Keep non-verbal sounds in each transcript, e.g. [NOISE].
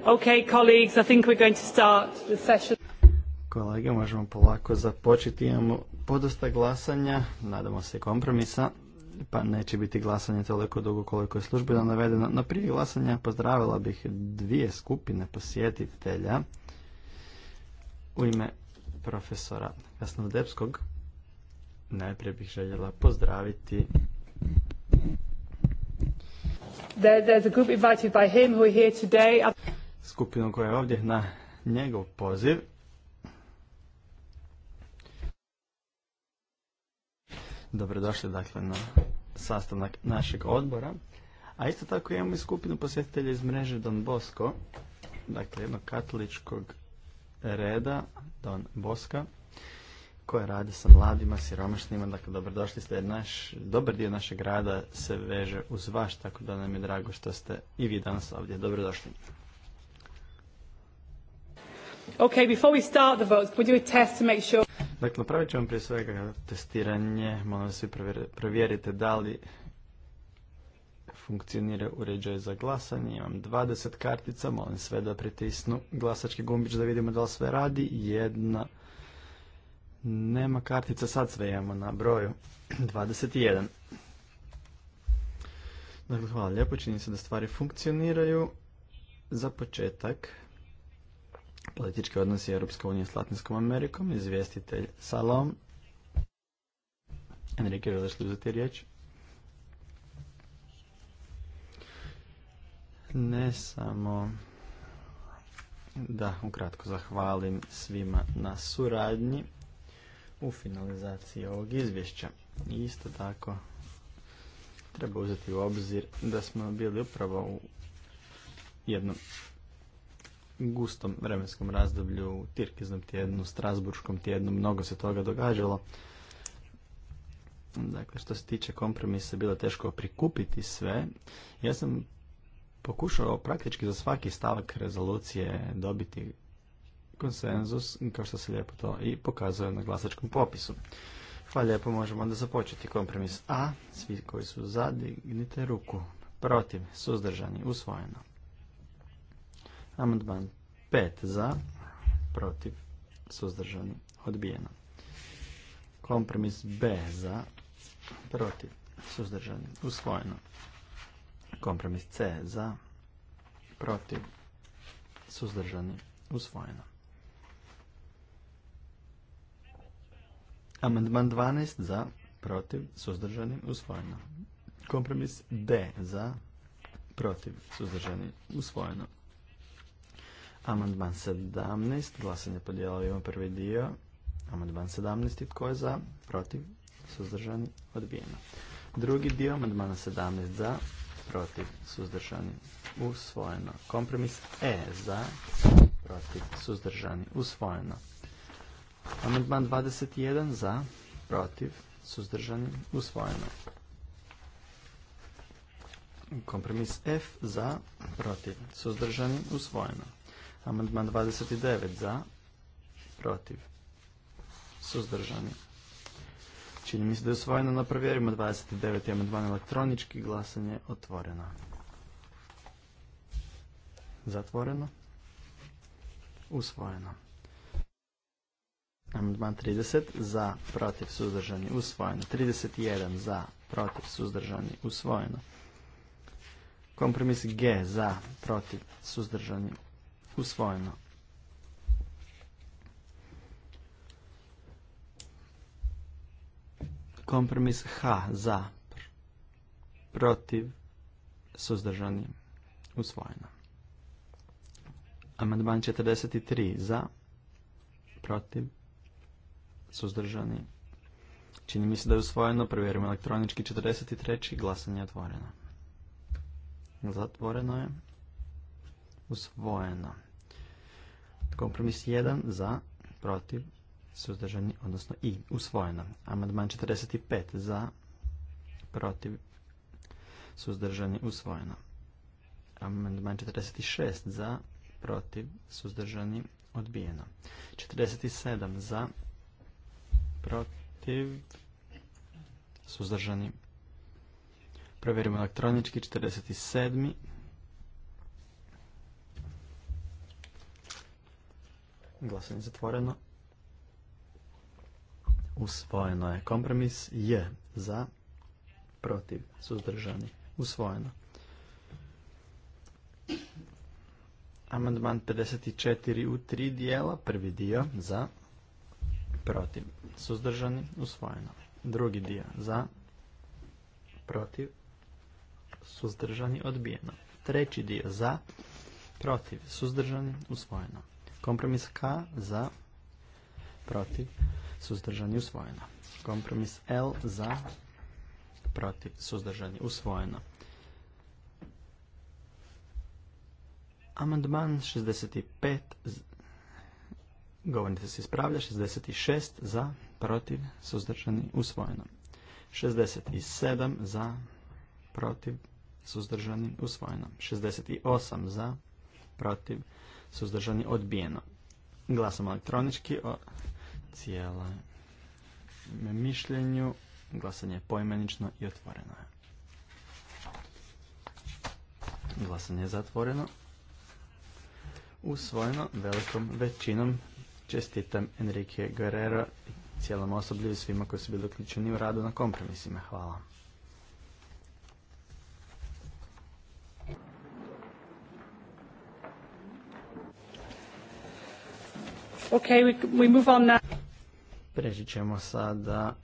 Okay, colleagues, I think Kolege, možemo polako započeti. Imamo podosta glasanja, nadamo se kompromisa, pa neće biti glasanje toliko dugo koliko je službeno navedeno. Na prije glasanja pozdravila bih dvije skupine posjetitelja u ime profesora Jasnodepskog. Najprije bih željela pozdraviti There, there's a group invited by him who are here today skupinu koja je ovdje na njegov poziv. Dobrodošli dakle na sastavnak našeg odbora. A isto tako imamo i skupinu posjetitelja iz mreže Don Bosco, dakle jednog katoličkog reda Don Boska, koja radi sa mladima, siromašnima, dakle dobrodošli ste naš, dobar dio našeg rada se veže uz vaš, tako da nam je drago što ste i vi danas ovdje. Dobrodošli. Okay, before we start the votes, we do a test to make sure... Dakle, napravit ćemo prije svega testiranje, molim da svi provjerite da li funkcionira uređaj za glasanje. Imam 20 kartica, molim sve da pritisnu glasački gumbić da vidimo da li sve radi. Jedna nema kartica, sad sve imamo na broju 21. Dakle, hvala lijepo, čini se da stvari funkcioniraju. Za početak politički odnosi Europske unije s Latinskom Amerikom, izvjestitelj Salom. Enrique, želiš li uzeti riječ? Ne samo da ukratko zahvalim svima na suradnji u finalizaciji ovog izvješća. Isto tako treba uzeti u obzir da smo bili upravo u jednom gustom vremenskom razdoblju, u Tirkiznom tjednu, Strasburškom tjednu, mnogo se toga događalo. Dakle, što se tiče kompromisa, bilo je teško prikupiti sve. Ja sam pokušao praktički za svaki stavak rezolucije dobiti konsenzus, kao što se lijepo to i pokazuje na glasačkom popisu. Hvala lijepo, možemo onda započeti kompromis A. Svi koji su za, dignite ruku. Protiv, suzdržani, usvojeno. Amandman 5 za, protiv, suzdržani, odbijeno. Kompromis B za, protiv, suzdržani, usvojeno. Kompromis C za, protiv, suzdržani, usvojeno. Amandman 12 za, protiv, suzdržani, usvojeno. Kompromis D za, protiv, suzdržani, usvojeno. Amandman 17, glasanje po prvi dio. Amandman 17, tko je za, protiv, suzdržani, odbijeno. Drugi dio, amandmana 17 za, protiv, suzdržani, usvojeno. Kompromis E za, protiv, suzdržani, usvojeno. Amandman 21 za, protiv, suzdržani, usvojeno. Kompromis F za, protiv, suzdržani, usvojeno. Amandman 29 za, protiv, suzdržani. Čini mi se da je usvojeno, no provjerimo 29. amandman elektronički, glasanje otvoreno. Zatvoreno. Usvojeno. Amandman 30 za, protiv, suzdržani, usvojeno. 31 za, protiv, suzdržani, usvojeno. Kompromis G za, protiv, suzdržani, usvojeno. Kompromis H za protiv suzdržani usvojeno. Amandman 43 za protiv suzdržani Čini mi se da je usvojeno, provjerimo elektronički 43. glasanje je otvoreno. Zatvoreno je usvojeno. Kompromis 1 za, protiv, suzdržani, odnosno i, usvojeno. Amandman 45 za, protiv, suzdržani, usvojeno. Amandman 46 za, protiv, suzdržani, odbijeno. 47 za, protiv, suzdržani, Provjerimo elektronički 47. Glasanje zatvoreno. Usvojeno je. Kompromis je za, protiv, suzdržani. Usvojeno. Amandman 54 u tri dijela. Prvi dio za, protiv, suzdržani. Usvojeno. Drugi dio za, protiv, suzdržani. Odbijeno. Treći dio za, protiv, suzdržani. Usvojeno. Kompromis K za, protiv, suzdržani usvojeno. Kompromis L za, protiv, suzdržanje usvojeno. Amandman 65, govornica se ispravlja, 66 za, protiv, suzdržanje usvojeno. 67 za, protiv, suzdržani usvojeno. 68 za, protiv, suzdržani, odbijeno. Glasom elektronički o cijelom mišljenju. Glasanje je poimenično i otvoreno je. Glasanje je zatvoreno. Usvojeno velikom većinom. Čestitam Enrique Guerrero i cijelom osoblju i svima koji su bili uključeni u radu na kompromisima. Hvala. Okay, we, we move on now. ćemo sada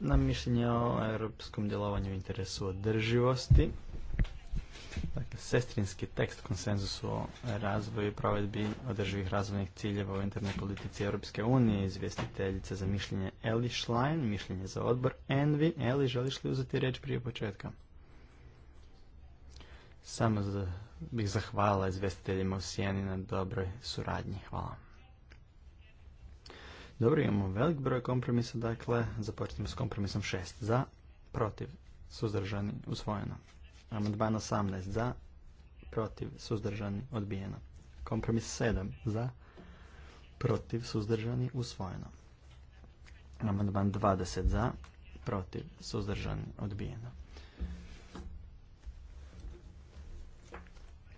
na mišljenje o europskom djelovanju u interesu održivosti. Dakle, sestrinski tekst konsenzusu o razvoju i provedbi održivih razvojnih ciljeva u internoj politici Europske unije, izvjestiteljica za mišljenje Eli Schlein, mišljenje za odbor Envi. Eli, želiš li uzeti riječ prije početka? Samo bih zahvalila izvjestiteljima u Sijeni na dobroj suradnji. Hvala. Dobro, imamo velik broj kompromisa, dakle, započnemo s kompromisom 6. Za, protiv, suzdržani, usvojeno. Amandman 18. Za, protiv, suzdržani, odbijeno. Kompromis 7. Za, protiv, suzdržani, usvojeno. Amandman 20. Za, protiv, suzdržani, odbijeno.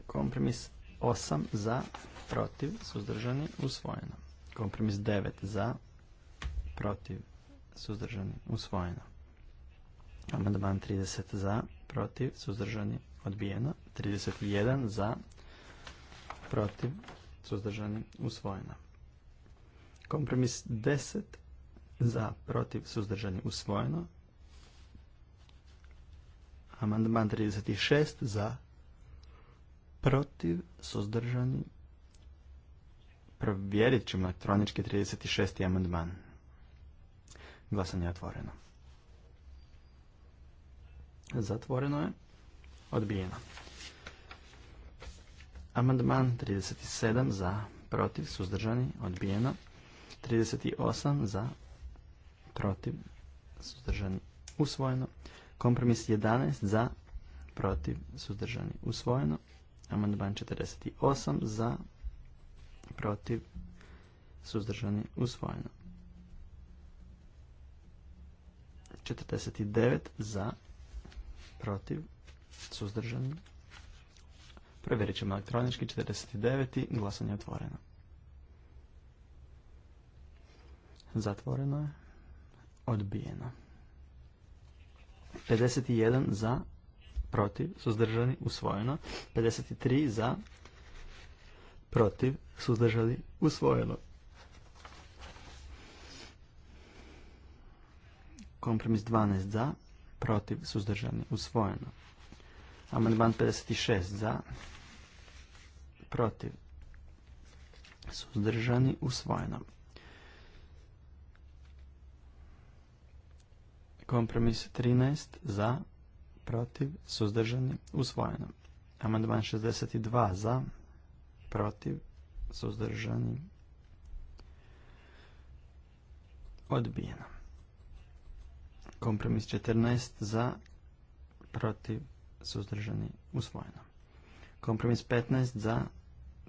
Kompromis 8. Za, protiv, suzdržani, usvojeno. Kompromis 9 za, protiv, suzdržani, usvojeno. Amandman 30 za, protiv, suzdržani, odbijeno. 31 za, protiv, suzdržani, usvojeno. Kompromis 10 za, protiv, suzdržani, usvojeno. Amandman 36 za, protiv, suzdržani, Provjerit ćemo elektronički 36. amandman. Glasanje je otvoreno. Zatvoreno je. Odbijeno. Amandman 37 za, protiv, suzdržani, odbijeno. 38 za, protiv, suzdržani, usvojeno. Kompromis 11 za, protiv, suzdržani, usvojeno. Amandman 48 za, protiv, suzdržani, usvojeno. 49 za, protiv, suzdržani. Provjerit ćemo elektronički 49. Glasanje je otvoreno. Zatvoreno je. Odbijeno. 51 za, protiv, suzdržani, usvojeno. 53 za, protiv, suzdržani, usvojeno. Kompromis 12 za, protiv, suzdržani, usvojeno. Amandman 56 za, protiv, suzdržani, usvojeno. Kompromis 13 za, protiv, suzdržani, usvojeno. Amandman 62 za, protiv, suzdržani, odbijeno. Kompromis 14 za, protiv, suzdržani, usvojeno. Kompromis 15 za,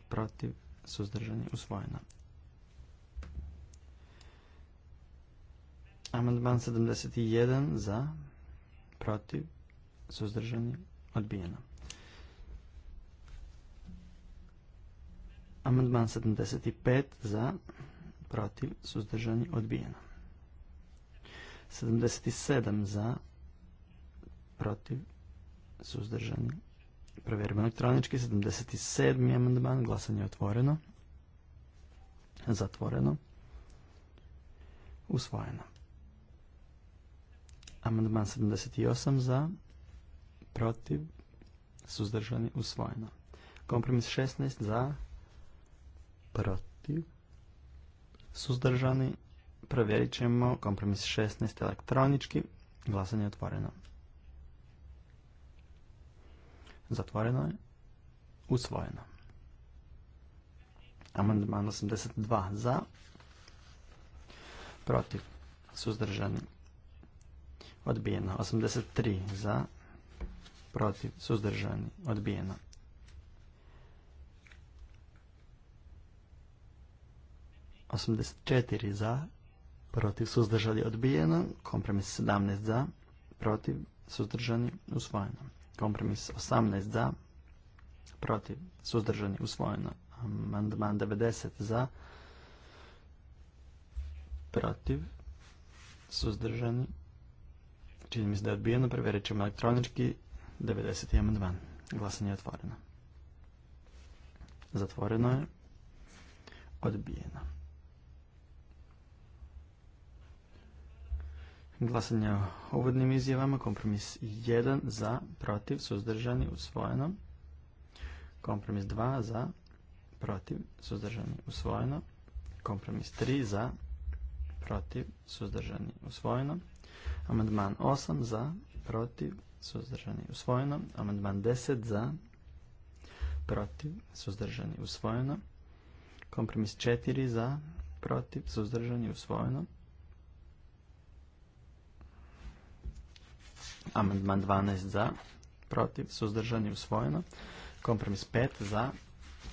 protiv, suzdržani, usvojeno. Amandman 71 za, protiv, suzdržani, odbijeno. Amandman 75 za, protiv, suzdržani, odbijeno. 77 za, protiv, suzdržani. Provjerimo elektronički. 77. amandman, glasanje je otvoreno. Zatvoreno. Usvojeno. Amandman 78 za, protiv, suzdržani, usvojeno. Kompromis 16 za, protiv, suzdržani, provjerit ćemo kompromis 16 elektronički, glasanje je otvoreno. Zatvoreno je, usvojeno. Amandman 82 za, protiv, suzdržani, odbijeno. 83 za, protiv, suzdržani, odbijeno. 84 za, protiv suzdržali, odbijeno, kompromis 17 za, protiv suzdržani usvojeno. Kompromis 18 za, protiv suzdržani usvojeno. Amandman 90 za, protiv suzdržani. Čini mi se da je odbijeno, provjerit ćemo elektronički 90. amandman. Glasanje je otvoreno. Zatvoreno je. Odbijeno. Glasanje o uvodnim izjavama. Kompromis 1 za, protiv, suzdržani, usvojeno. Kompromis 2 za, protiv, suzdržani, usvojeno. Kompromis 3 za, protiv, suzdržani, usvojeno. Amandman 8 za, protiv, suzdržani, usvojeno. Amandman 10 za, protiv, suzdržani, usvojeno. Kompromis 4 za, protiv, suzdržani, usvojeno. Amandman 12 za, protiv, suzdržani, usvojeno. Kompromis 5 za,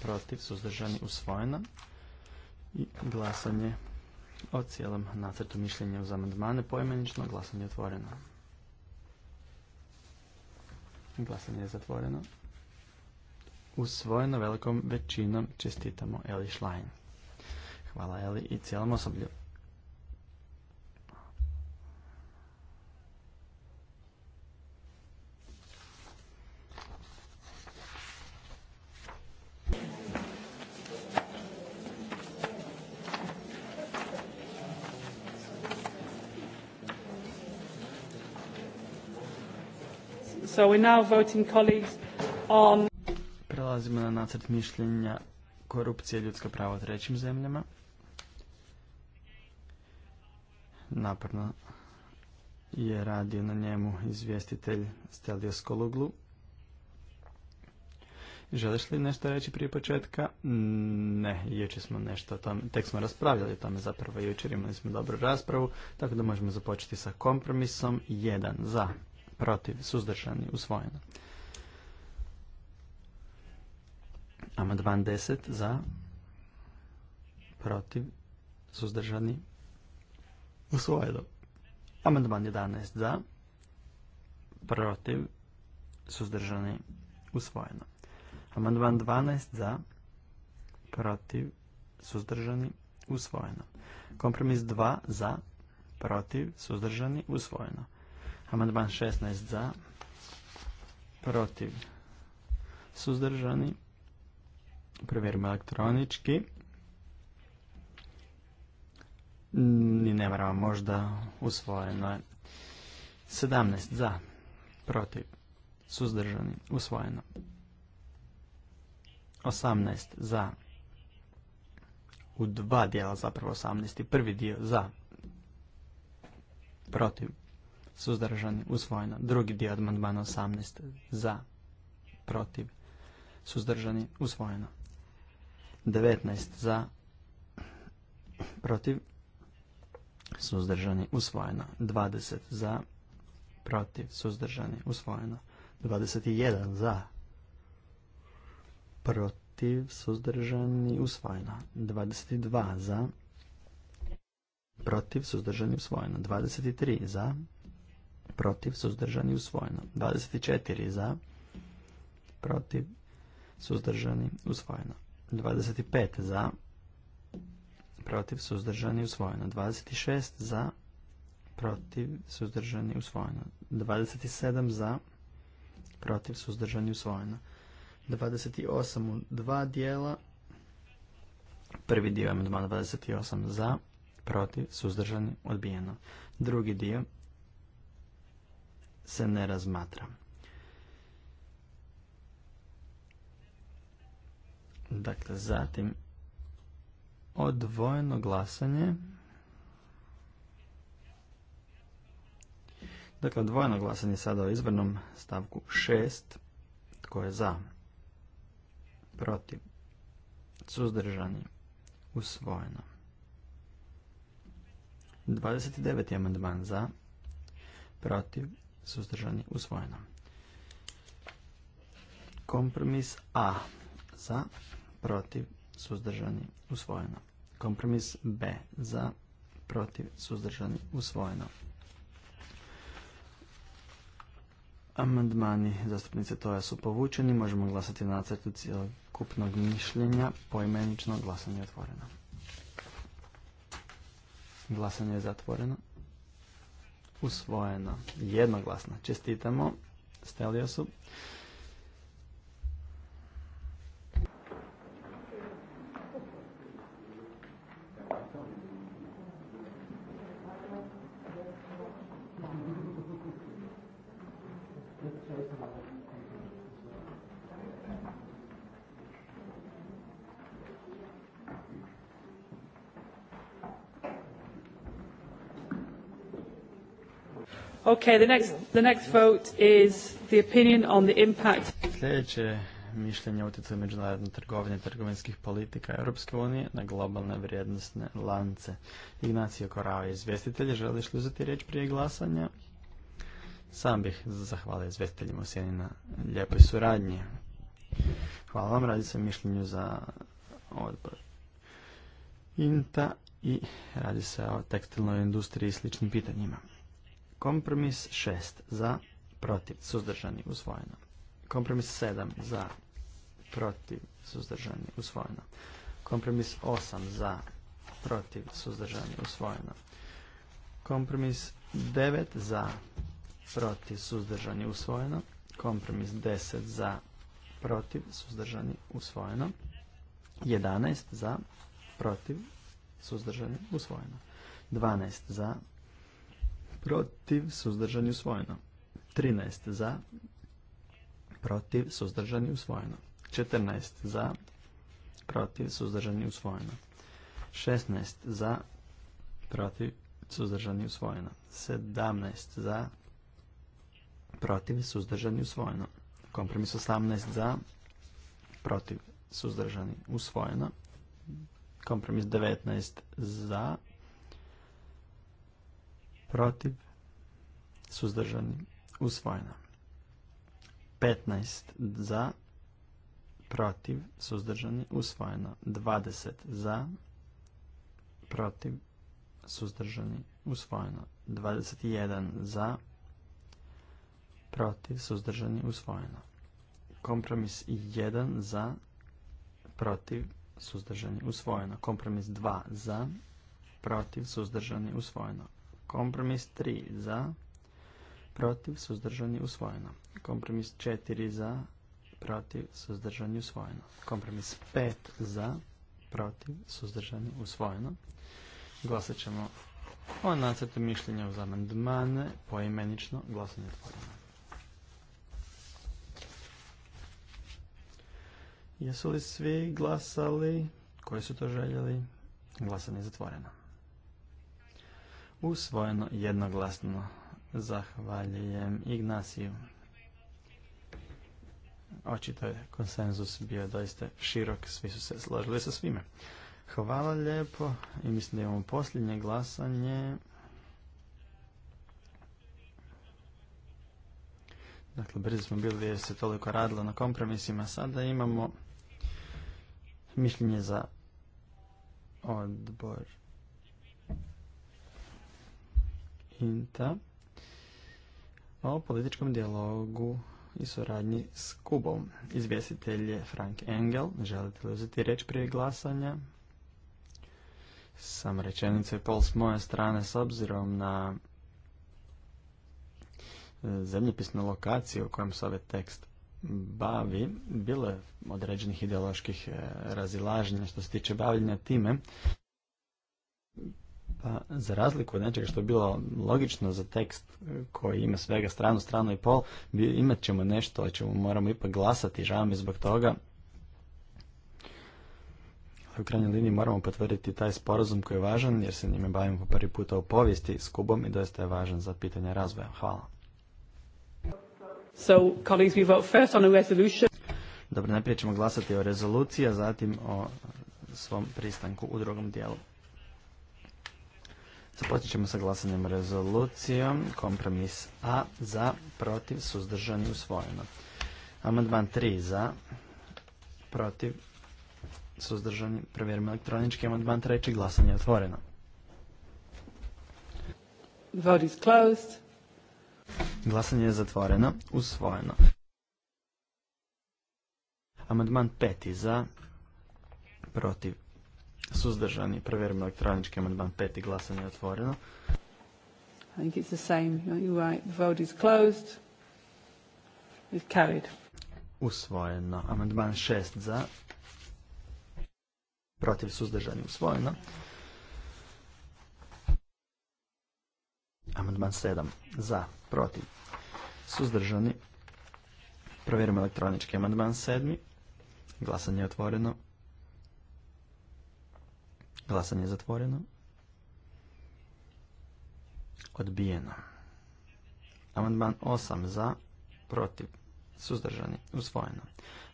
protiv, suzdržani, usvojeno. I glasanje o cijelom nacrtu mišljenja uz amandmane poimenično. Glasanje je otvoreno. Glasanje je zatvoreno. Usvojeno velikom većinom čestitamo Eli Schlein. Hvala Eli i cijelom osoblju. on... Prelazimo na nacrt mišljenja korupcije i ljudska prava u trećim zemljama. Naporno je radio na njemu izvjestitelj Stelios Koluglu. Želiš li nešto reći prije početka? Ne, jučer smo nešto o tome, tek smo raspravljali o tome zapravo jučer, imali smo dobru raspravu, tako da možemo započeti sa kompromisom 1 za protiv, suzdržani, usvojeno. Amandman 10 za, protiv, suzdržani, usvojeno. Amandman 11 za, protiv, suzdržani, usvojeno. Amandman 12 za, protiv, suzdržani, usvojeno. Kompromis 2 za, protiv, suzdržani, usvojeno. Amandman 16 za. Protiv. Suzdržani. Provjerimo elektronički. Ni ne moramo možda usvojeno je. 17 za. Protiv. Suzdržani. Usvojeno. 18 za. U dva dijela zapravo 18. Prvi dio za. Protiv suzdržani, usvojeno. Drugi dio amandmana 18 za, protiv, suzdržani, usvojeno. 19 za, protiv, suzdržani, usvojeno. 20 za, protiv, suzdržani, usvojeno. 21 za, protiv, suzdržani, usvojeno. 22 za, protiv, suzdržani, usvojeno. 23 za, protiv, suzdržani, usvojeno. 24 za, protiv, suzdržani, usvojeno. 25 za, protiv, suzdržani, usvojeno. 26 za, protiv, suzdržani, usvojeno. 27 za, protiv, suzdržani, usvojeno. 28 u dva dijela, prvi dio je 28 za, protiv, suzdržani, odbijeno. Drugi dio se ne razmatra. Dakle, zatim odvojeno glasanje. Dakle, odvojeno glasanje sada o izbornom stavku 6. Tko je za? Protiv? Suzdržani? Usvojeno. 29. amandman za? Protiv? suzdržani, usvojeno. Kompromis A za, protiv, suzdržani, usvojeno. Kompromis B za, protiv, suzdržani, usvojeno. Amandmani zastupnice Toja su povučeni. Možemo glasati na nacrtu cijelokupnog mišljenja. Poimenično glasanje je otvoreno. Glasanje je zatvoreno usvojeno jednoglasno. Čestitamo Steliosu. Okay, the next, the next vote is the opinion on the impact. Sljedeće mišljenje o utjecaju međunarodne trgovine i trgovinskih politika Europske unije na globalne vrijednostne lance. Ignacio Korao je izvjestitelj, želiš li uzeti riječ prije glasanja? Sam bih zahvalio izvjestiteljima u sjeni na lijepoj suradnji. Hvala vam, radi se o mišljenju za odbor INTA i radi se o tekstilnoj industriji i sličnim pitanjima. Kompromis 6 za, protiv, suzdržani, usvojeno. Kompromis 7 za, protiv, suzdržani, usvojeno. Kompromis 8 za, protiv, suzdržani, usvojeno. Kompromis 9 za, protiv, suzdržani, usvojeno. Kompromis 10 za, protiv, suzdržani, usvojeno. 11 za, protiv, suzdržani, usvojeno. 12 za, protiv, suzdržani, usvojeno. 13 za, protiv, suzdržani, usvojeno. 14 za, protiv, suzdržani, usvojeno. 16 za, protiv, suzdržani, usvojeno. 17 za, protiv, suzdržani, usvojeno. Kompromis 18 za, protiv, suzdržani, usvojeno. Kompromis 19 za, protiv, suzdržani, usvojeno. 15 za, protiv, suzdržani, usvojeno. 20 za, protiv, suzdržani, usvojeno. 21 za, protiv, suzdržani, usvojeno. Kompromis 1 za, protiv, suzdržani, usvojeno. Kompromis 2 za, protiv, suzdržani, usvojeno. Kompromis 3 za, protiv, suzdržani, usvojeno. Kompromis 4 za, protiv, suzdržani, usvojeno. Kompromis 5 za, protiv, suzdržani, usvojeno. Glasat ćemo o nacrtu mišljenja uz amandmane poimenično glasanje otvoreno. Jesu li svi glasali? Koji su to željeli? Glasanje zatvoreno usvojeno jednoglasno. Zahvaljujem Ignaciju. Očito je konsenzus bio doista širok, svi su se složili sa svime. Hvala lijepo i mislim da imamo posljednje glasanje. Dakle, brzo smo bili jer se toliko radilo na kompromisima. Sada imamo mišljenje za odbor INTA o političkom dijalogu i suradnji s Kubom. Izvjestitelj je Frank Engel. Želite li uzeti reč prije glasanja? Samo rečenica i pol s moje strane s obzirom na e, zemljopisnu lokaciju u kojem se ovaj tekst bavi, bilo je određenih ideoloških e, razilaženja što se tiče bavljenja time. Pa, za razliku od nečega što je bilo logično za tekst e, koji ima svega stranu, stranu i pol, imat ćemo nešto, ali ćemo, moramo ipak glasati, žao mi zbog toga. U krajnjoj liniji moramo potvrditi taj sporazum koji je važan, jer se njime bavimo po prvi puta u povijesti s Kubom i doista je važan za pitanje razvoja. Hvala. Dobro, najprije ćemo glasati o rezoluciji, a zatim o svom pristanku u drugom dijelu. Započet ćemo sa glasanjem rezolucijom. Kompromis A za, protiv, suzdržani, usvojeno. Amandman 3 za, protiv, suzdržani, provjerimo elektronički. Amandman treći glasanje je otvoreno. Vote is closed. Glasanje je zatvoreno, usvojeno. Amandman 5 za, protiv, suzdržani. Provjerimo elektronički amandman peti. Glasanje je otvoreno. I think it's the Usvojeno. Amandman šest za. Protiv suzdržani usvojeno. Amandman sedam za. Protiv suzdržani. Provjerimo elektronički amandman sedmi. Glasanje je otvoreno. Glasanje je zatvoreno. Odbijeno. Amandman 8 za, protiv, suzdržani, usvojeno.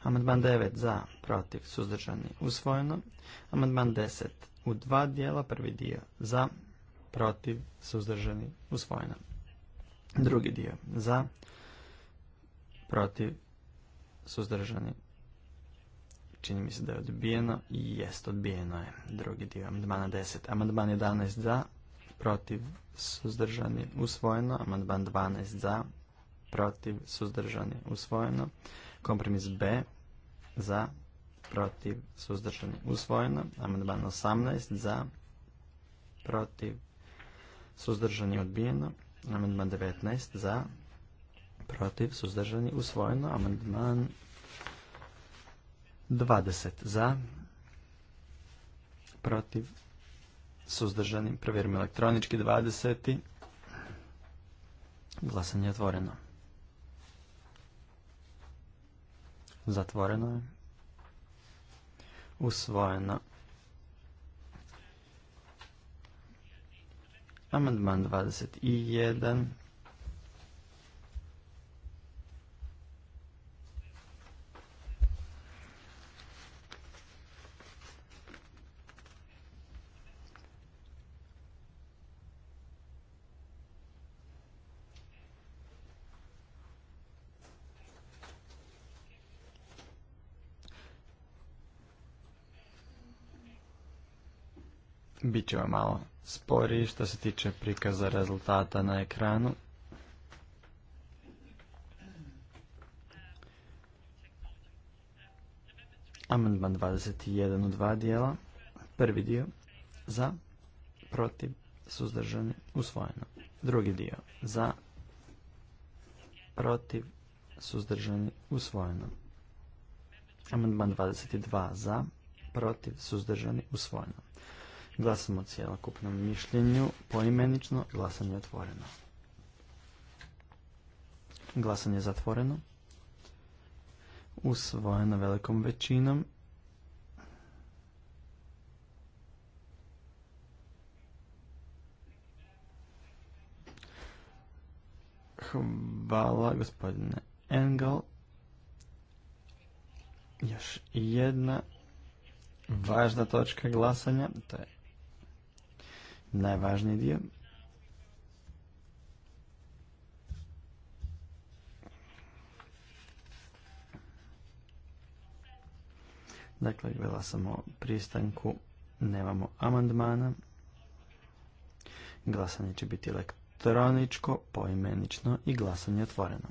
Amandman 9 za, protiv, suzdržani, usvojeno. Amandman 10 u dva dijela, prvi dio za, protiv, suzdržani, usvojeno. Drugi dio za, protiv, suzdržani, Čini mi se da je odbijeno i jest odbijeno je. Drugi dio amandmana 10. Amandman 11 za, protiv, suzdržani, usvojeno. Amandman 12 za, protiv, suzdržani, usvojeno. Kompromis B za, protiv, suzdržani, usvojeno. Amandman 18 za, protiv, suzdržani, odbijeno. Amandman 19 za, protiv, suzdržani, usvojeno. Amandman 20 za, protiv, suzdržani, provjerimo elektronički 20. Glasanje je otvoreno. Zatvoreno je. Usvojeno. Amandman 21 Bit vam malo sporiji što se tiče prikaza rezultata na ekranu. Amandman 21 u dva dijela. Prvi dio za, protiv, suzdržani, usvojeno. Drugi dio za, protiv, suzdržani, usvojeno. Amandman 22 za, protiv, suzdržani, usvojeno. Glasamo o cijelokupnom mišljenju, poimenično, glasanje je otvoreno. Glasanje je zatvoreno. Usvojeno velikom većinom. Hvala gospodine Engel. Još jedna važna točka glasanja, to je najvažniji dio. Dakle, gledala sam o pristanku, nemamo amandmana. Glasanje će biti elektroničko, poimenično i glasanje otvoreno.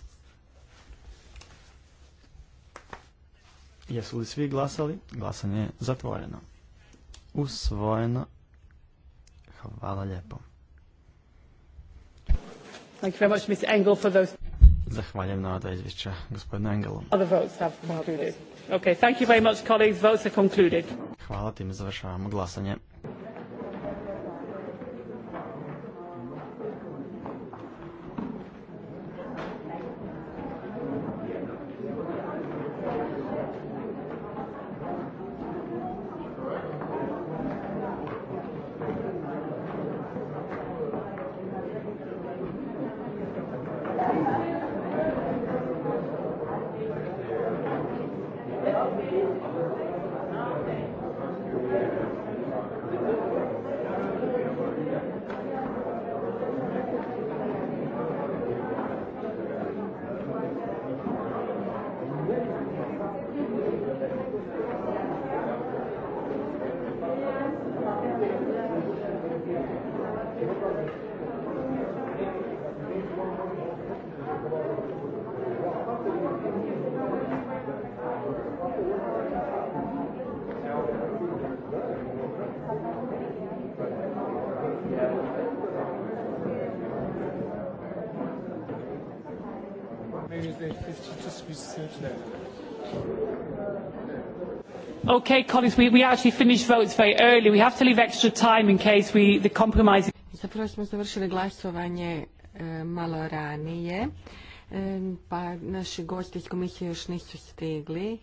Jesu li svi glasali? Glasanje je zatvoreno. Usvojeno Hvala lijepo. Thank you very much, Mr. Engel, for those... Zahvaljujem na ova izvješća gospodinu Engelom. Okay, thank you very much, colleagues. Votes are concluded. Hvala, tim završavamo glasanje. take colleagues, we, we actually finished votes very early. We have to leave extra time in case we, the compromise... Zapravo smo završili glasovanje e, malo ranije, e, pa naši gosti iz komisije još nisu stigli.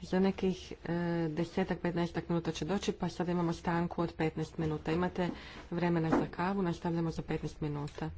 Za nekih e, desetak, petnaestak minuta će doći, pa sad imamo stanku od 15 minuta. Imate vremena za kavu, nastavljamo za 15 minuta.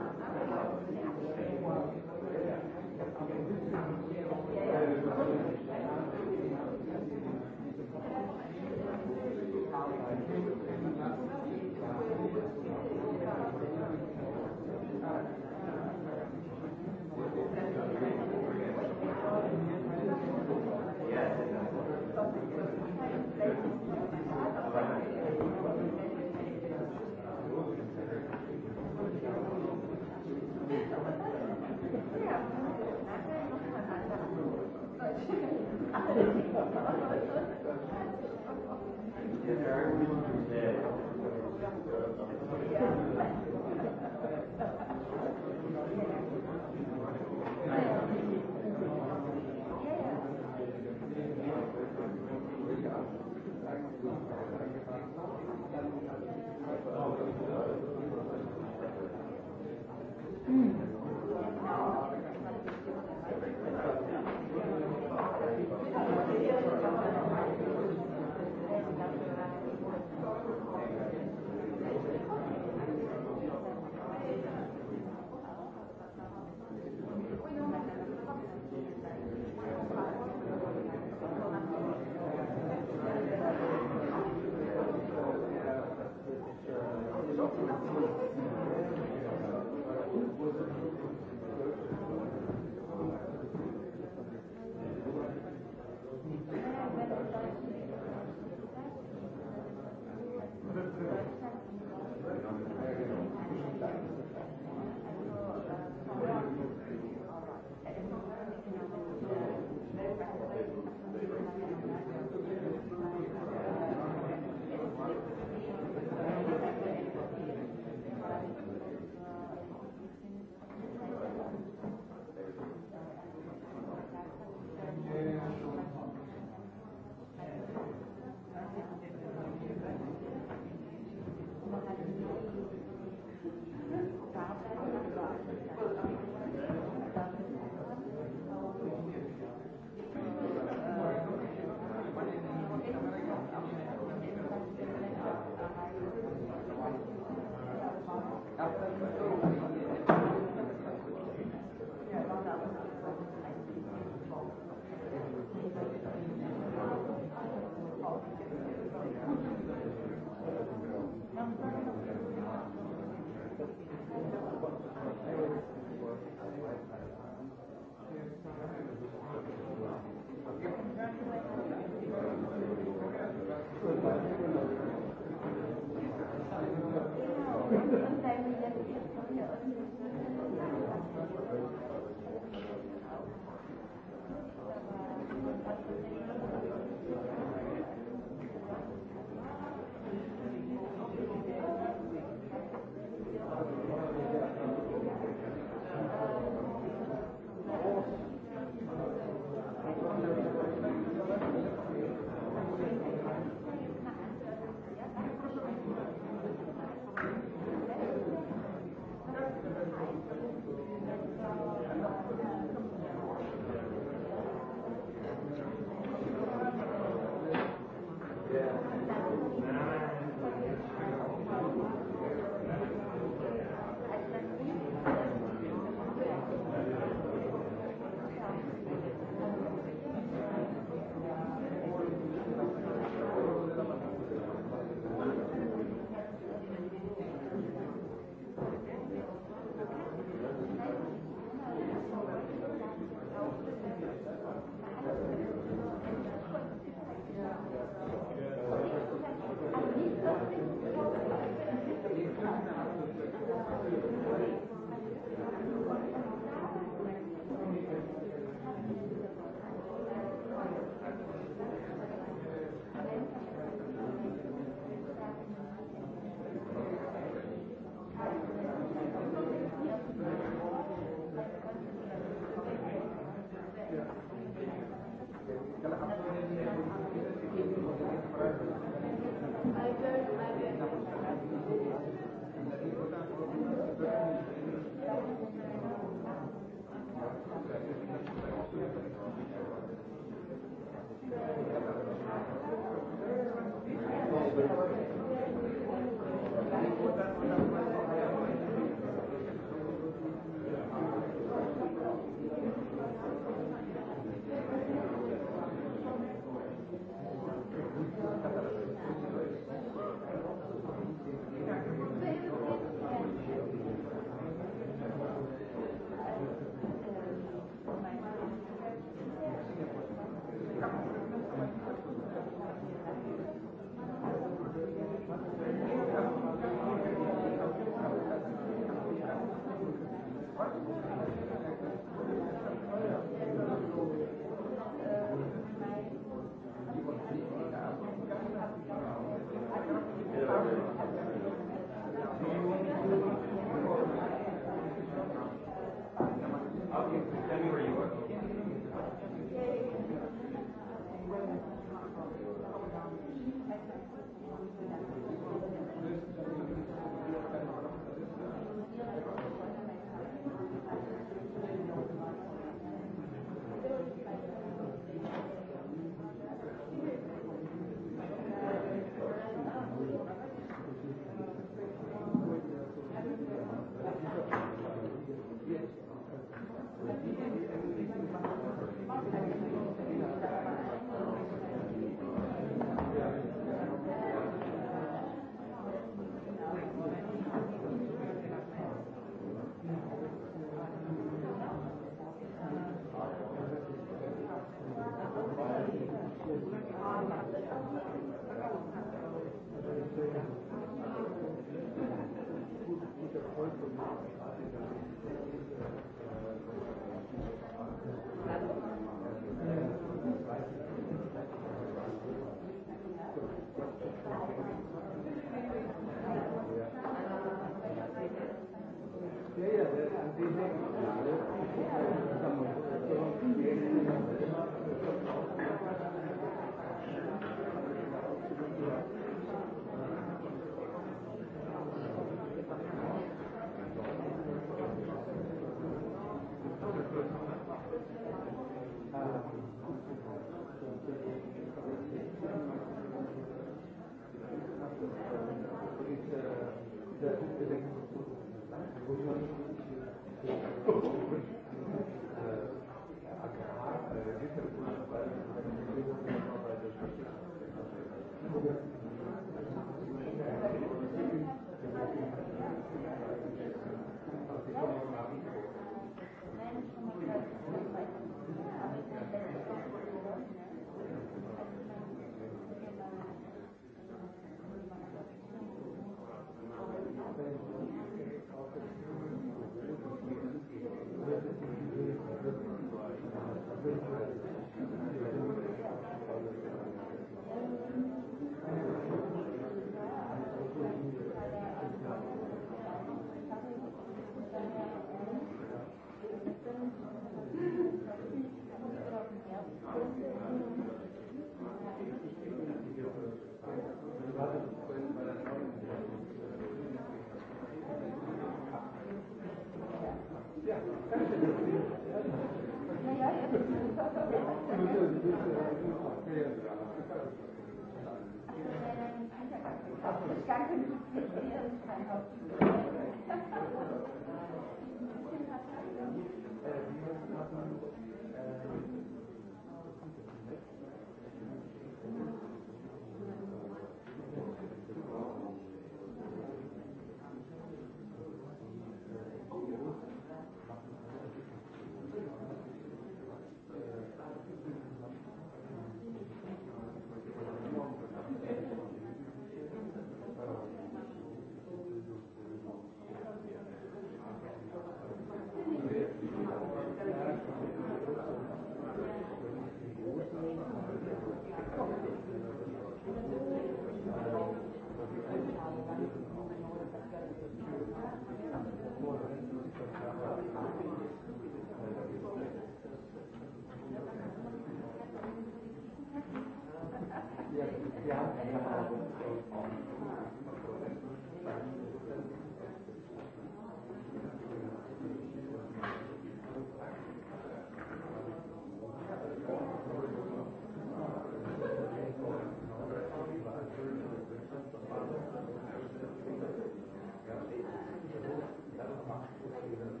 Hvala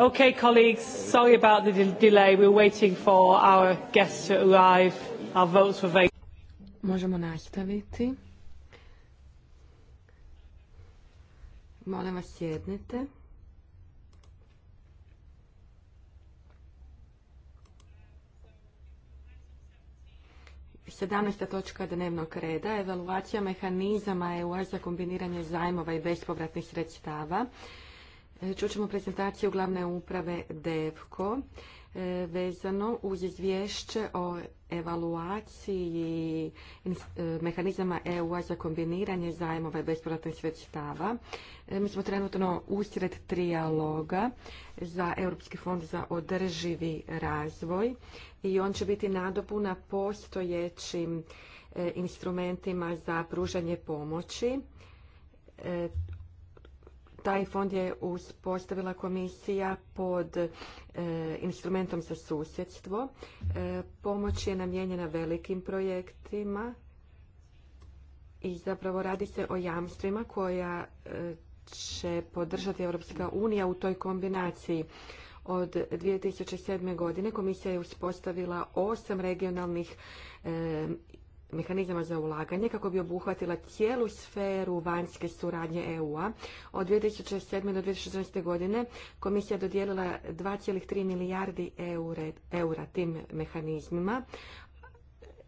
Okay, colleagues, sorry about the delay. We're waiting for our guests to arrive. Our votes were very... Možemo nastaviti. Molim vas sjednite. Sedamnaesta točka dnevnog reda, evaluacija mehanizama EU za kombiniranje zajmova i bespovratnih sredstava. Čućemo prezentaciju glavne uprave DEVKO e, vezano uz izvješće o evaluaciji e, mehanizama EU-a za kombiniranje zajmova i bespovratnih sredstava. E, mi smo trenutno usred trijaloga za Europski fond za održivi razvoj i on će biti nadopuna postojećim instrumentima za pružanje pomoći taj fond je uspostavila komisija pod e, instrumentom za susjedstvo. E, pomoć je namijenjena velikim projektima i zapravo radi se o jamstvima koja e, će podržati Europska unija u toj kombinaciji. Od 2007. godine komisija je uspostavila osam regionalnih mehanizama za ulaganje kako bi obuhvatila cijelu sferu vanjske suradnje EU-a. Od 2007. do 2014. godine komisija dodijelila 2,3 milijardi eura tim mehanizmima.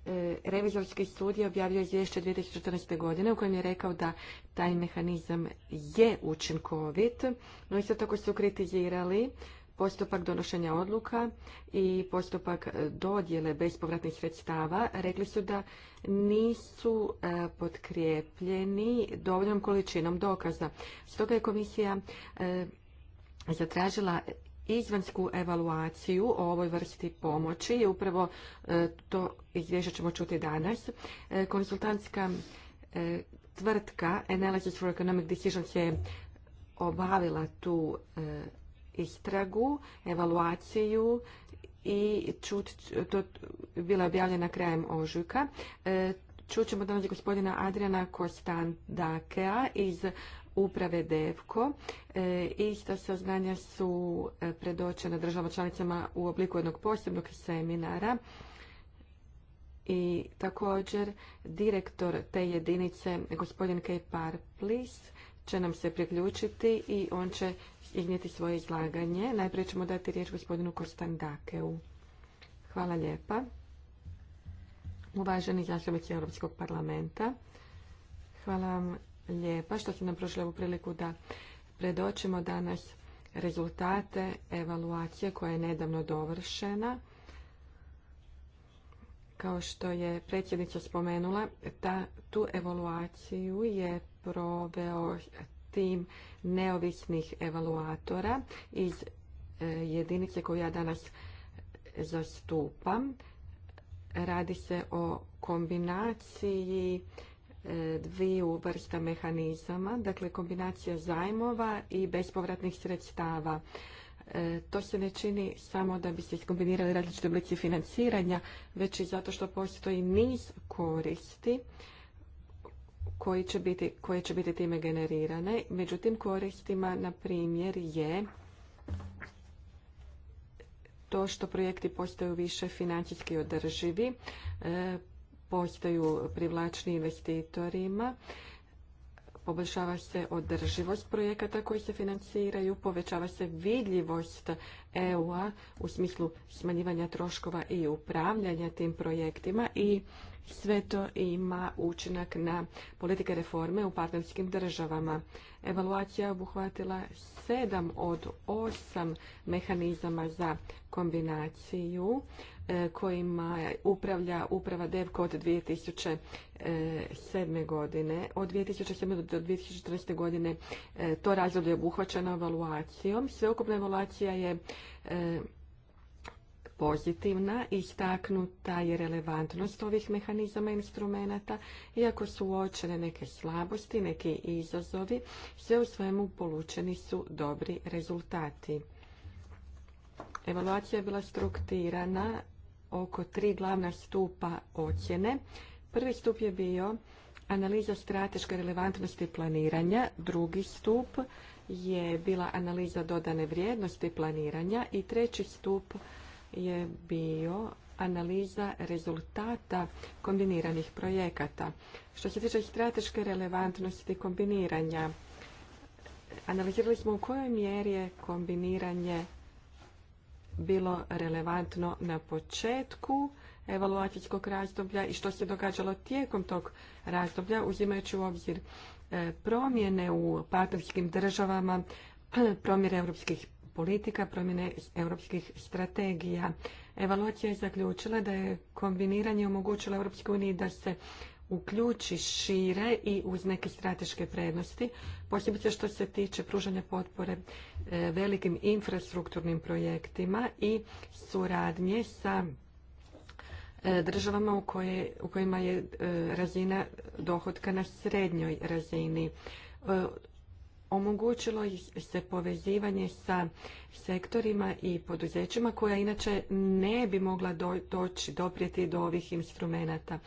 E, revizorski sud je objavio izvješće 2014. godine u kojem je rekao da taj mehanizam je učinkovit, no isto tako su kritizirali postupak donošenja odluka i postupak dodjele bezpovratnih sredstava rekli su da nisu e, potkrijepljeni dovoljnom količinom dokaza. Stoga je komisija e, zatražila izvansku evaluaciju o ovoj vrsti pomoći i upravo e, to izvješće ćemo čuti danas. Konsultantska tvrtka Analysis for Economic Decisions je obavila tu istragu, evaluaciju i čut, to bila objavljena krajem ožujka. E, ćemo danas gospodina Adriana Kostandakea iz uprave DEVKO. E, Ista saznanja su e, predočena državama članicama u obliku jednog posebnog seminara i također direktor te jedinice, gospodin Kej Parplis, će nam se priključiti i on će iznijeti svoje izlaganje. Najprije ćemo dati riječ gospodinu Kostandakeu. Hvala lijepa. Uvaženi zastupnici Europskog parlamenta, hvala vam lijepa što ste nam prošli ovu priliku da predočimo danas rezultate evaluacije koja je nedavno dovršena. Kao što je predsjednica spomenula, ta, tu evaluaciju je proveo tim neovisnih evaluatora iz e, jedinice koju ja danas zastupam. Radi se o kombinaciji e, dviju vrsta mehanizama, dakle kombinacija zajmova i bespovratnih sredstava. E, to se ne čini samo da bi se iskombinirali različite oblici financiranja, već i zato što postoji niz koristi koji će biti, koje će biti time generirane. Međutim, koristima, na primjer, je to što projekti postaju više financijski održivi, e, postaju privlačni investitorima, poboljšava se održivost projekata koji se financiraju, povećava se vidljivost EU-a u smislu smanjivanja troškova i upravljanja tim projektima i sve to ima učinak na politike reforme u partnerskim državama. Evaluacija je obuhvatila sedam od osam mehanizama za kombinaciju e, kojima upravlja uprava DEVKO od 2007. godine. Od 2007. do 2014. godine e, to razdoblje je obuhvaćeno evaluacijom. Sveukupna evaluacija je e, pozitivna, istaknuta je relevantnost ovih mehanizama i instrumenata, iako su uočene neke slabosti, neki izazovi, sve u svemu polučeni su dobri rezultati. Evaluacija je bila struktirana oko tri glavna stupa ocjene. Prvi stup je bio analiza strateške relevantnosti planiranja, drugi stup je bila analiza dodane vrijednosti planiranja i treći stup je bio analiza rezultata kombiniranih projekata. Što se tiče strateške relevantnosti kombiniranja, analizirali smo u kojoj mjeri je kombiniranje bilo relevantno na početku evaluacijskog razdoblja i što se događalo tijekom tog razdoblja, uzimajući u obzir e, promjene u partnerskim državama, promjene europskih politika, promjene europskih strategija. Evaluacija je zaključila da je kombiniranje omogućilo Europskoj uniji da se uključi šire i uz neke strateške prednosti, posebice što se tiče pružanja potpore e, velikim infrastrukturnim projektima i suradnje sa e, državama u, u kojima je e, razina dohotka na srednjoj razini omogućilo se povezivanje sa sektorima i poduzećima koja inače ne bi mogla doći, doprijeti do ovih instrumenata.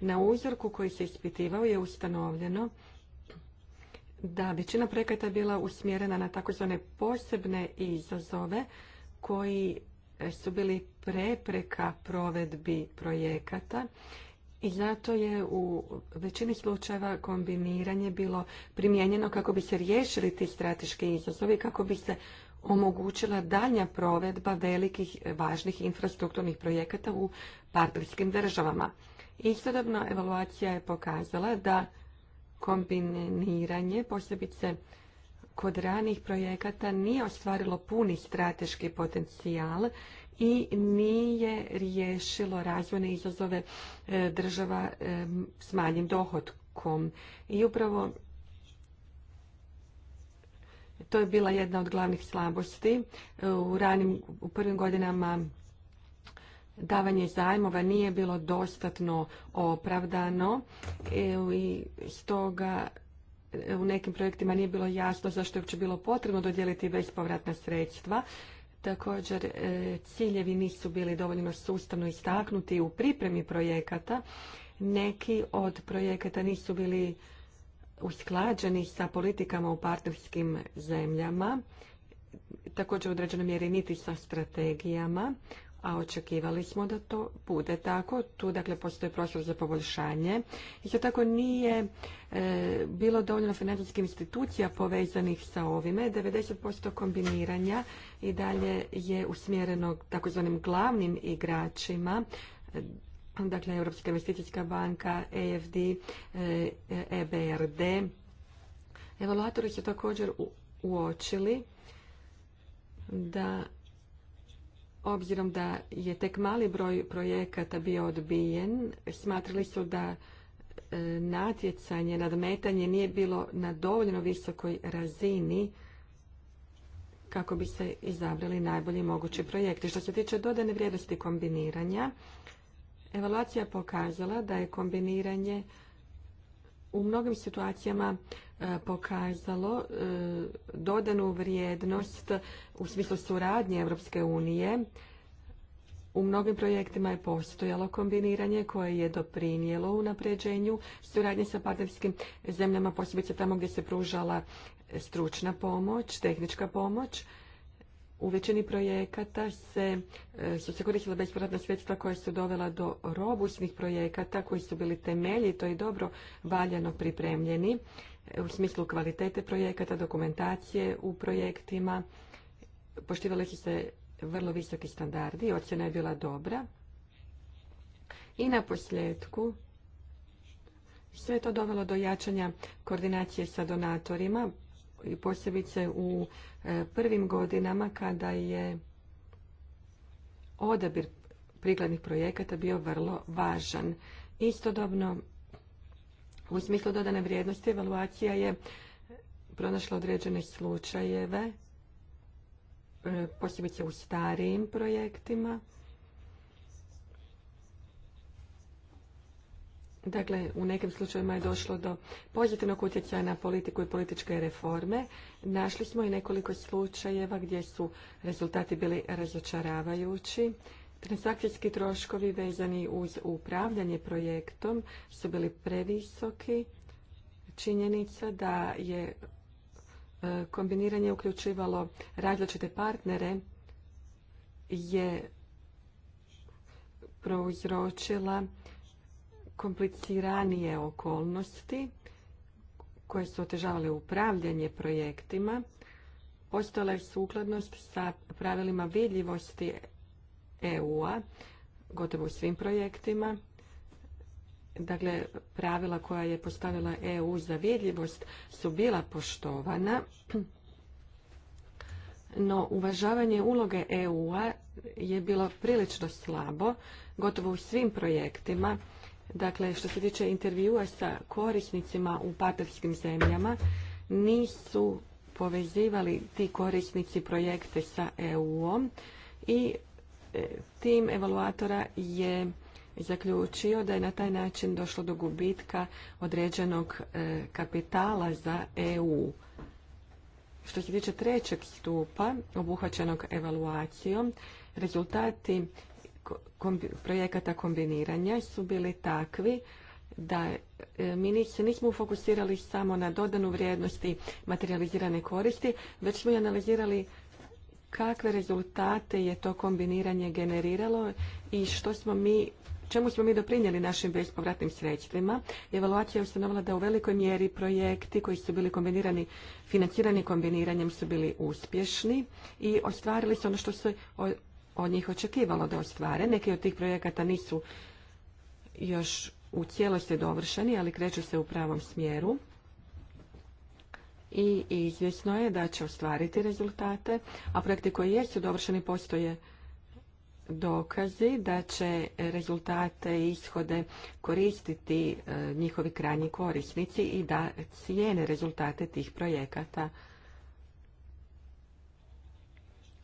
Na uzorku koji se ispitivao je ustanovljeno da većina projekata bila usmjerena na takozvane posebne izazove koji su bili prepreka provedbi projekata i zato je u većini slučajeva kombiniranje bilo primijenjeno kako bi se riješili ti strateški izazovi, kako bi se omogućila dalja provedba velikih važnih infrastrukturnih projekata u partnerskim državama. Istodobno evaluacija je pokazala da kombiniranje, posebice kod ranih projekata, nije ostvarilo puni strateški potencijal i nije riješilo razvojne izazove e, država e, s manjim dohodkom. I upravo to je bila jedna od glavnih slabosti. E, u, ranim, u prvim godinama davanje zajmova nije bilo dostatno opravdano i stoga u nekim projektima nije bilo jasno zašto je uopće bilo potrebno dodijeliti bespovratna sredstva Također, e, ciljevi nisu bili dovoljno sustavno istaknuti u pripremi projekata. Neki od projekata nisu bili usklađeni sa politikama u partnerskim zemljama, također u određenoj mjeri niti sa strategijama a očekivali smo da to bude tako. Tu dakle postoji prostor za poboljšanje. Isto tako nije e, bilo dovoljno financijskih institucija povezanih sa ovime. 90% kombiniranja i dalje je usmjereno takozvanim glavnim igračima dakle Europska investicijska banka, EFD, e, EBRD. E, e Evaluatori su također uočili da obzirom da je tek mali broj projekata bio odbijen, smatrali su da e, natjecanje, nadmetanje nije bilo na dovoljno visokoj razini kako bi se izabrali najbolji mogući projekti. Što se tiče dodane vrijednosti kombiniranja, evaluacija pokazala da je kombiniranje u mnogim situacijama E, pokazalo e, dodanu vrijednost u smislu suradnje Europske unije. U mnogim projektima je postojalo kombiniranje koje je doprinijelo u napređenju suradnje sa partnerskim zemljama, posebice tamo gdje se pružala stručna pomoć, tehnička pomoć. U većini projekata se, e, su se koristila bespovratna sredstva koja su dovela do robusnih projekata koji su bili to i dobro valjano pripremljeni u smislu kvalitete projekata, dokumentacije u projektima. Poštivali su se vrlo visoki standardi, ocjena je bila dobra. I na posljedku sve je to dovelo do jačanja koordinacije sa donatorima i posebice u e, prvim godinama kada je odabir prikladnih projekata bio vrlo važan. Istodobno u smislu dodane vrijednosti evaluacija je pronašla određene slučajeve, e, posebice u starijim projektima. Dakle, u nekim slučajevima je došlo do pozitivnog utjecaja na politiku i političke reforme. Našli smo i nekoliko slučajeva gdje su rezultati bili razočaravajući Transakcijski troškovi vezani uz upravljanje projektom su bili previsoki. Činjenica da je e, kombiniranje uključivalo različite partnere je prouzročila kompliciranije okolnosti koje su otežavale upravljanje projektima. Postala je sukladnost sa pravilima vidljivosti EU-a, gotovo u svim projektima. Dakle, pravila koja je postavila EU za vidljivost su bila poštovana, no uvažavanje uloge EU-a je bilo prilično slabo, gotovo u svim projektima. Dakle, što se tiče intervjua sa korisnicima u partnerskim zemljama, nisu povezivali ti korisnici projekte sa EU-om i E, tim evaluatora je zaključio da je na taj način došlo do gubitka određenog e, kapitala za EU. Što se tiče trećeg stupa, obuhvaćenog evaluacijom, rezultati projekata kombiniranja su bili takvi da e, mi se nismo fokusirali samo na dodanu vrijednosti materializirane koristi, već smo i analizirali kakve rezultate je to kombiniranje generiralo i što smo mi čemu smo mi doprinijeli našim bespovratnim sredstvima. Evaluacija je ustanovila da u velikoj mjeri projekti koji su bili kombinirani, financirani kombiniranjem su bili uspješni i ostvarili su ono što se od njih očekivalo da ostvare. Neki od tih projekata nisu još u cijelosti dovršeni, ali kreću se u pravom smjeru i izvjesno je da će ostvariti rezultate, a projekti koji jesu dovršeni postoje dokazi da će rezultate i ishode koristiti e, njihovi krajnji korisnici i da cijene rezultate tih projekata.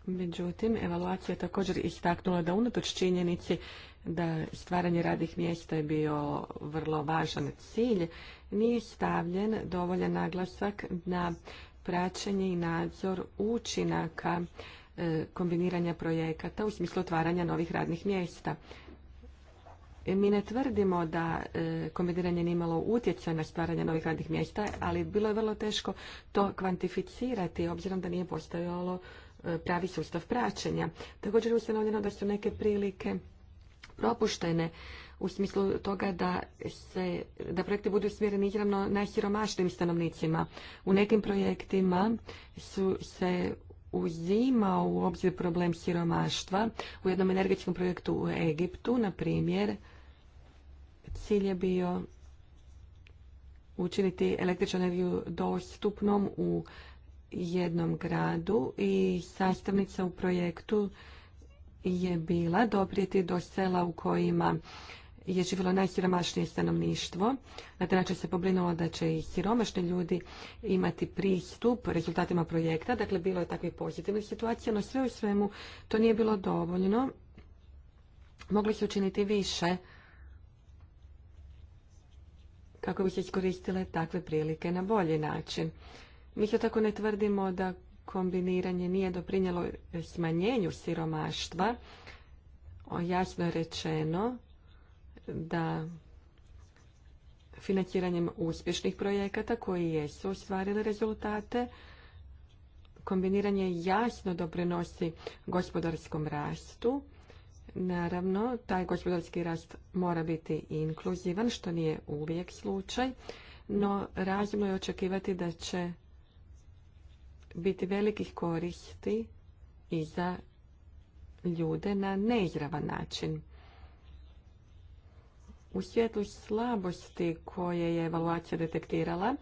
Međutim, evaluacija je također istaknula da unatoč činjenici da stvaranje radnih mjesta je bio vrlo važan cilj, nije stavljen dovoljan naglasak na praćenje i nadzor učinaka e, kombiniranja projekata u smislu otvaranja novih radnih mjesta. E, mi ne tvrdimo da e, kombiniranje nije imalo utjecaj na stvaranje novih radnih mjesta, ali bilo je vrlo teško to kvantificirati, obzirom da nije postavljalo pravi sustav praćenja. Također je ustanovljeno da su neke prilike propuštene u smislu toga da, se, da projekti budu usmjereni izravno najsiromašnijim stanovnicima. U nekim projektima su se uzima u obzir problem siromaštva. U jednom energetskom projektu u Egiptu, na primjer, cilj je bio učiniti električnu energiju dostupnom u jednom gradu i sastavnica u projektu je bila doprijeti do sela u kojima je živjelo najsiromašnije stanovništvo. Na taj način se pobrinulo da će i siromašni ljudi imati pristup rezultatima projekta. Dakle, bilo je takvih pozitivnih situacija, no sve u svemu to nije bilo dovoljno. Mogli se učiniti više kako bi se iskoristile takve prilike na bolji način. Mi se tako ne tvrdimo da kombiniranje nije doprinjelo smanjenju siromaštva. jasno je rečeno da financiranjem uspješnih projekata koji jesu ostvarili rezultate, kombiniranje jasno doprinosi gospodarskom rastu. Naravno, taj gospodarski rast mora biti inkluzivan, što nije uvijek slučaj, no razumno je očekivati da će biti velikih koristi i za ljude na neizravan način. U svjetlu slabosti koje je evaluacija detektirala,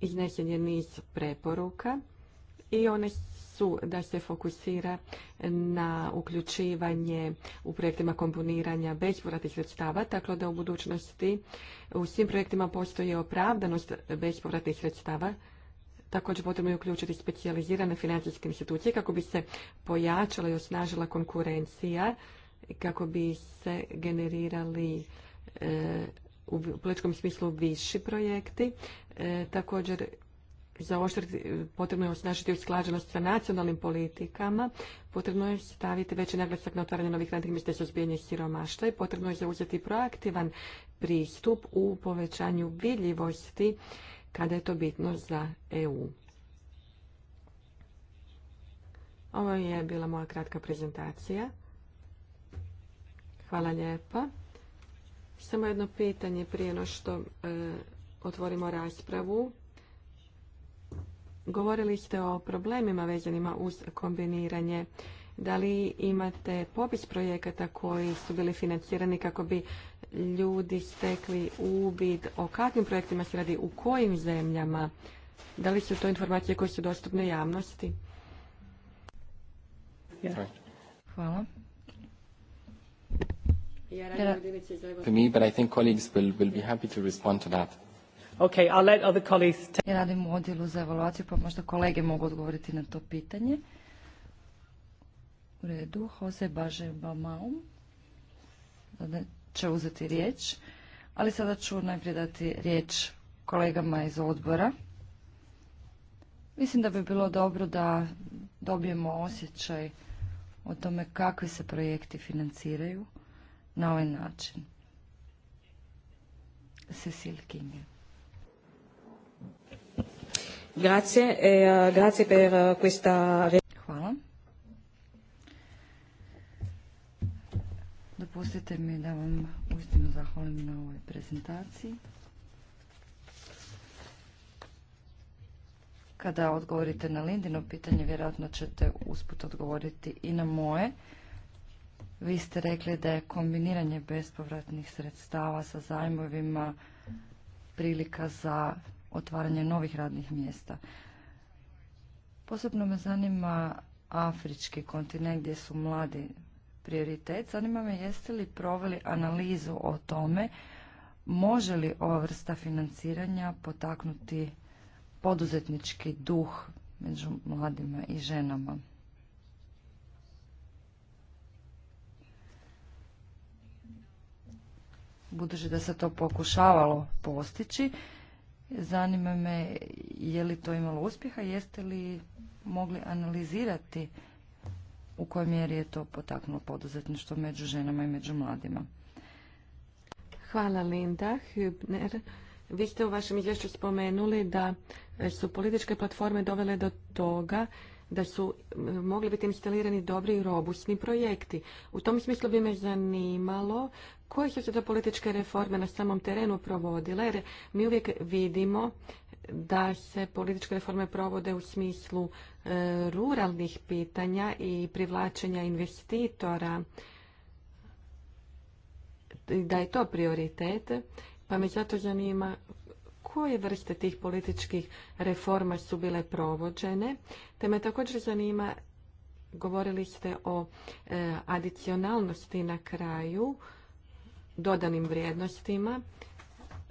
iznesen je niz preporuka i one su da se fokusira na uključivanje u projektima komponiranja bespovratnih sredstava, tako da u budućnosti u svim projektima postoji opravdanost bespovratnih sredstava, Također potrebno je uključiti specijalizirane financijske institucije kako bi se pojačala i osnažila konkurencija kako bi se generirali e, u političkom smislu viši projekti. E, također, potrebno je osnažiti usklađenost sa nacionalnim politikama, potrebno je staviti veći naglasak na otvaranje novih radnih mjesta za suzbijanje siromaštva i potrebno je zauzeti proaktivan pristup u povećanju vidljivosti kada je to bitno za EU. Ovo je bila moja kratka prezentacija. Hvala lijepa. Samo jedno pitanje prije no što e, otvorimo raspravu. Govorili ste o problemima vezanima uz kombiniranje. Da li imate popis projekata koji su bili financirani kako bi ljudi stekli uvid o kakvim projektima se radi, u kojim zemljama? Da li su to informacije koje su dostupne javnosti? Hvala. To me, but I think Ja radim u odjelu za evaluaciju, pa možda kolege mogu odgovoriti na to pitanje. U redu, Jose Baže Bamaum će uzeti riječ, ali sada ću najprije dati riječ kolegama iz odbora. Mislim da bi bilo dobro da dobijemo osjećaj o tome kakvi se projekti financiraju na ovaj način. Cecil Kinje. Grazie, e, eh, grazie per eh, questa... Hvala. Dopustite mi da vam uistinu zahvalim na ovoj prezentaciji. kada odgovorite na Lindino pitanje, vjerojatno ćete usput odgovoriti i na moje. Vi ste rekli da je kombiniranje bespovratnih sredstava sa zajmovima prilika za otvaranje novih radnih mjesta. Posebno me zanima afrički kontinent gdje su mladi prioritet. Zanima me jeste li proveli analizu o tome može li ova vrsta financiranja potaknuti poduzetnički duh među mladima i ženama. Budući da se to pokušavalo postići, zanima me je li to imalo uspjeha, jeste li mogli analizirati u kojoj mjeri je to potaknulo poduzetništvo među ženama i među mladima. Hvala Linda Hübner. Vi ste u vašem izvješću spomenuli da su političke platforme dovele do toga da su mogli biti instalirani dobri i robustni projekti. U tom smislu bi me zanimalo koje su se to političke reforme na samom terenu provodile, jer mi uvijek vidimo da se političke reforme provode u smislu e, ruralnih pitanja i privlačenja investitora, da je to prioritet, pa me zato zanima koje vrste tih političkih reforma su bile provođene, te me također zanima, govorili ste o e, adicionalnosti na kraju, dodanim vrijednostima,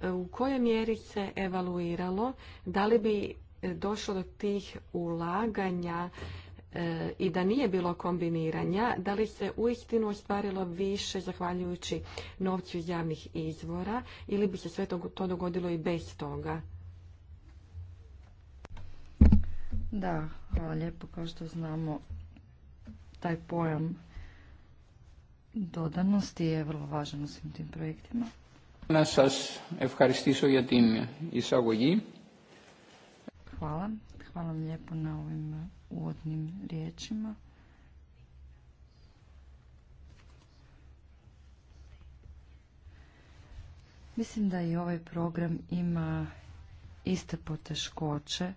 e, u kojoj mjeri se evaluiralo, da li bi e, došlo do tih ulaganja E, i da nije bilo kombiniranja, da li se uistinu ostvarilo više zahvaljujući novcu iz javnih izvora ili bi se sve to dogodilo i bez toga? Da, hvala lijepo. Kao što znamo, taj pojam dodanosti je vrlo važan u svim tim projektima. Na sas evharistiso για Hvala. Hvala vam lijepo na ovim uvodnim riječima. Mislim da i ovaj program ima iste poteškoće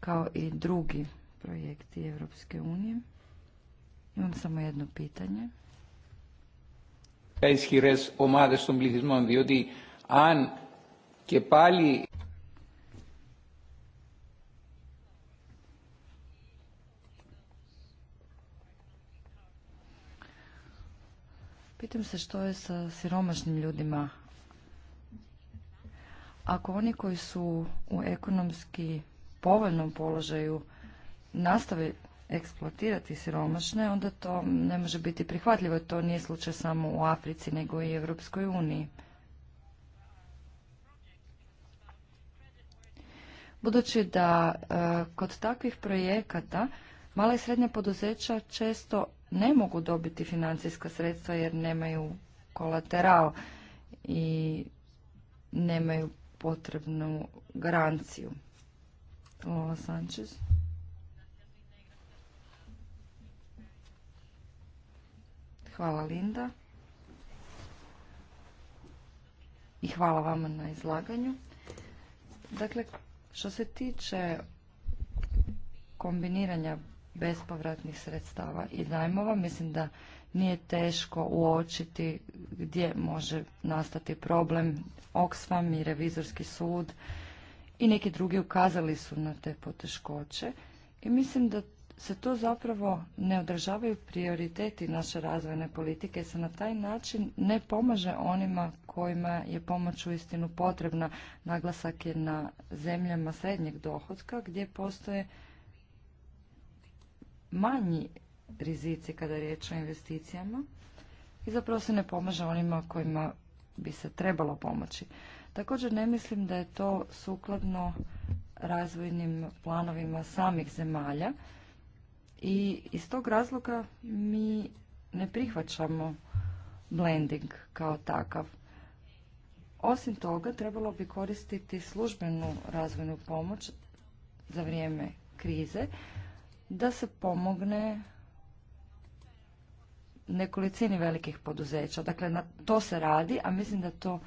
kao i drugi projekti Europske unije. Imam samo jedno pitanje. Ισχυρές ομάδες των πληθυσμών, διότι αν an pitam se što je sa siromašnim ljudima. Ako oni koji su u ekonomski povoljnom položaju nastave eksploatirati siromašne, onda to ne može biti prihvatljivo. To nije slučaj samo u Africi, nego i Europskoj uniji. Budući da e, kod takvih projekata mala i srednja poduzeća često ne mogu dobiti financijska sredstva jer nemaju kolateral i nemaju potrebnu garanciju. Lola Sanchez. Hvala Linda. I hvala vama na izlaganju. Dakle, što se tiče kombiniranja bespovratnih sredstava i zajmova. Mislim da nije teško uočiti gdje može nastati problem. Oxfam i Revizorski sud i neki drugi ukazali su na te poteškoće i mislim da se to zapravo ne održavaju prioriteti naše razvojne politike, se na taj način ne pomaže onima kojima je pomoć u istinu potrebna. Naglasak je na zemljama srednjeg dohodka gdje postoje manji rizici kada je riječ o investicijama i zapravo se ne pomaže onima kojima bi se trebalo pomoći. Također ne mislim da je to sukladno razvojnim planovima samih zemalja i iz tog razloga mi ne prihvaćamo blending kao takav. Osim toga, trebalo bi koristiti službenu razvojnu pomoć za vrijeme krize da se pomogne nekolicini velikih poduzeća. Dakle, na to se radi, a mislim da to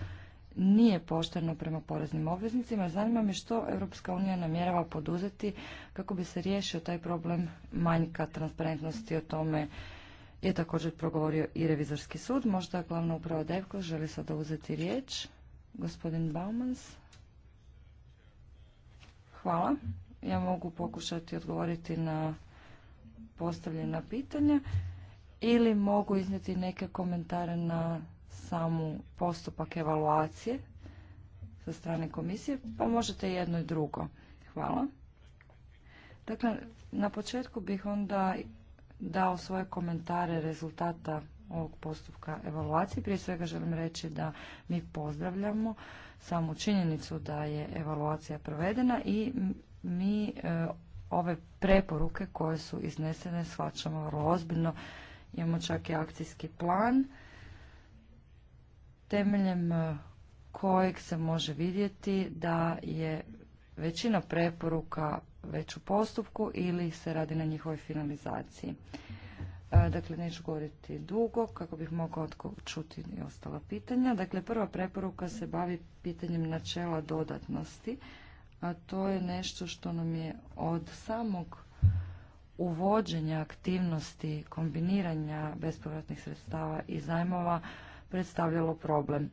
nije pošteno prema poreznim obveznicima. Zanima me što Europska unija namjerava poduzeti kako bi se riješio taj problem manjka transparentnosti o tome je također progovorio i revizorski sud. Možda glavna uprava Devko želi sada uzeti riječ. Gospodin Baumans. Hvala ja mogu pokušati odgovoriti na postavljena pitanja ili mogu iznijeti neke komentare na samu postupak evaluacije sa strane komisije, pa možete jedno i drugo. Hvala. Dakle, na početku bih onda dao svoje komentare rezultata ovog postupka evaluacije. Prije svega želim reći da mi pozdravljamo samu činjenicu da je evaluacija provedena i mi e, ove preporuke koje su iznesene shvaćamo vrlo ozbiljno. Imamo čak i akcijski plan temeljem e, kojeg se može vidjeti da je većina preporuka već u postupku ili se radi na njihovoj finalizaciji. E, dakle, neću govoriti dugo kako bih mogao čuti i ostala pitanja. Dakle, prva preporuka se bavi pitanjem načela dodatnosti a to je nešto što nam je od samog uvođenja aktivnosti kombiniranja bespovratnih sredstava i zajmova predstavljalo problem.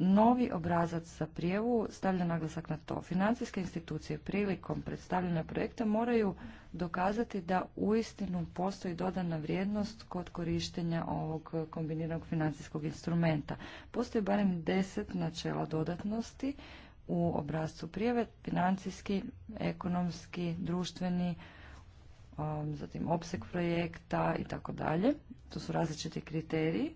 Novi obrazac za prijevu stavlja naglasak na to. Financijske institucije prilikom predstavljanja projekta moraju dokazati da uistinu postoji dodana vrijednost kod korištenja ovog kombiniranog financijskog instrumenta. Postoji barem deset načela dodatnosti u obrazcu prijave, financijski, ekonomski, društveni, um, zatim opseg projekta i tako dalje. To su različiti kriteriji.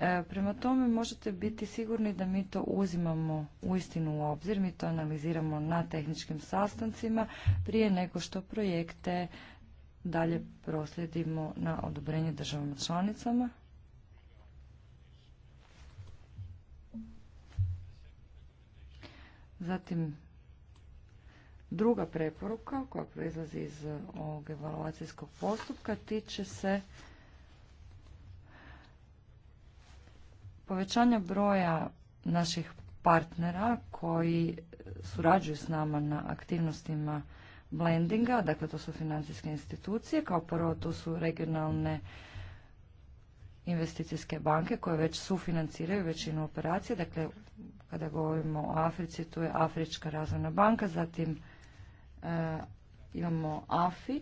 E, prema tome možete biti sigurni da mi to uzimamo istinu u obzir, mi to analiziramo na tehničkim sastancima prije nego što projekte dalje proslijedimo na odobrenje državama članicama Zatim, druga preporuka koja proizlazi iz ovog evaluacijskog postupka tiče se povećanja broja naših partnera koji surađuju s nama na aktivnostima blendinga, dakle to su financijske institucije, kao prvo to su regionalne investicijske banke koje već sufinanciraju većinu operacije, dakle kada govorimo o Africi, tu je Afrička razvojna banka, zatim e, imamo AFI,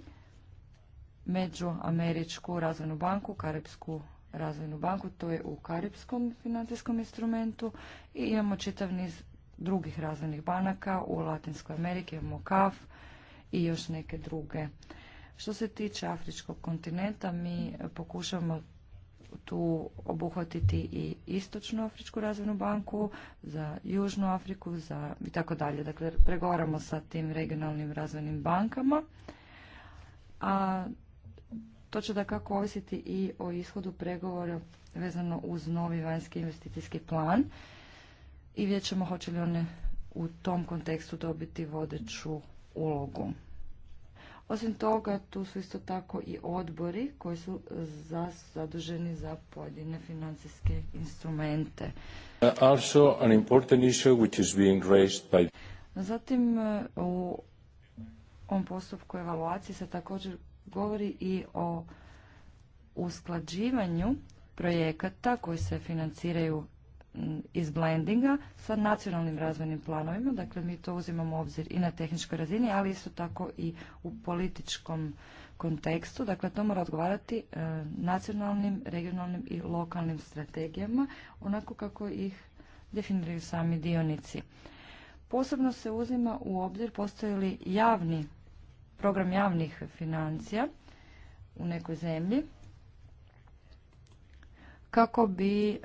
Međuameričku razvojnu banku, Karibsku razvojnu banku, to je u Karibskom financijskom instrumentu i imamo čitav niz drugih razvojnih banaka u Latinskoj Ameriki, imamo CAF i još neke druge. Što se tiče Afričkog kontinenta, mi pokušavamo tu obuhvatiti i Istočnu Afričku razvojnu banku, za Južnu Afriku za i tako dalje. Dakle, pregovaramo sa tim regionalnim razvojnim bankama. A to će da kako ovisiti i o ishodu pregovora vezano uz novi vanjski investicijski plan i vidjet ćemo hoće li one u tom kontekstu dobiti vodeću ulogu. Osim toga, tu su isto tako i odbori koji su zaduženi za pojedine financijske instrumente. Zatim, u ovom postupku evaluacije se također govori i o usklađivanju projekata koji se financiraju Mm, iz blendinga sa nacionalnim razvojnim planovima, dakle mi to uzimamo u obzir i na tehničkoj razini, ali isto tako i u političkom kontekstu, dakle to mora odgovarati e, nacionalnim, regionalnim i lokalnim strategijama, onako kako ih definiraju sami dionici. Posebno se uzima u obzir postoji li javni, program javnih financija u nekoj zemlji, kako bi e,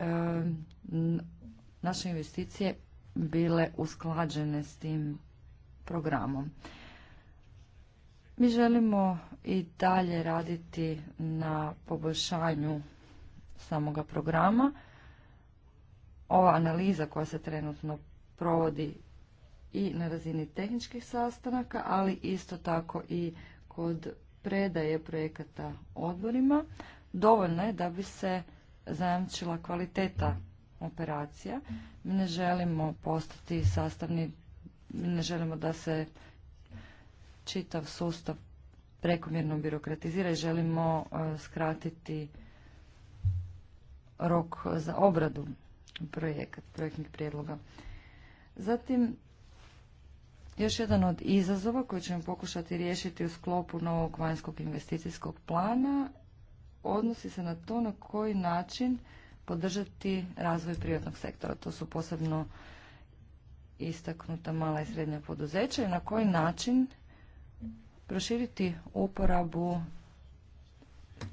naše investicije bile usklađene s tim programom. Mi želimo i dalje raditi na poboljšanju samoga programa. Ova analiza koja se trenutno provodi i na razini tehničkih sastanaka, ali isto tako i kod predaje projekata odborima, dovoljno je da bi se zajamčila kvaliteta operacija. Mi ne želimo postati sastavni, mi ne želimo da se čitav sustav prekomjerno birokratizira i želimo e, skratiti rok za obradu projekat, projektnih prijedloga. Zatim, još jedan od izazova koji ćemo pokušati riješiti u sklopu novog vanjskog investicijskog plana odnosi se na to na koji način podržati razvoj privatnog sektora. To su posebno istaknuta mala i srednja poduzeća i na koji način proširiti uporabu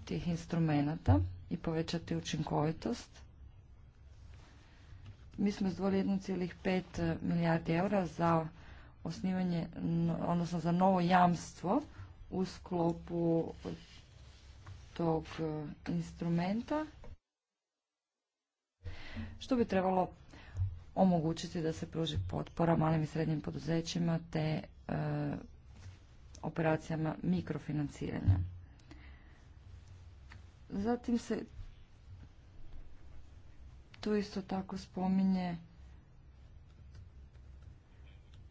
tih instrumenata i povećati učinkovitost. Mi smo izdvojili 1,5 milijardi eura za osnivanje, odnosno za novo jamstvo u sklopu tog e, instrumenta, što bi trebalo omogućiti da se pruži potpora malim i srednjim poduzećima te e, operacijama mikrofinanciranja. Zatim se tu isto tako spominje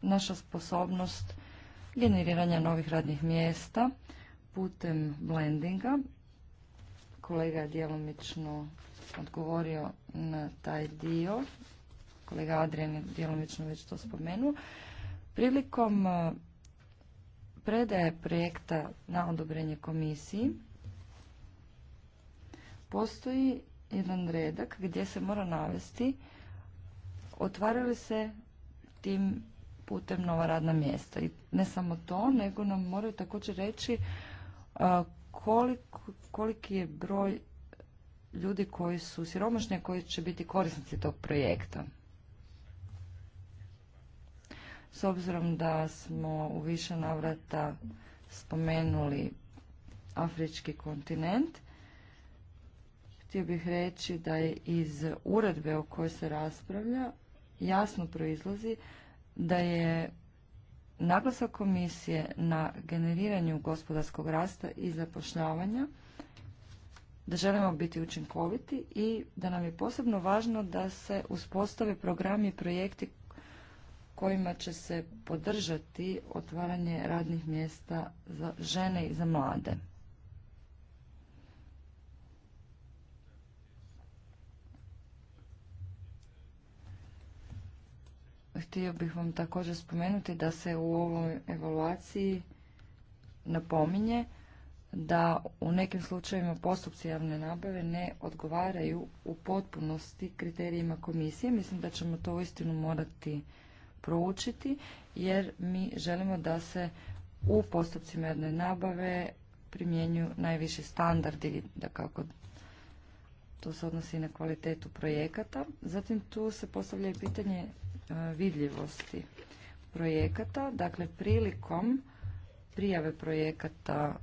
naša sposobnost generiranja novih radnih mjesta putem blendinga kolega je djelomično odgovorio na taj dio. Kolega Adrian je djelomično već to spomenuo. Prilikom e, predaje projekta na odobrenje komisiji postoji jedan redak gdje se mora navesti otvaraju se tim putem nova radna mjesta. I ne samo to, nego nam moraju također reći e, koliko, koliki je broj ljudi koji su siromašni, koji će biti korisnici tog projekta. S obzirom da smo u više navrata spomenuli afrički kontinent, htio bih reći da je iz uredbe o kojoj se raspravlja jasno proizlazi da je naglasak komisije na generiranju gospodarskog rasta i zapošljavanja, da želimo biti učinkoviti i da nam je posebno važno da se uspostave programi i projekti kojima će se podržati otvaranje radnih mjesta za žene i za mlade. Htio bih vam također spomenuti da se u ovoj evaluaciji napominje da u nekim slučajevima postupci javne nabave ne odgovaraju u potpunosti kriterijima komisije. Mislim da ćemo to uistinu morati proučiti jer mi želimo da se u postupcima javne nabave primjenju najviši standardi, da kako to se odnosi na kvalitetu projekata. Zatim tu se postavlja i pitanje E, vidljivosti projekata. Dakle, prilikom prijave projekata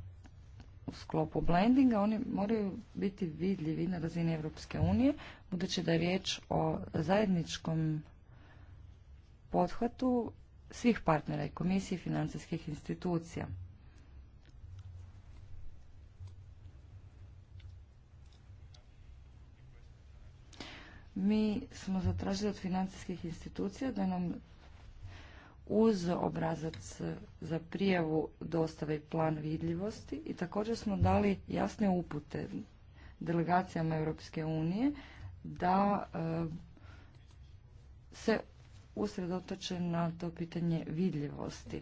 u sklopu blendinga oni moraju biti vidljivi na razini Europske unije, budući da je riječ o zajedničkom pothvatu svih partnera i komisije financijskih institucija. mi smo zatražili od financijskih institucija da nam uz obrazac za prijavu dostave i plan vidljivosti i također smo dali jasne upute delegacijama Europske unije da e, se usredotoče na to pitanje vidljivosti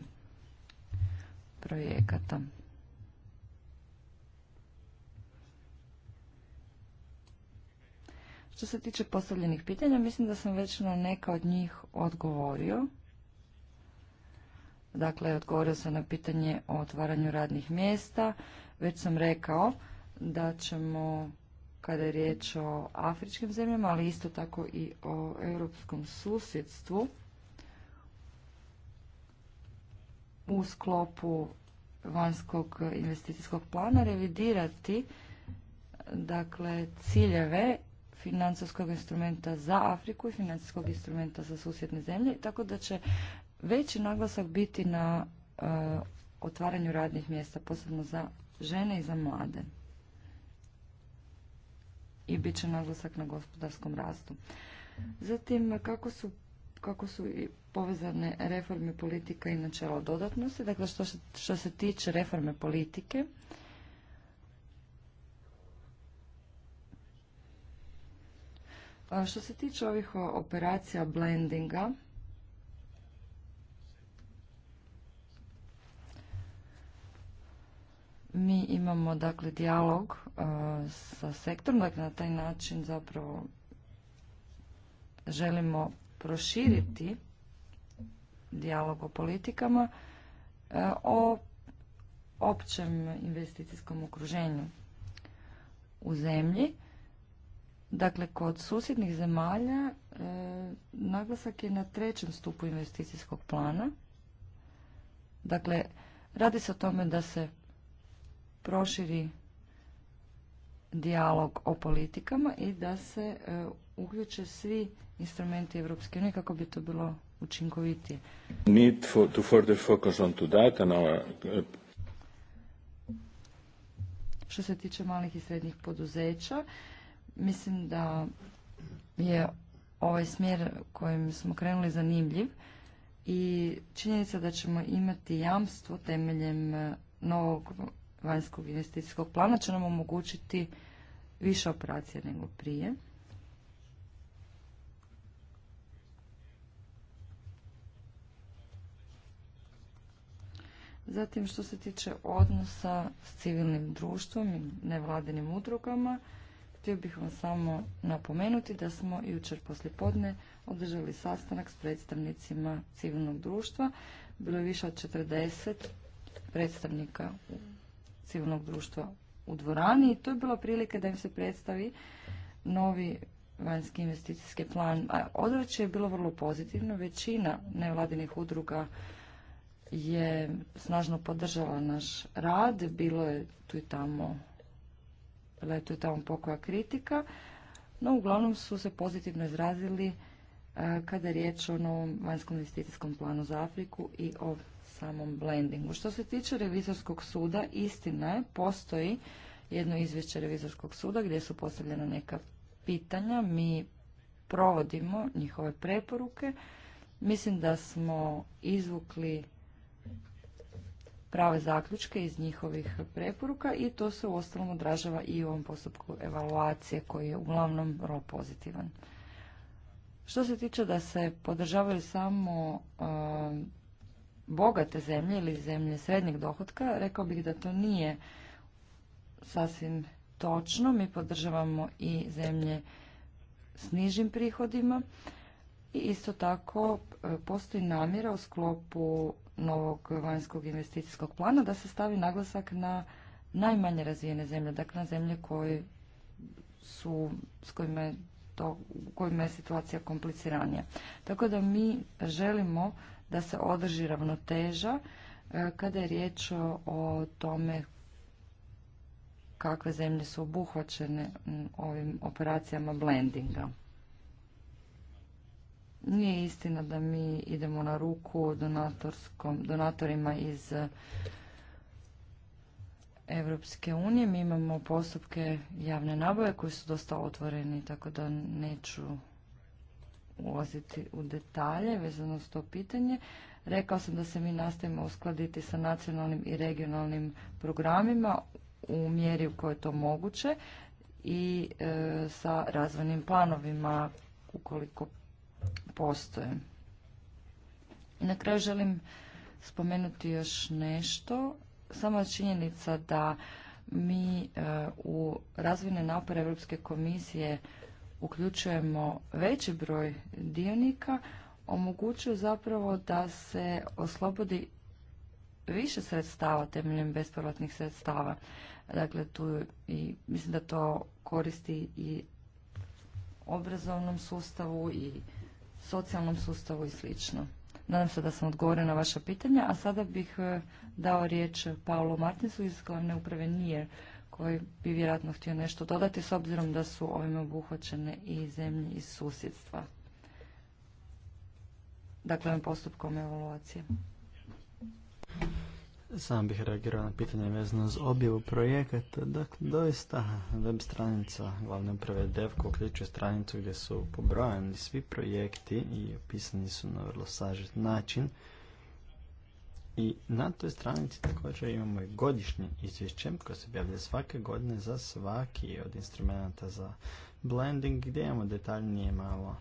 projekata. Što se tiče postavljenih pitanja, mislim da sam već na neka od njih odgovorio. Dakle, odgovorio sam na pitanje o otvaranju radnih mjesta. Već sam rekao da ćemo, kada je riječ o afričkim zemljama, ali isto tako i o europskom susjedstvu, u sklopu vanjskog investicijskog plana revidirati dakle ciljeve financijskog instrumenta za Afriku i financijskog instrumenta za susjedne zemlje, tako da će veći naglasak biti na eh, otvaranju radnih mjesta, posebno za žene i za mlade. I bit će naglasak na gospodarskom rastu. Zatim, kako su, kako su i povezane reforme politika i načela dodatnosti, dakle što, što se tiče reforme politike, Što se tiče ovih operacija blendinga, mi imamo dakle dijalog sa sektorom, dakle na taj način zapravo želimo proširiti dijalog o politikama o općem investicijskom okruženju u zemlji. Dakle, kod susjednih zemalja e, naglasak je na trećem stupu investicijskog plana. Dakle, radi se o tome da se proširi dijalog o politikama i da se e, uključe svi instrumenti Europske unije kako bi to bilo učinkovitije. Need to further focus on to that and e, Što se tiče malih i srednjih poduzeća, Mislim da je ovaj smjer kojim smo krenuli zanimljiv i činjenica da ćemo imati jamstvo temeljem e, novog vanjskog investicijskog plana će nam omogućiti više operacija nego prije. Zatim što se tiče odnosa s civilnim društvom i nevladinim udrugama, Htio bih vam samo napomenuti da smo jučer poslijepodne održali sastanak s predstavnicima civilnog društva. Bilo je više od 40 predstavnika civilnog društva u dvorani i to je bila prilika da im se predstavi novi vanjski investicijski plan. Odreće je bilo vrlo pozitivno. Većina nevladinih udruga je snažno podržala naš rad. Bilo je tu i tamo letu je tamo pokoja kritika, no uglavnom su se pozitivno izrazili e, kada je riječ o novom vanjskom investicijskom planu za Afriku i o samom blendingu. Što se tiče revizorskog suda, istina je, postoji jedno izvješće revizorskog suda gdje su postavljena neka pitanja. Mi provodimo njihove preporuke. Mislim da smo izvukli prave zaključke iz njihovih preporuka i to se uostalom odražava i u ovom postupku evaluacije koji je uglavnom vrlo pozitivan. Što se tiče da se podržavaju samo um, bogate zemlje ili zemlje srednjeg dohotka, rekao bih da to nije sasvim točno. Mi podržavamo i zemlje s nižim prihodima i isto tako e, postoji namjera u sklopu novog vanjskog investicijskog plana da se stavi naglasak na najmanje razvijene zemlje, dakle na zemlje koje su, s kojima je to, kojima je situacija kompliciranija. Tako da mi želimo da se održi ravnoteža e, kada je riječ o tome kakve zemlje su obuhvaćene ovim operacijama blendinga. Nije istina da mi idemo na ruku donatorskom, donatorima iz Europske eh, unije. Mi imamo postupke javne nabave koji su dosta otvoreni, tako da neću ulaziti u detalje vezano s to pitanje. Rekao sam da se mi nastavimo uskladiti sa nacionalnim i regionalnim programima u mjeri u kojoj je to moguće i eh, sa razvojnim planovima ukoliko postoje. Na kraju želim spomenuti još nešto. Sama činjenica da mi e, u razvojne napore Europske komisije uključujemo veći broj dionika, omogućuje zapravo da se oslobodi više sredstava temeljem bespovratnih sredstava. Dakle, tu i mislim da to koristi i obrazovnom sustavu i socijalnom sustavu i slično. Nadam se da sam odgovorila na vaša pitanja, a sada bih e, dao riječ Paolo Martinsu iz glavne uprave Nije, koji bi vjerojatno htio nešto dodati s obzirom da su ovime obuhvaćene i zemlje iz susjedstva. Dakle, postupkom evaluacije. Sam bih reagirao na pitanje vezano za objavu projekata. Dakle, doista web stranica glavne uprave Devko uključuje stranicu gdje su pobrojani svi projekti i opisani su na vrlo sažet način. I na toj stranici također imamo i godišnje izvješće koje se objavlja svake godine za svaki od instrumenta za blending gdje imamo detaljnije malo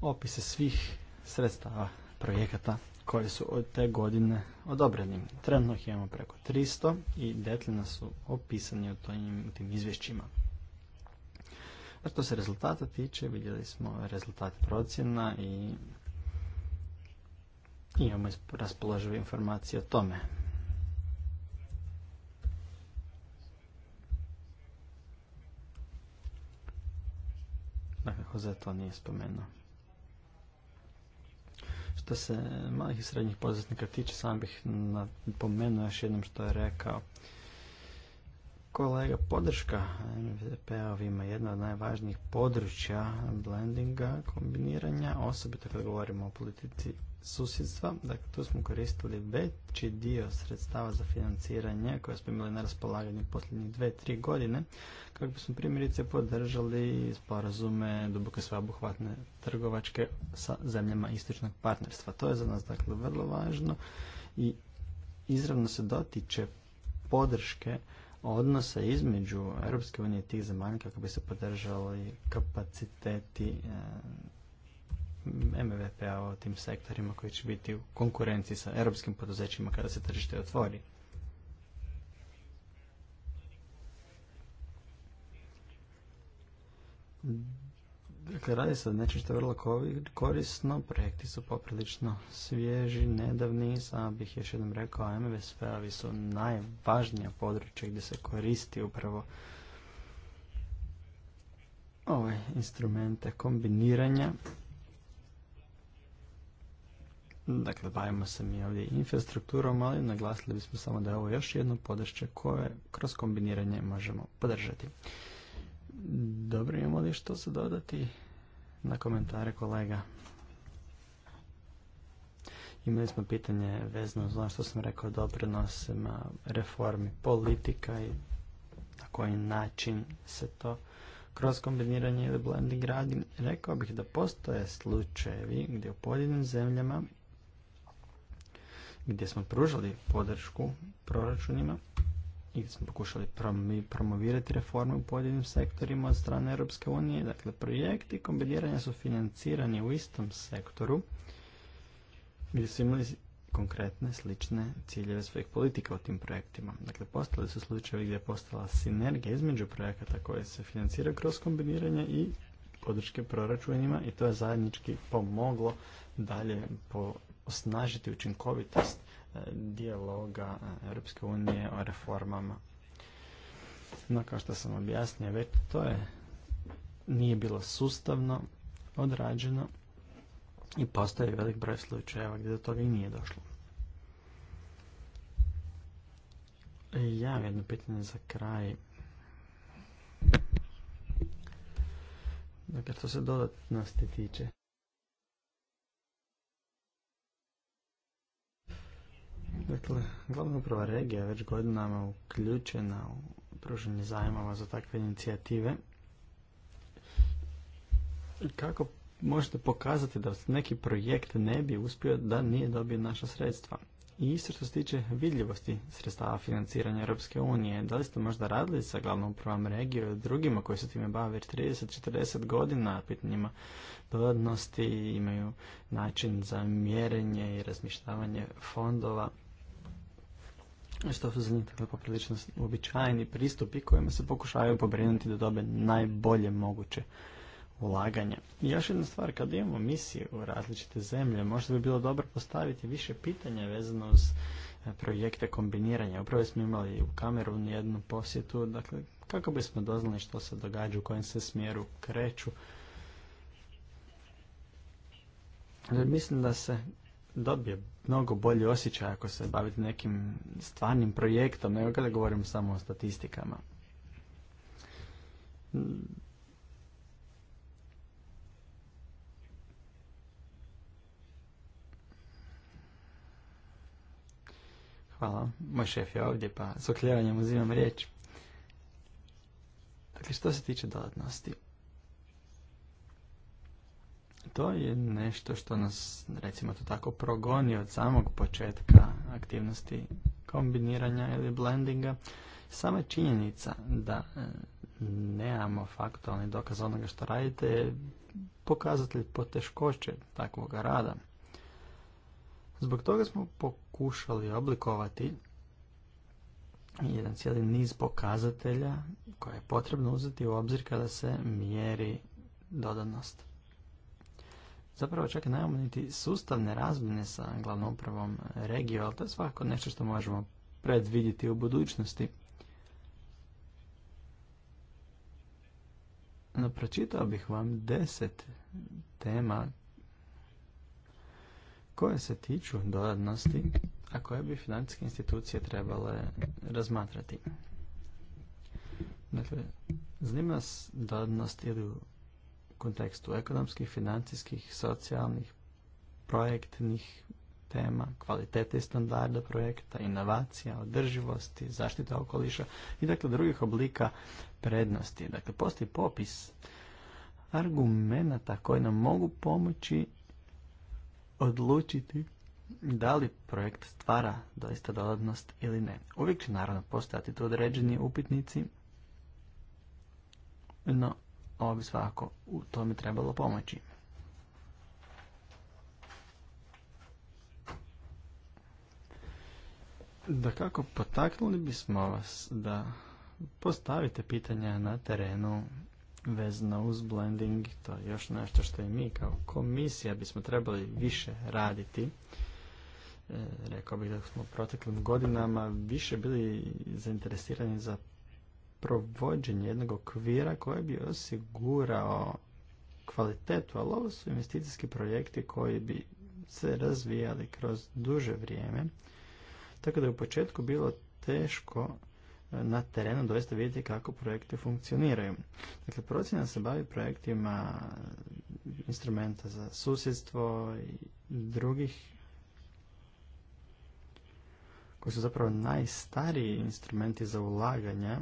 opise svih sredstava projekata koje su od te godine odobreni. Trenutno ih imamo preko 300 i detaljno su opisani u tim izvješćima. A što se rezultata tiče, vidjeli smo rezultat procjena i imamo raspoložive informacije o tome. Dakle, Jose to nije spomenuo. Što se malih i srednjih poduzetnika tiče, sam bih napomenuo još jednom što je rekao kolega, podrška MVP-ovima jedna od najvažnijih područja blendinga, kombiniranja, osobito kad govorimo o politici susjedstva. Dakle, tu smo koristili veći dio sredstava za financiranje koje smo imali na raspolaganju posljednjih dve, tri godine, kako bismo primjerice podržali sporazume duboke sveobuhvatne trgovačke sa zemljama istočnog partnerstva. To je za nas dakle vrlo važno i izravno se dotiče podrške odnosa između Europske unije i tih zemalja kako bi se podržali kapaciteti eh, MVP-a o tim sektorima koji će biti u konkurenciji sa europskim poduzećima kada se tržište otvori. Dakle, radi se o nečem što je vrlo korisno, projekti su poprilično svježi, nedavni, samo bih još jednom rekao, mvsp avi su najvažnija područja gdje se koristi upravo ove instrumente kombiniranja Dakle, bavimo se mi ovdje infrastrukturom, ali naglasili bismo samo da je ovo još jedno područje koje kroz kombiniranje možemo podržati. Dobro, imamo li što se dodati na komentare kolega? Imali smo pitanje vezano za ono što sam rekao doprinosima reformi politika i na koji način se to kroz kombiniranje ili blending radi. Rekao bih da postoje slučajevi gdje u pojedinim zemljama gdje smo pružali podršku proračunima i gdje smo pokušali promovirati reforme u pojedinim sektorima od strane Europske unije. Dakle, projekti kombiniranja su financirani u istom sektoru gdje su imali konkretne, slične ciljeve svojih politika u tim projektima. Dakle, postali su slučajevi gdje je postala sinergija između projekata koje se financira kroz kombiniranje i podrške proračunima i to je zajednički pomoglo dalje po osnažiti učinkovitost e, dijaloga e, Europske unije o reformama. No, kao što sam objasnio, već to je nije bilo sustavno odrađeno i postoji velik broj slučajeva gdje do toga i nije došlo. E, ja imam jedno pitanje za kraj. Dakle, što se dodatnosti tiče. Dakle, glavna uprava regija već godinama uključena u pruženje zajmova za takve inicijative. Kako možete pokazati da neki projekt ne bi uspio da nije dobio naša sredstva? I isto što se tiče vidljivosti sredstava financiranja Europske unije, da li ste možda radili sa glavnom upravom regije i drugima koji se time bave već 30-40 godina pitanjima dodatnosti, imaju način za mjerenje i razmišljavanje fondova? što su za njih tako poprilično uobičajeni pristupi kojima se pokušavaju pobrinuti da dobe najbolje moguće ulaganje. I još jedna stvar, kad imamo misije u različite zemlje, možda bi bilo dobro postaviti više pitanja vezano uz e, projekte kombiniranja. Upravo smo imali u kameru jednu posjetu, dakle, kako bismo doznali što se događa, u kojem se smjeru kreću. E, mislim da se dobije mnogo bolji osjećaj ako se bavite nekim stvarnim projektom nego kada govorim samo o statistikama. Hvala. Moj šef je ovdje, pa s okljevanjem uzimam riječ. Dakle, što se tiče dodatnosti, to je nešto što nas, recimo to tako, progoni od samog početka aktivnosti kombiniranja ili blendinga. Sama činjenica da e, nemamo faktualni dokaz onoga što radite je pokazatelj poteškoće takvog rada. Zbog toga smo pokušali oblikovati jedan cijeli niz pokazatelja koje je potrebno uzeti u obzir kada se mjeri dodanost zapravo čak i sustavne razmjene sa glavnom upravom regije, ali to je svakako nešto što možemo predvidjeti u budućnosti. No, pročitao bih vam deset tema koje se tiču dodatnosti, a koje bi financijske institucije trebale razmatrati. Dakle, zanima nas dodatnost ili kontekstu ekonomskih, financijskih, socijalnih, projektnih tema, kvalitete standarda projekta, inovacija, održivosti, zaštite okoliša i dakle drugih oblika prednosti. Dakle, postoji popis argumenata koji nam mogu pomoći odlučiti da li projekt stvara doista dodatnost ili ne. Uvijek će naravno postojati tu određeni upitnici, no ovo bi svako u tome trebalo pomoći. Da kako potaknuli bismo vas da postavite pitanja na terenu vezano uz blending, to je još nešto što i mi kao komisija bismo trebali više raditi. E, rekao bih da smo u proteklim godinama više bili zainteresirani za provođenje jednog okvira koji bi osigurao kvalitetu, ali ovo su investicijski projekti koji bi se razvijali kroz duže vrijeme. Tako da je u početku bilo teško e, na terenu doista vidjeti kako projekti funkcioniraju. Dakle, procjena se bavi projektima instrumenta za susjedstvo i drugih koji su zapravo najstariji instrumenti za ulaganja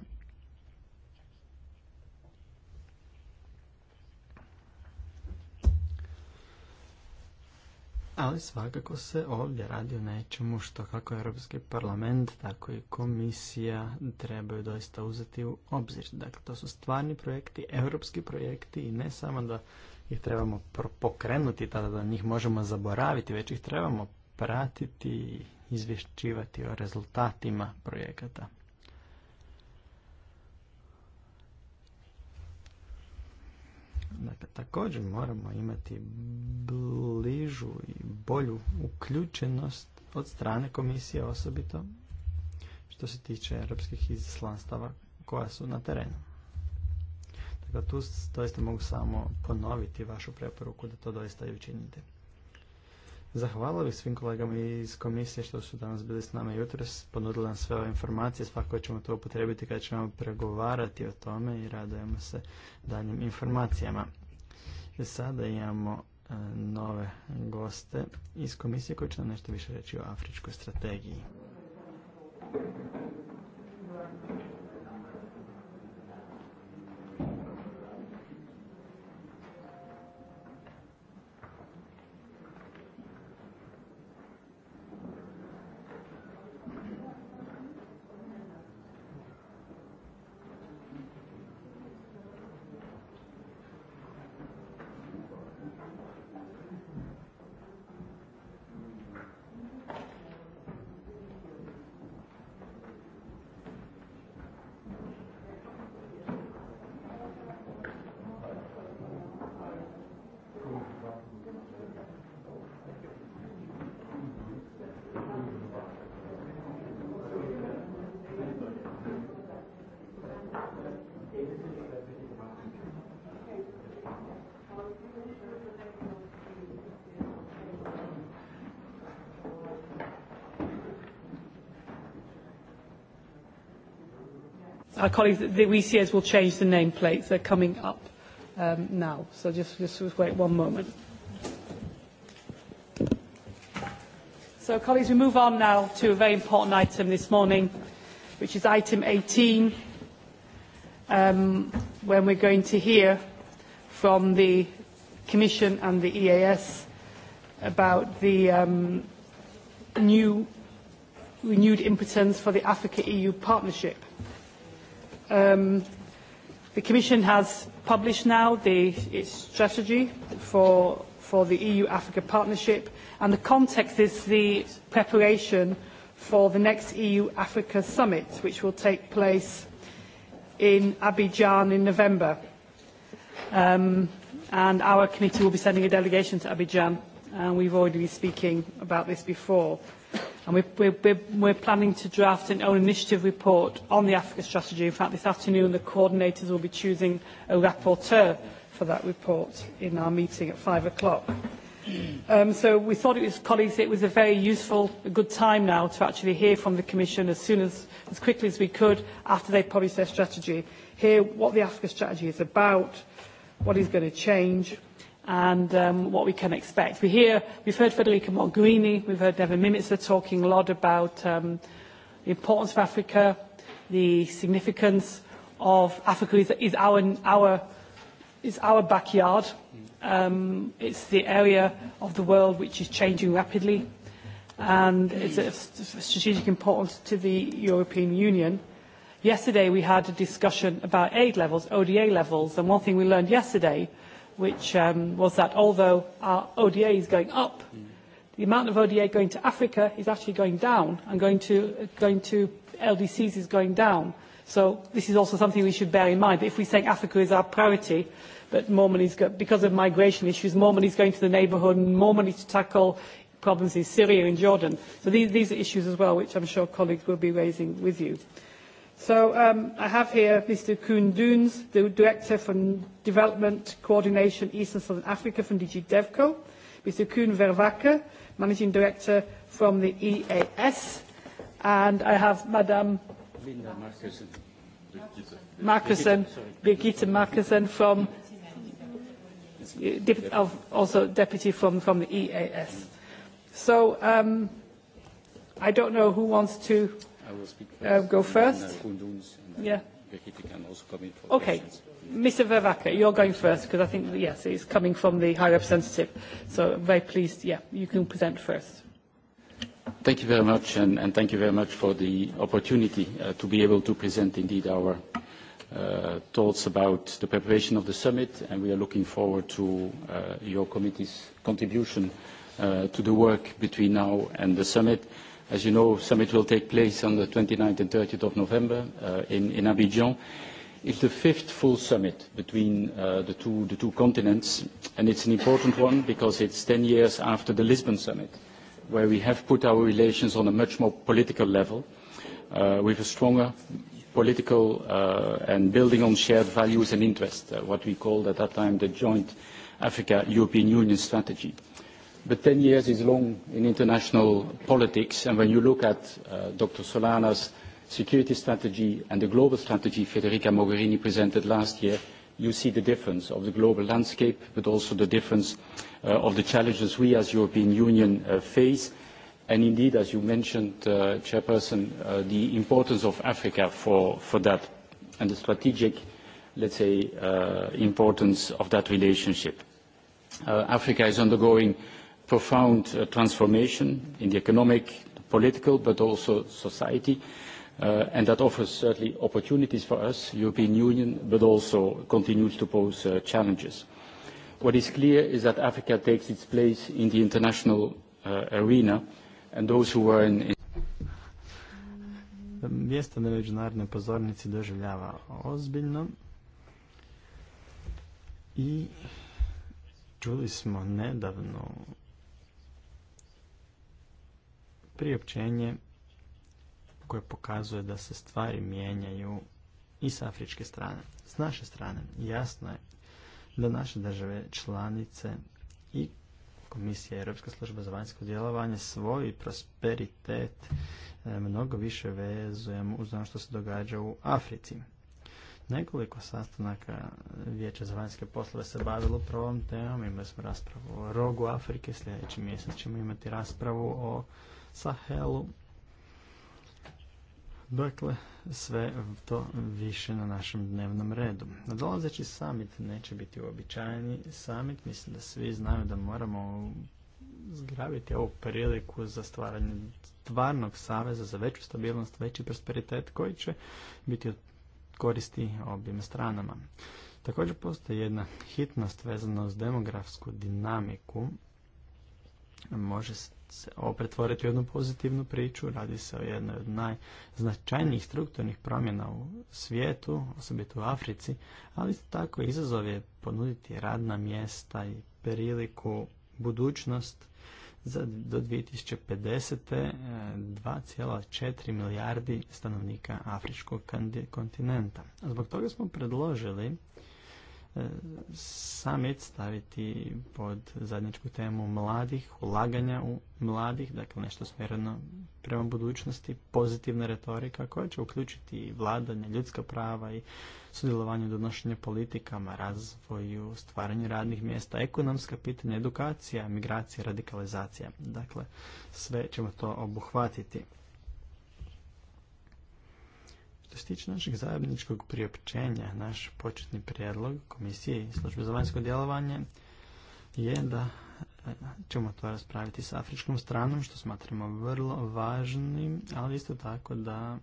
ali svakako se ovdje radi o nečemu što kako Europski parlament, tako i komisija trebaju doista uzeti u obzir. Dakle, to su stvarni projekti, europski projekti i ne samo da ih trebamo pokrenuti, tada da njih možemo zaboraviti, već ih trebamo pratiti i izvješćivati o rezultatima projekata. Dakle, također moramo imati bližu i bolju uključenost od strane komisije osobito što se tiče europskih izaslanstava koja su na terenu. Dakle, tu doista mogu samo ponoviti vašu preporuku da to doista i učinite. Zahvala bih svim kolegama iz komisije što su danas bili s nama jutros, ponudili nam sve ove informacije, svakako ćemo to upotrebiti kada ćemo pregovarati o tome i radujemo se daljim informacijama. E sada imamo E, nove goste iz komisije koji će nam nešto više reći o afričkoj strategiji. our colleagues, the ECS e will change the nameplates. They're coming up um, now. So just, wait one moment. So, colleagues, we move on now to a very important item this morning, which is item 18, um, when we're going to hear from the Commission and the EAS about the um, new renewed impotence for the Africa-EU partnership. Um, the Commission has published now the, its strategy for, for the EU-Africa partnership, and the context is the preparation for the next EU-Africa summit, which will take place in Abidjan in November. Um, and our committee will be sending a delegation to Abidjan, and we've already been speaking about this before and we're, we're, we're planning to draft an own initiative report on the Africa strategy. In fact, this afternoon the coordinators will be choosing a rapporteur for that report in our meeting at five o'clock. Um, so we thought it was, colleagues, it was a very useful, a good time now to actually hear from the Commission as soon as, as quickly as we could after they published their strategy, hear what the Africa strategy is about, what is going to change, and um, what we can expect. We hear, we've heard Federica Mogherini, we've heard Nevin Mimitzer talking a lot about um, the importance of Africa, the significance of Africa is, is, our, our, is our backyard. Um, it's the area of the world which is changing rapidly and it's of strategic importance to the European Union. Yesterday we had a discussion about aid levels, ODA levels, and one thing we learned yesterday which um, was that although our ODA is going up, the amount of ODA going to Africa is actually going down, and going to, going to LDCs is going down. So this is also something we should bear in mind. If we say Africa is our priority, but more money is because of migration issues, more money is going to the neighbourhood, and more money to tackle problems in Syria and Jordan. So these, these are issues as well, which I'm sure colleagues will be raising with you. So um, I have here Mr. Kuhn Dunes, the Director for Development Coordination East and Southern Africa from DG DevCo, Mr. Kuhn Verwacke, Managing Director from the EAS, and I have Madame Linda Markussen, Markussen Markussen from uh, also deputy from, from the EAS. So um, I don't know who wants to i will speak first. Uh, go uh, first. And, uh, and, yeah. Can also come in for okay. Questions. Mr. Vervaka, you're going first because I think, yes, it's coming from the High Representative. So I'm very pleased. Yeah, you can present first. Thank you very much, and, and thank you very much for the opportunity uh, to be able to present indeed our uh, thoughts about the preparation of the summit, and we are looking forward to uh, your committee's contribution uh, to the work between now and the summit. As you know, summit will take place on the 29th and 30th of November uh, in, in Abidjan. It's the fifth full summit between uh, the, two, the two continents, and it's an important one because it's 10 years after the Lisbon summit, where we have put our relations on a much more political level, uh, with a stronger political and building on shared values and interests, what we called at that time the joint Africa-European Union strategy but 10 years is long in international politics, and when you look at uh, Dr. Solana's security strategy and the global strategy Federica Mogherini presented last year, you see the difference of the global landscape, but also the difference uh, of the challenges we as European Union uh, face. And indeed, as you mentioned, Chairperson, the importance of Africa for, for that and the strategic, let's say, importance of that relationship. Africa is undergoing profound uh, transformation in the economic, political, but also society. Uh, and that offers certainly opportunities for us, European Union, but also continues to pose uh, challenges. What is clear is that Africa takes its place in the international uh, arena, and those who are in... in Mjesto na međunarodnoj pozornici doživljava ozbiljno i čuli smo nedavno priopćenje koje pokazuje da se stvari mijenjaju i s afričke strane. S naše strane jasno je da naše države članice i Komisija Europska služba za vanjsko djelovanje svoj prosperitet e, mnogo više vezujemo uz ono što se događa u Africi. Nekoliko sastanaka Vijeća za vanjske poslove se bavilo prvom temom. Imali smo raspravu o rogu Afrike. Sljedeći mjesec ćemo imati raspravu o sa Sahelu. Dakle, sve to više na našem dnevnom redu. Nadolazeći summit neće biti uobičajeni summit. Mislim da svi znaju da moramo zgrabiti ovu priliku za stvaranje stvarnog saveza za veću stabilnost, veći prosperitet koji će biti od koristi obim stranama. Također postoji jedna hitnost vezana uz demografsku dinamiku. Može se ovo pretvoriti u jednu pozitivnu priču. Radi se o jednoj od najznačajnijih strukturnih promjena u svijetu, osobito u Africi, ali tako izazov je ponuditi radna mjesta i priliku budućnost za do 2050. 2,4 e, milijardi stanovnika afričkog kontinenta. Zbog toga smo predložili E, summit staviti pod zajedničku temu mladih, ulaganja u mladih, dakle nešto smjereno prema budućnosti, pozitivna retorika koja će uključiti i vladanje, ljudska prava i sudjelovanje u donošenju politikama, razvoju, stvaranju radnih mjesta, ekonomska pitanja, edukacija, migracija, radikalizacija. Dakle, sve ćemo to obuhvatiti. Što se tiče našeg zajedničkog priopćenja, naš početni prijedlog i službe za vanjsko djelovanje je da e, ćemo to raspraviti s afričkom stranom, što smatramo vrlo važnim, ali isto tako da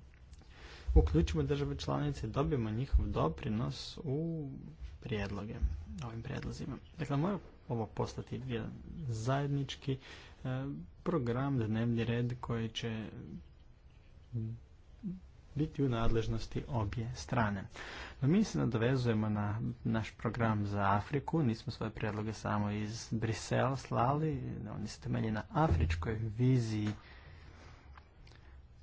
uključimo države članice, dobijemo njihov doprinos u prijedloge, ovim prijedlozima. Dakle, mora ovo postati jedan zajednički e, program, dnevni red koji će biti u nadležnosti obje strane. No mi se nadovezujemo na naš program za Afriku, nismo svoje prijedloge samo iz Brisela slali, oni se temelji na afričkoj viziji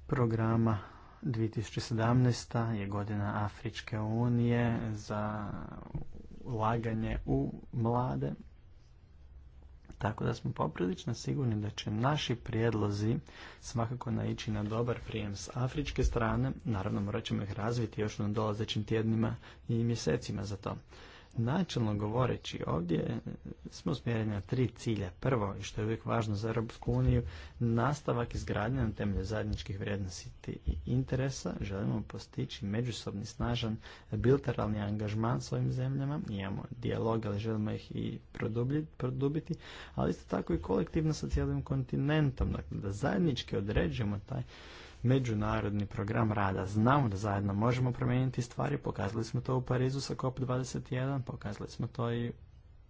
programa 2017. je godina Afričke unije za ulaganje u mlade tako da smo poprilično sigurni da će naši prijedlozi svakako naići na dobar prijem s afričke strane. Naravno morat ćemo ih razviti još na dolazećim tjednima i mjesecima za to načelno govoreći ovdje smo smjereni na tri cilja. Prvo, i što je uvijek važno za Europsku uniju, nastavak izgradnje na temelju zajedničkih vrijednosti i interesa. Želimo postići međusobni snažan bilateralni angažman s ovim zemljama. Imamo dijalog, ali želimo ih i produbiti, ali isto tako i kolektivno sa cijelim kontinentom. Dakle, da zajednički određujemo taj međunarodni program rada. Znamo da zajedno možemo promijeniti stvari, pokazali smo to u Parizu sa COP21, pokazali smo to i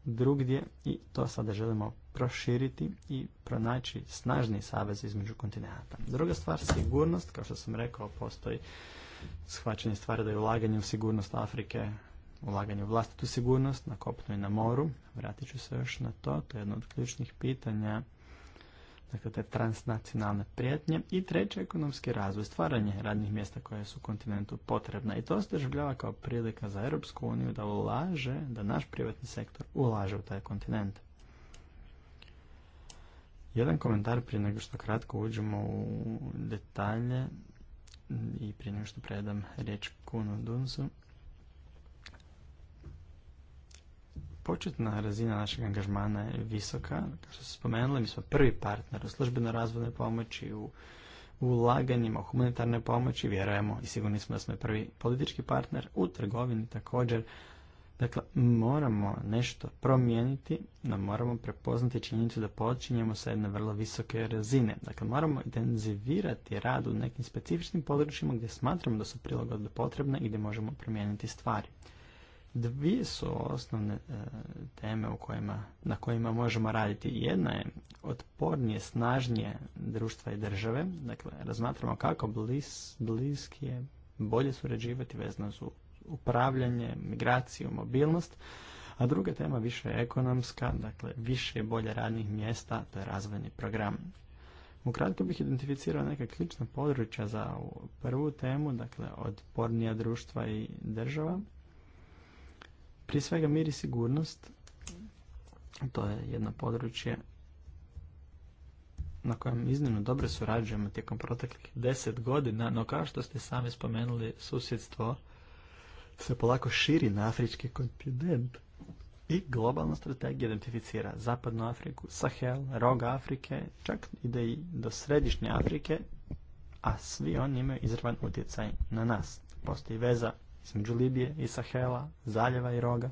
drugdje i to sada želimo proširiti i pronaći snažni savez između kontinenta. Druga stvar, sigurnost, kao što sam rekao, postoji shvaćanje stvari da je ulaganje u sigurnost Afrike ulaganje u vlastitu sigurnost na kopnu i na moru. Vratit ću se još na to, to je jedno od ključnih pitanja dakle te transnacionalne prijetnje i treće ekonomski razvoj, stvaranje radnih mjesta koje su kontinentu potrebna i to se doživljava kao prilika za Europsku uniju da ulaže, da naš privatni sektor ulaže u taj kontinent. Jedan komentar prije nego što kratko uđemo u detalje i prije nego što predam riječ Kunu Dunsu. početna razina našeg angažmana je visoka. Kao što ste spomenuli, mi smo prvi partner u službenoj razvojnoj pomoći, u ulaganjima, u humanitarnoj pomoći, vjerujemo i sigurni smo da smo prvi politički partner u trgovini također. Dakle, moramo nešto promijeniti, no moramo prepoznati činjenicu da počinjemo sa jedne vrlo visoke razine. Dakle, moramo intenzivirati rad u nekim specifičnim područjima gdje smatramo da su prilagodbe potrebne i gdje možemo promijeniti stvari. Dvije su osnovne e, teme u kojima, na kojima možemo raditi. Jedna je otpornije, snažnije društva i države. Dakle, razmatramo kako blis, bliski je bolje surađivati vezano za upravljanje, migraciju, mobilnost. A druga tema više je ekonomska, dakle više i bolje radnih mjesta, to je razvojni program. Ukratko bih identificirao neka ključna područja za prvu temu, dakle otpornija društva i država, prije svega mir i sigurnost, to je jedno područje na kojem iznimno dobro surađujemo tijekom proteklih deset godina, no kao što ste sami spomenuli, susjedstvo se polako širi na afrički kontinent i globalna strategija identificira Zapadnu Afriku, Sahel, Rog Afrike, čak ide i do Središnje Afrike, a svi oni imaju izravan utjecaj na nas. Postoji veza između Libije i Sahela, zaljeva i roga.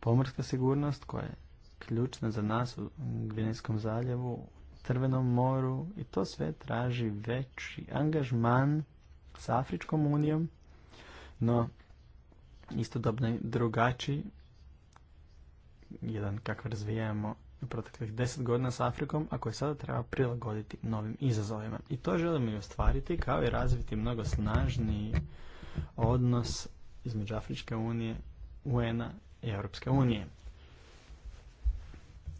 Pomorska sigurnost koja je ključna za nas u Gvinejskom zaljevu, Crvenom moru i to sve traži veći angažman s Afričkom unijom, no istodobno je drugačiji, jedan kakav razvijamo u proteklih deset godina s Afrikom, a koji sada treba prilagoditi novim izazovima. I to želimo i ostvariti, kao i razviti mnogo snažniji odnos između Afričke unije, UN-a i Europske unije.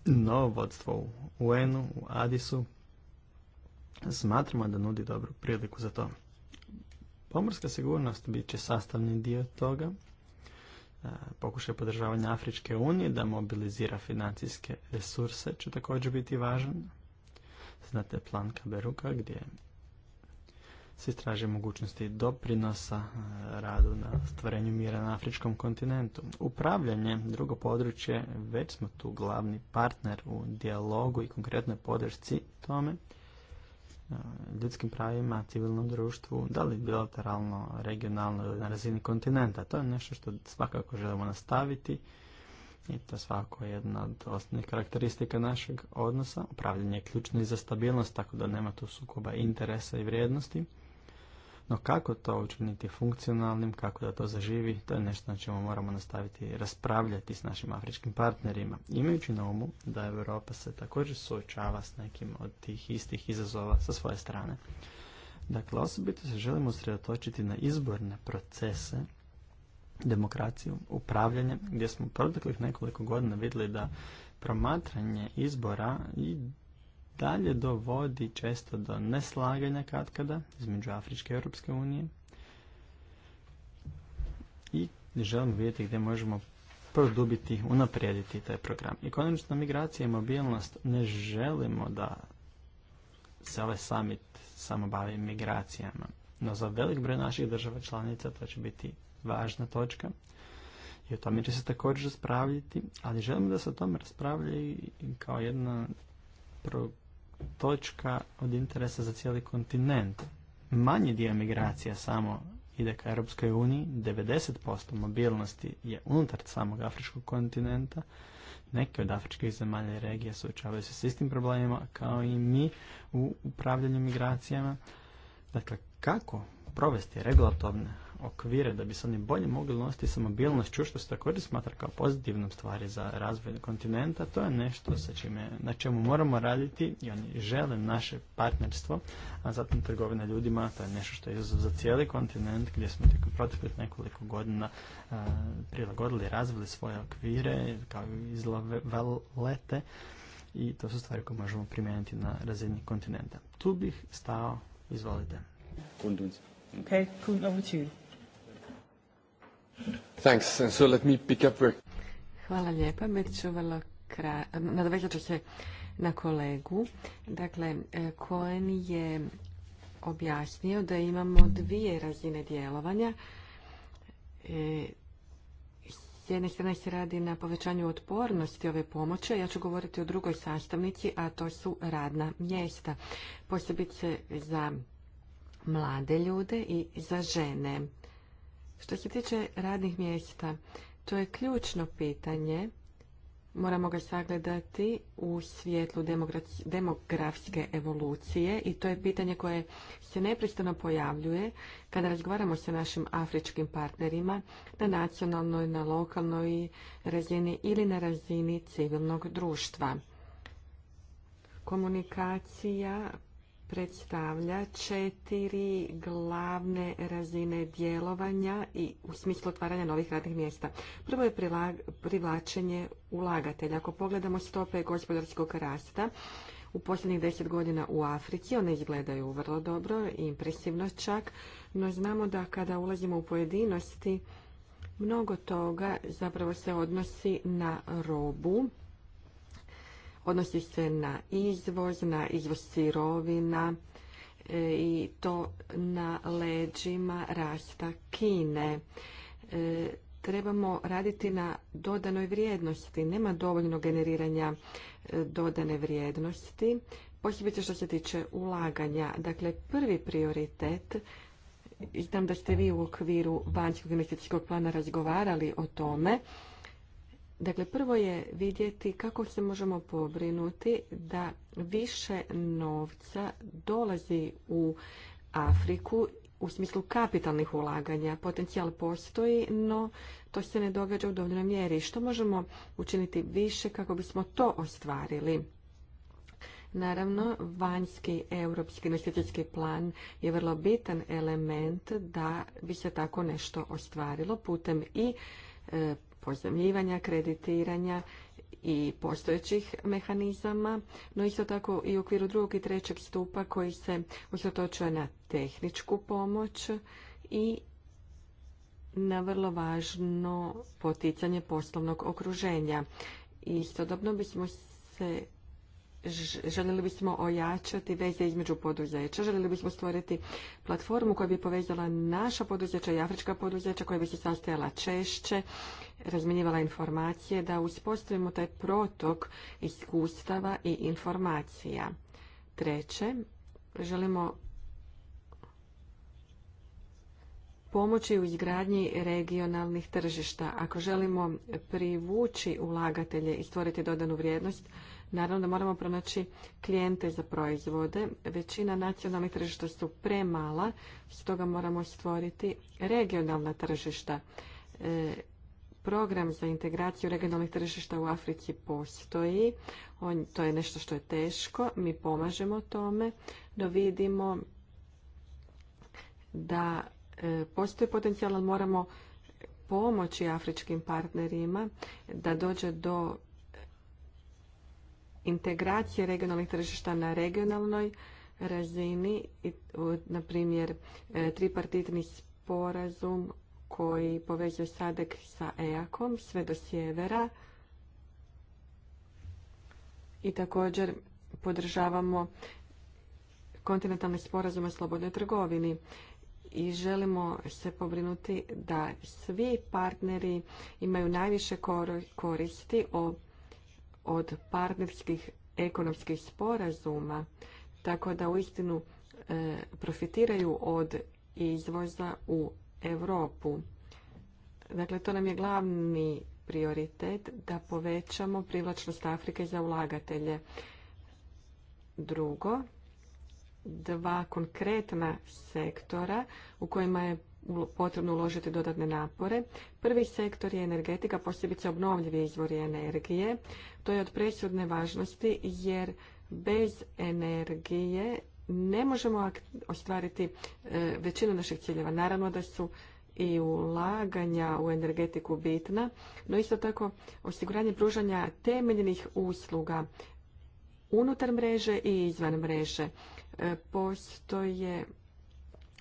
Novo vodstvo u UN-u, u Adisu, smatramo da nudi dobru priliku za to. Pomorska sigurnost bit će sastavni dio toga. Pokušaj podržavanja Afričke unije da mobilizira financijske resurse će također biti važan. Znate plan Kaberuka gdje se istraže mogućnosti doprinosa e, radu na stvaranju mira na afričkom kontinentu. Upravljanje, drugo područje, već smo tu glavni partner u dijalogu i konkretnoj podršci tome, e, ljudskim pravima, civilnom društvu, da li bilateralno, regionalno ili na razini kontinenta. To je nešto što svakako želimo nastaviti i to svako je jedna od osnovnih karakteristika našeg odnosa. Upravljanje je ključno i za stabilnost, tako da nema tu sukoba interesa i vrijednosti. No kako to učiniti funkcionalnim, kako da to zaživi, to je nešto na čemu moramo nastaviti raspravljati s našim afričkim partnerima. Imajući na umu da Europa se također suočava s nekim od tih istih izazova sa svoje strane. Dakle, osobito se želimo usredotočiti na izborne procese, demokraciju, upravljanje, gdje smo proteklih nekoliko godina vidjeli da promatranje izbora i dalje dovodi često do neslaganja katkada između Afričke i Europske unije. I želimo vidjeti gdje možemo produbiti, unaprijediti taj program. I konačno migracija i mobilnost ne želimo da se ovaj summit samo bavi migracijama. No za velik broj naših država članica to će biti važna točka i o tome će se također raspravljati, ali želimo da se o tome raspravlja i kao jedna pro točka od interesa za cijeli kontinent. Manji dio migracija samo ide ka Europskoj uniji, 90% mobilnosti je unutar samog afričkog kontinenta. Neke od afričkih zemalja i regija suočavaju se s istim problemima kao i mi u upravljanju migracijama. Dakle, kako provesti regulatorne okvire da bi se oni bolje mogli nositi sa mobilnošću, što se također smatra kao pozitivnom stvari za razvoj kontinenta, to je nešto sa čime, na čemu moramo raditi i oni žele naše partnerstvo, a zatim trgovina ljudima, to je nešto što je izazov za cijeli kontinent gdje smo tijekom proteklih nekoliko godina a, prilagodili, razvili svoje okvire kao izlavelete i to su stvari koje možemo primijeniti na razini kontinenta. Tu bih stao, izvolite. Okay, cool, Thanks. so Hvala lijepa. Bit ću se na kolegu. Dakle, e, Cohen je objasnio da imamo dvije razine djelovanja. E, s jedne strane se radi na povećanju otpornosti ove pomoći, ja ću govoriti o drugoj sastavnici, a to su radna mjesta. Posebice za mlade ljude i za žene. Što se tiče radnih mjesta, to je ključno pitanje. Moramo ga sagledati u svjetlu demografske evolucije i to je pitanje koje se nepristano pojavljuje kada razgovaramo sa našim afričkim partnerima na nacionalnoj, na lokalnoj razini ili na razini civilnog društva. Komunikacija predstavlja četiri glavne razine djelovanja i u smislu otvaranja novih radnih mjesta. Prvo je privlačenje ulagatelja. Ako pogledamo stope gospodarskog rasta, u posljednjih deset godina u Africi, one izgledaju vrlo dobro, i impresivno čak, no znamo da kada ulazimo u pojedinosti, mnogo toga zapravo se odnosi na robu, odnosi se na izvoz, na izvoz sirovina e, i to na leđima rasta Kine. E, trebamo raditi na dodanoj vrijednosti. Nema dovoljno generiranja e, dodane vrijednosti, posebice što se tiče ulaganja. Dakle, prvi prioritet znam da ste vi u okviru vanjskog investicijskog plana razgovarali o tome Dakle, prvo je vidjeti kako se možemo pobrinuti da više novca dolazi u Afriku u smislu kapitalnih ulaganja. Potencijal postoji, no to se ne događa u dovoljnoj mjeri. Što možemo učiniti više kako bismo to ostvarili? Naravno, vanjski europski investicijski plan je vrlo bitan element da bi se tako nešto ostvarilo putem i e, pozemljivanja, kreditiranja i postojećih mehanizama, no isto tako i u okviru drugog i trećeg stupa koji se usotočuje na tehničku pomoć i na vrlo važno poticanje poslovnog okruženja. Istodobno bismo se željeli bismo ojačati veze između poduzeća, željeli bismo stvoriti platformu koja bi povezala naša poduzeća i afrička poduzeća koja bi se sastajala češće razmjenjivala informacije da uspostavimo taj protok iskustava i informacija. Treće, želimo pomoći u izgradnji regionalnih tržišta. Ako želimo privući ulagatelje i stvoriti dodanu vrijednost, naravno da moramo pronaći klijente za proizvode. Većina nacionalnih tržišta su premala, stoga moramo stvoriti regionalna tržišta. E, program za integraciju regionalnih tržišta u Africi postoji. On, to je nešto što je teško. Mi pomažemo tome. No vidimo da e, postoji potencijal, ali moramo pomoći afričkim partnerima da dođe do integracije regionalnih tržišta na regionalnoj razini, na primjer e, tripartitni sporazum koji povezuje Sadek sa Ejakom sve do sjevera. I također podržavamo kontinentalni sporazum o slobodnoj trgovini i želimo se pobrinuti da svi partneri imaju najviše koristi od partnerskih ekonomskih sporazuma, tako da uistinu e, profitiraju od izvoza u Europu. Dakle, to nam je glavni prioritet da povećamo privlačnost Afrike za ulagatelje. Drugo, dva konkretna sektora u kojima je potrebno uložiti dodatne napore. Prvi sektor je energetika, posebice obnovljivi izvori energije. To je od presudne važnosti jer bez energije ne možemo ostvariti e, većinu naših ciljeva. Naravno da su i ulaganja u energetiku bitna, no isto tako osiguranje pružanja temeljnih usluga unutar mreže i izvan mreže. E, postoje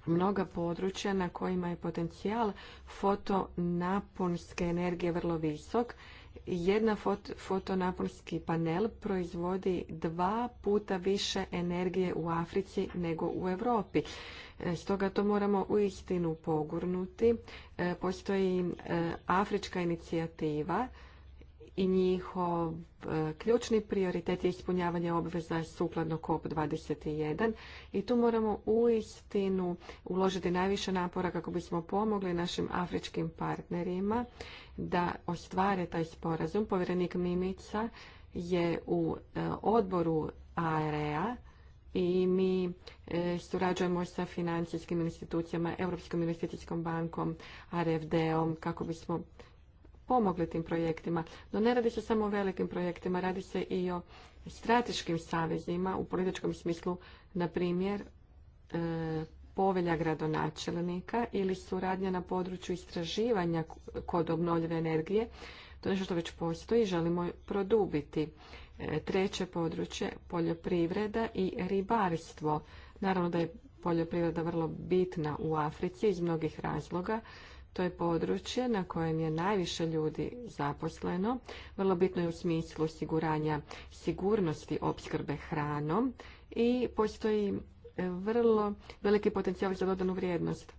mnoga područja na kojima je potencijal fotonaponske energije vrlo visok jedna fotonaponski panel proizvodi dva puta više energije u Africi nego u Europi. E, stoga to moramo u istinu pogurnuti. E, postoji e, afrička inicijativa i njihov e, ključni prioritet je ispunjavanje obveza sukladno COP21 i tu moramo u istinu uložiti najviše napora kako bismo pomogli našim afričkim partnerima da ostvare taj sporazum. Povjerenik Mimica je u e, odboru AREA i mi e, surađujemo sa financijskim institucijama, Europskom investicijskom bankom, rfd om kako bismo pomogli tim projektima. No ne radi se samo o velikim projektima, radi se i o strateškim savezima u političkom smislu, na primjer, e, povelja gradonačelnika ili suradnja na području istraživanja kod obnovljive energije. To je nešto što već postoji i želimo produbiti. E, treće područje, poljoprivreda i ribarstvo. Naravno da je poljoprivreda vrlo bitna u Africi iz mnogih razloga. To je područje na kojem je najviše ljudi zaposleno, vrlo bitno je u smislu osiguranja sigurnosti opskrbe hranom i postoji e, vrlo veliki potencijal za dodanu vrijednost.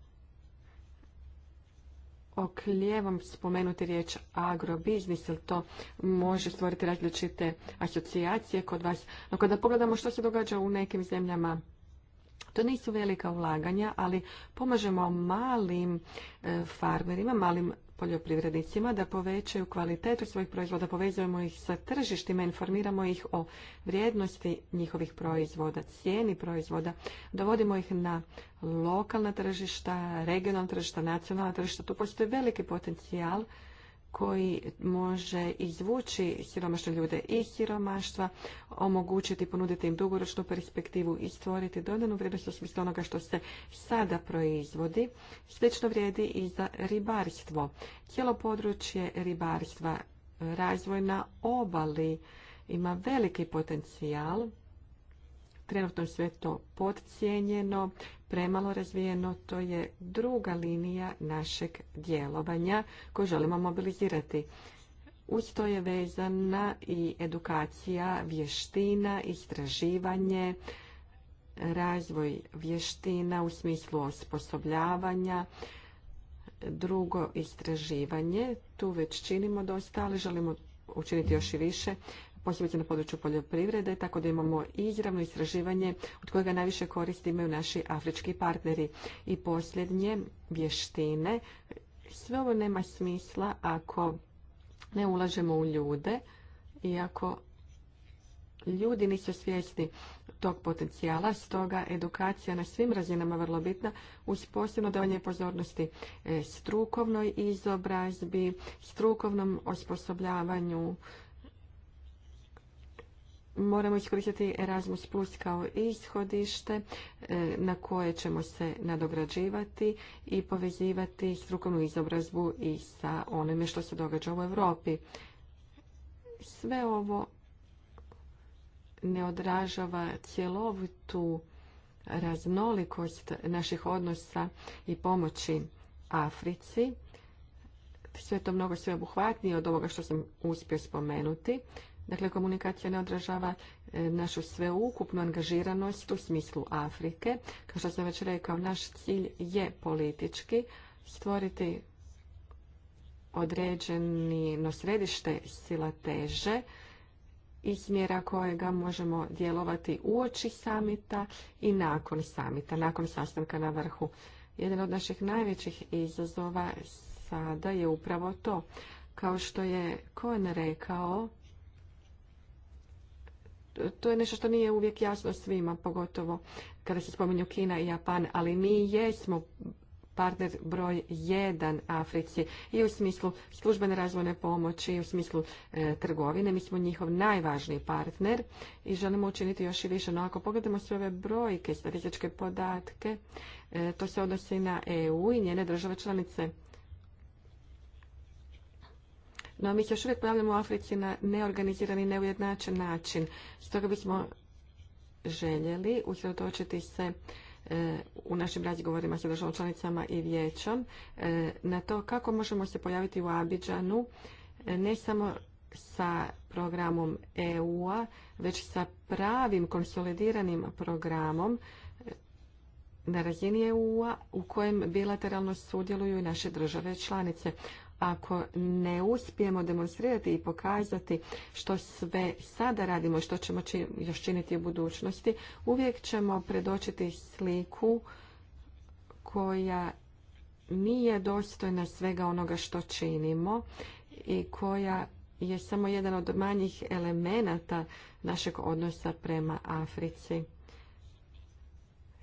kljevom spomenuti riječ agrobiznis, jer to može stvoriti različite asocijacije kod vas. No kada pogledamo što se događa u nekim zemljama to nisu velika ulaganja, ali pomažemo malim e, farmerima, malim poljoprivrednicima da povećaju kvalitetu svojih proizvoda, povezujemo ih sa tržištima, informiramo ih o vrijednosti njihovih proizvoda, cijeni proizvoda, dovodimo ih na lokalna tržišta, regionalna tržišta, nacionalna tržišta. Tu postoji veliki potencijal koji može izvući siromašne ljude iz siromaštva, omogućiti, ponuditi im dugoročnu perspektivu i stvoriti dodanu vrijednost u smislu onoga što se sada proizvodi. Slično vrijedi i za ribarstvo. Cijelo područje ribarstva, razvoj na obali, ima veliki potencijal. Trenutno je sve to podcijenjeno, premalo razvijeno, to je druga linija našeg djelovanja koju želimo mobilizirati. Uz to je vezana i edukacija, vještina, istraživanje, razvoj vještina u smislu osposobljavanja, drugo istraživanje. Tu već činimo dosta, ali želimo učiniti još i više posebice na području poljoprivrede, tako da imamo izravno istraživanje od kojega najviše koristi imaju naši afrički partneri. I posljednje, vještine. Sve ovo nema smisla ako ne ulažemo u ljude i ako ljudi nisu svjesni tog potencijala, stoga edukacija na svim razinama vrlo bitna uz posebno davanje pozornosti e, strukovnoj izobrazbi, strukovnom osposobljavanju, moramo iskoristiti Erasmus Plus kao ishodište e, na koje ćemo se nadograđivati i povezivati strukovnu izobrazbu i sa onime što se događa u Europi. Sve ovo ne odražava cjelovitu raznolikost naših odnosa i pomoći Africi. Sve to mnogo sve obuhvatnije od ovoga što sam uspio spomenuti. Dakle, komunikacija ne odražava e, našu sveukupnu angažiranost u smislu Afrike. Kao što sam već rekao, naš cilj je politički stvoriti određeni središte silateže teže iz mjera kojega možemo djelovati u uoči samita i nakon samita, nakon sastanka na vrhu. Jedan od naših najvećih izazova sada je upravo to. Kao što je Koen rekao, to je nešto što nije uvijek jasno svima, pogotovo kada se spominju Kina i Japan, ali mi jesmo partner broj jedan Africi i u smislu službene razvojne pomoći i u smislu e, trgovine. Mi smo njihov najvažniji partner i želimo učiniti još i više. No ako pogledamo sve ove brojke, statističke podatke, e, to se odnosi na EU i njene države članice. No, mi se još uvijek pojavljamo u Africi na neorganizirani i neujednačen način. Stoga bismo željeli usredotočiti se e, u našim razgovorima sa državom članicama i vijećom e, na to kako možemo se pojaviti u Abidžanu e, ne samo sa programom EU-a, već sa pravim konsolidiranim programom na razini EU-a u kojem bilateralno sudjeluju i naše države članice ako ne uspijemo demonstrirati i pokazati što sve sada radimo i što ćemo još činiti u budućnosti, uvijek ćemo predočiti sliku koja nije dostojna svega onoga što činimo i koja je samo jedan od manjih elemenata našeg odnosa prema Africi.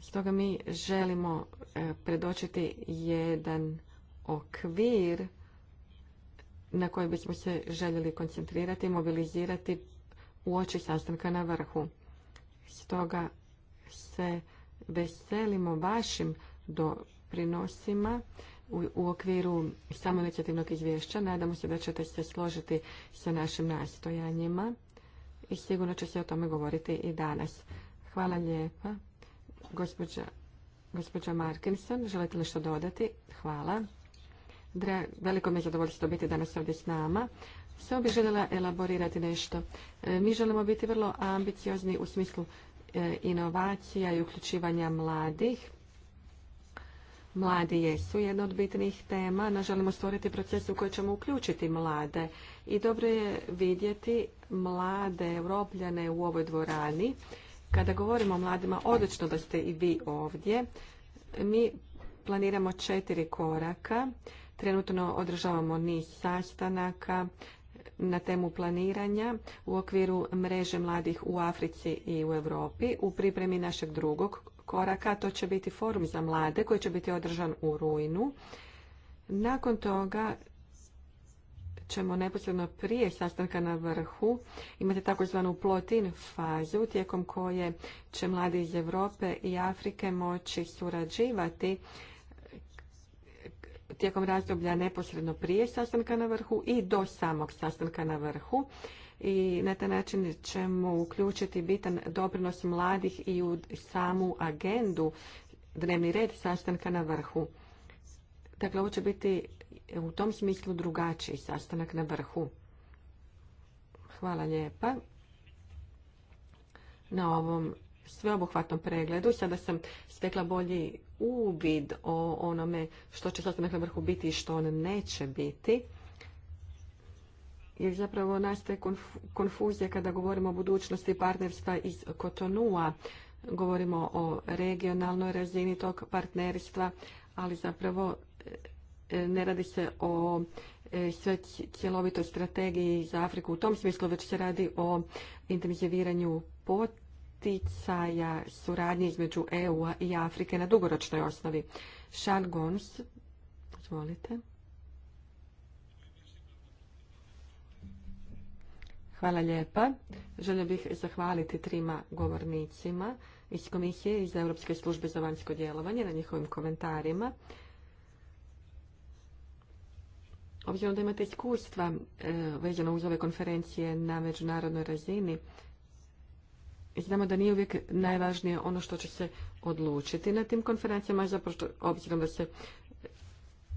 Stoga mi želimo e, predočiti jedan okvir na koje bismo se željeli koncentrirati i mobilizirati u oči sastanka na vrhu. Stoga se veselimo vašim doprinosima u, okviru samoinicijativnog izvješća. Nadamo se da ćete se složiti sa našim nastojanjima i sigurno će se o tome govoriti i danas. Hvala lijepa. Gospođa, gospođa Markinson, želite li što dodati? Hvala. Veliko mi je zadovoljstvo biti danas ovdje s nama. Samo bih željela elaborirati nešto. E, mi želimo biti vrlo ambiciozni u smislu e, inovacija i uključivanja mladih. Mladi jesu jedna od bitnih tema, na želimo stvoriti proces u koji ćemo uključiti mlade. I dobro je vidjeti mlade europljane u ovoj dvorani. Kada govorimo o mladima, odlično da ste i vi ovdje. Mi planiramo četiri koraka. Trenutno održavamo niz sastanaka na temu planiranja u okviru mreže mladih u Africi i u Europi u pripremi našeg drugog koraka. To će biti forum za mlade koji će biti održan u rujnu. Nakon toga ćemo neposredno prije sastanka na vrhu imati takozvanu plotin fazu tijekom koje će mladi iz Europe i Afrike moći surađivati tijekom razdoblja neposredno prije sastanka na vrhu i do samog sastanka na vrhu i na taj način ćemo uključiti bitan doprinos mladih i u samu agendu dnevni red sastanka na vrhu. Dakle, ovo će biti u tom smislu drugačiji sastanak na vrhu. Hvala lijepa na ovom sveobuhvatnom pregledu. Sada sam stekla bolji uvid o onome što će sastanak na vrhu biti i što on neće biti. Jer zapravo nastaje konfuzija kada govorimo o budućnosti partnerstva iz Kotonua. Govorimo o regionalnoj razini tog partnerstva, ali zapravo e, ne radi se o e, cjelovitoj strategiji za Afriku u tom smislu, već se radi o intenziviranju pot poticaja suradnje između EU-a i Afrike na dugoročnoj osnovi. Sean Gons, izvolite. Hvala lijepa. Želio bih zahvaliti trima govornicima iz Komisije iz Europske službe za vanjsko djelovanje na njihovim komentarima. Obzirom da imate iskustva e, vezano uz ove konferencije na međunarodnoj razini, znamo da nije uvijek najvažnije ono što će se odlučiti na tim konferencijama, zapravo što, obzirom da se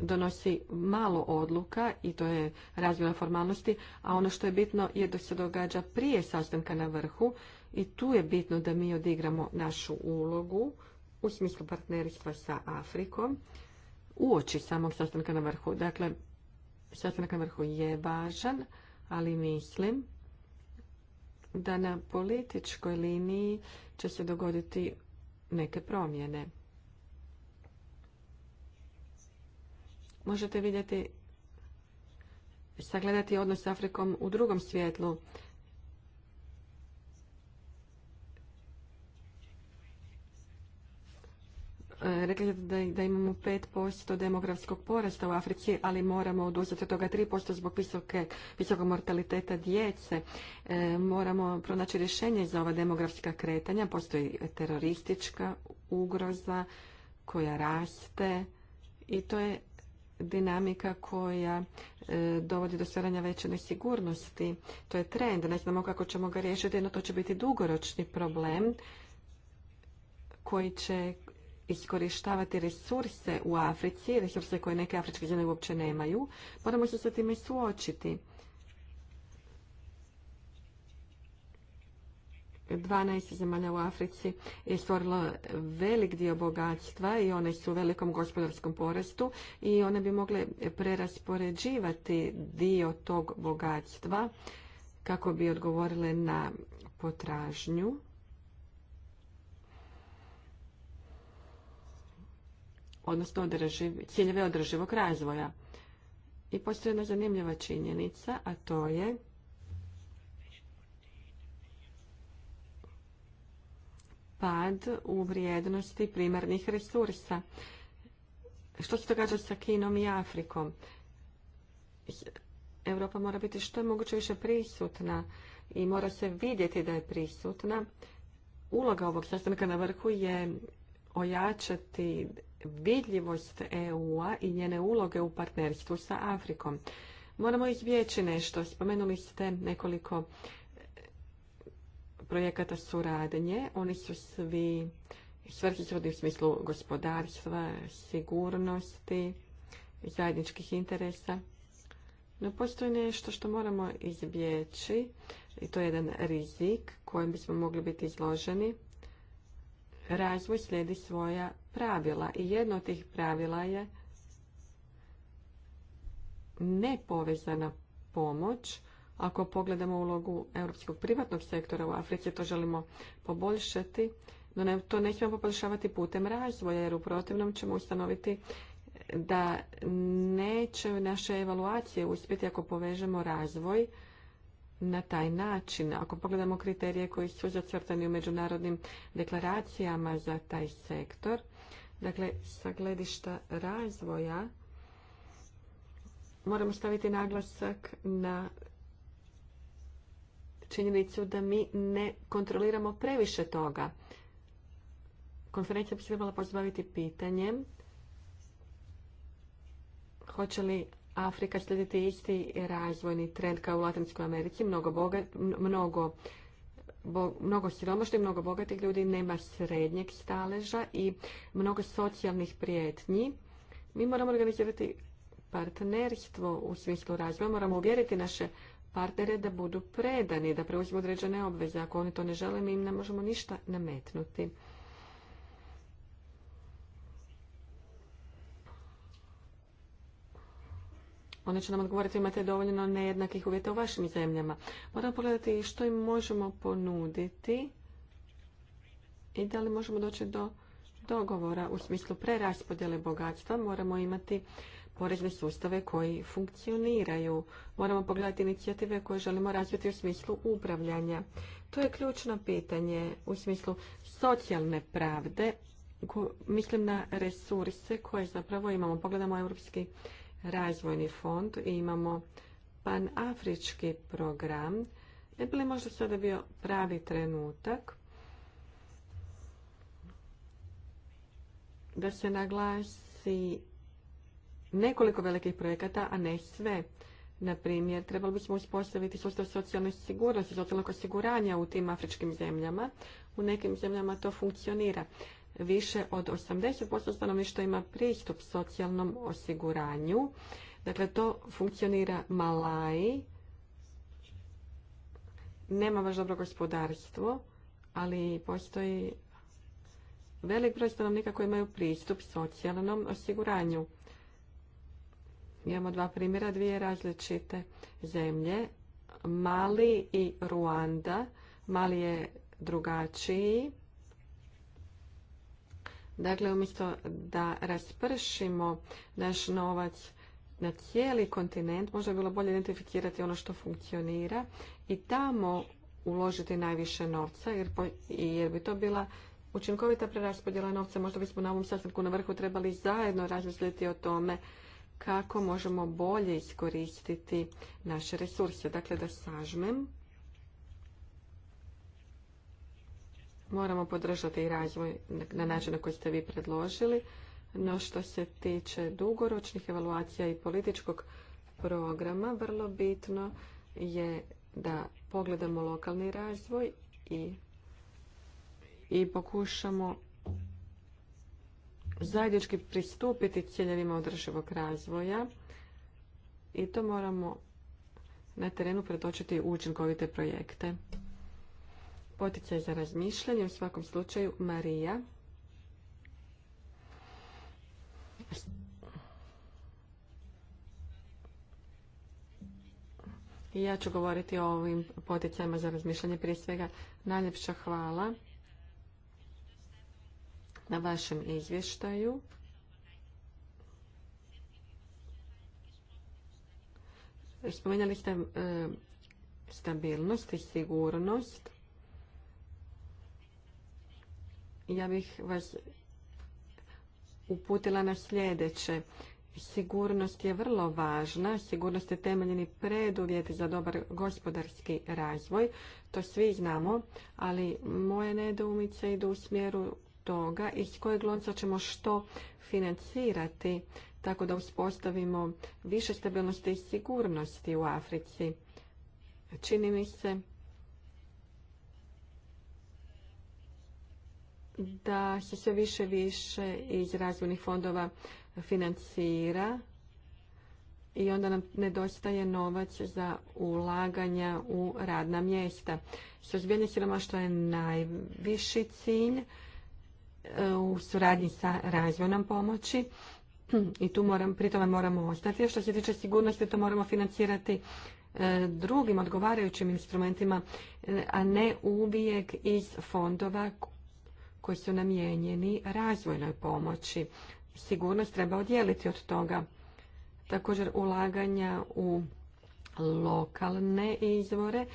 donosi malo odluka i to je razvila formalnosti, a ono što je bitno je da se događa prije sastanka na vrhu i tu je bitno da mi odigramo našu ulogu u smislu partnerstva sa Afrikom uoči samog sastanka na vrhu. Dakle, sastanak na vrhu je važan, ali mislim da na političkoj liniji će se dogoditi neke promjene. Možete vidjeti, sagledati odnos s Afrikom u drugom svjetlu. E, rekli da, da imamo 5% demografskog porasta u Africi, ali moramo oduzeti od toga 3% zbog visoke, visokog mortaliteta djece. E, moramo pronaći rješenje za ova demografska kretanja. Postoji teroristička ugroza koja raste i to je dinamika koja e, dovodi do stvaranja veće nesigurnosti. To je trend, ne znamo kako ćemo ga riješiti, no to će biti dugoročni problem koji će iskorištavati resurse u Africi, resurse koje neke afričke zemlje uopće nemaju, moramo se sa time suočiti. 12 zemalja u Africi je stvorilo velik dio bogatstva i one su u velikom gospodarskom porastu i one bi mogle preraspoređivati dio tog bogatstva kako bi odgovorile na potražnju. odnosno ciljeve održivog razvoja. I postoji jedna zanimljiva činjenica, a to je pad u vrijednosti primarnih resursa. Što se događa sa Kinom i Afrikom? Europa mora biti što je moguće više prisutna i mora se vidjeti da je prisutna. Uloga ovog sastanka na vrhu je ojačati vidljivost EU-a i njene uloge u partnerstvu sa Afrikom. Moramo izbjeći nešto. Spomenuli ste nekoliko e, projekata suradnje. Oni su svi svrsishodni u smislu gospodarstva, sigurnosti, zajedničkih interesa. No postoji nešto što moramo izbjeći i to je jedan rizik kojem bismo mogli biti izloženi razvoj slijedi svoja pravila i jedno od tih pravila je nepovezana pomoć. Ako pogledamo ulogu europskog privatnog sektora u Africi, to želimo poboljšati, no to nećemo poboljšavati putem razvoja, jer u protivnom ćemo ustanoviti da neće naše evaluacije uspjeti ako povežemo razvoj na taj način. Ako pogledamo kriterije koji su zacrtani u međunarodnim deklaracijama za taj sektor, dakle, sa gledišta razvoja, moramo staviti naglasak na činjenicu da mi ne kontroliramo previše toga. Konferencija bi se trebala pozbaviti pitanjem hoće li Afrika slijediti isti razvojni trend kao u Latinskoj Americi. Mnogo, boga, mnogo, mnogo siromašnih, mnogo bogatih ljudi, nema srednjeg staleža i mnogo socijalnih prijetnji. Mi moramo organizirati partnerstvo u smislu razvoja. Moramo uvjeriti naše partnere da budu predani, da preuzmu određene obveze. Ako oni to ne žele, mi im ne možemo ništa nametnuti. Oni će nam odgovoriti imate dovoljno nejednakih uvjeta u vašim zemljama. Moramo pogledati što im možemo ponuditi i da li možemo doći do dogovora u smislu preraspodjele bogatstva. Moramo imati porezne sustave koji funkcioniraju. Moramo pogledati inicijative koje želimo razviti u smislu upravljanja. To je ključno pitanje u smislu socijalne pravde. Mislim na resurse koje zapravo imamo. Pogledamo europski razvojni fond i imamo panafrički program. Ne bi li možda sada bio pravi trenutak da se naglasi nekoliko velikih projekata, a ne sve. Na primjer, trebali bismo uspostaviti sustav socijalne sigurnosti, socijalnog osiguranja u tim afričkim zemljama. U nekim zemljama to funkcionira više od 80% stanovništva ima pristup socijalnom osiguranju. Dakle, to funkcionira Malaji. Nema baš dobro gospodarstvo, ali postoji velik broj stanovnika koji imaju pristup socijalnom osiguranju. Imamo dva primjera, dvije različite zemlje, Mali i Ruanda. Mali je drugačiji, Dakle, umjesto da raspršimo naš novac na cijeli kontinent, možda bi bilo bolje identificirati ono što funkcionira i tamo uložiti najviše novca, jer, jer bi to bila učinkovita preraspodjela novca. Možda bismo na ovom sastanku na vrhu trebali zajedno razmisliti o tome kako možemo bolje iskoristiti naše resurse. Dakle, da sažmem, moramo podržati i razvoj na način na koji ste vi predložili, no što se tiče dugoročnih evaluacija i političkog programa, vrlo bitno je da pogledamo lokalni razvoj i, i pokušamo zajednički pristupiti ciljevima održivog razvoja i to moramo na terenu pretočiti učinkovite projekte poticaj za razmišljanje, u svakom slučaju Marija. I ja ću govoriti o ovim poticajima za razmišljanje. Prije svega, najljepša hvala na vašem izvještaju. Spominjali ste eh, stabilnost i sigurnost. ja bih vas uputila na sljedeće. Sigurnost je vrlo važna, sigurnost je temeljeni preduvjet za dobar gospodarski razvoj, to svi znamo, ali moje nedoumice idu u smjeru toga iz kojeg lonca ćemo što financirati, tako da uspostavimo više stabilnosti i sigurnosti u Africi. Čini mi se da se sve više više iz razvojnih fondova financira i onda nam nedostaje novac za ulaganja u radna mjesta. Suzbijanje siromaštva je najviši cilj eh, u suradnji sa razvojnom pomoći [CLEARS THROAT] i tu moram, pri tome moramo ostati. što se tiče sigurnosti, to moramo financirati eh, drugim odgovarajućim instrumentima, eh, a ne uvijek iz fondova koji su namijenjeni razvojnoj pomoći. Sigurnost treba odjeliti od toga. Također ulaganja u lokalne izvore.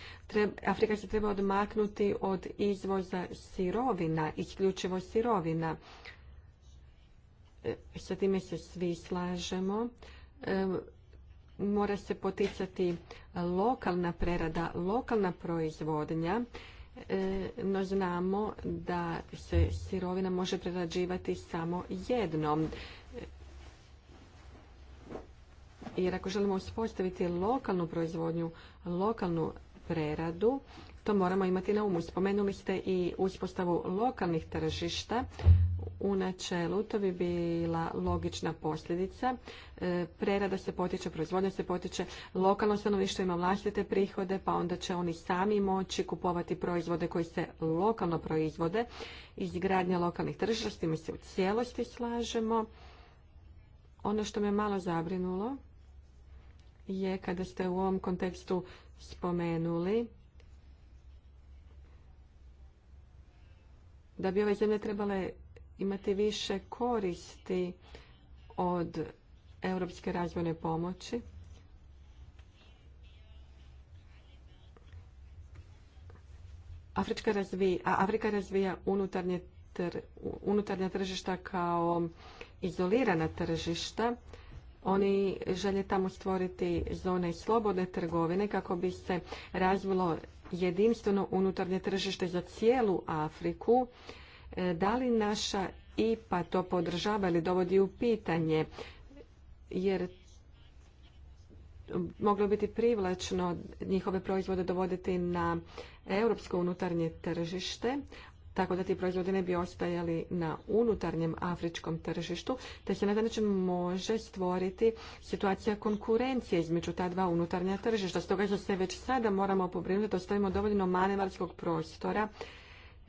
Afrika se treba odmaknuti od izvoza sirovina, isključivo sirovina. E, sa time se svi slažemo. E, mora se poticati lokalna prerada, lokalna proizvodnja E, no znamo da se sirovina može prerađivati samo jednom. E, jer ako želimo uspostaviti lokalnu proizvodnju, lokalnu preradu, to moramo imati na umu. Spomenuli ste i uspostavu lokalnih tržišta. U načelu to bi bila logična posljedica. E, prerada se potiče, proizvodnja se potiče, lokalno stanovništvo ima vlastite prihode, pa onda će oni sami moći kupovati proizvode koji se lokalno proizvode. Izgradnja lokalnih tržišta, mi se u cijelosti slažemo. Ono što me malo zabrinulo je kada ste u ovom kontekstu spomenuli da bi ove zemlje trebale imati više koristi od europske razvojne pomoći. razvija, Afrika razvija unutarnje unutarnja tržišta kao izolirana tržišta. Oni žele tamo stvoriti zone slobodne trgovine kako bi se razvilo jedinstveno unutarnje tržište za cijelu Afriku E, da li naša IPA to podržava ili dovodi u pitanje? Jer moglo biti privlačno njihove proizvode dovoditi na europsko unutarnje tržište, tako da ti proizvodi ne bi ostajali na unutarnjem afričkom tržištu, te se na taj način može stvoriti situacija konkurencije između ta dva unutarnja tržišta. Stoga što se već sada moramo pobrinuti da ostavimo dovoljno manevarskog prostora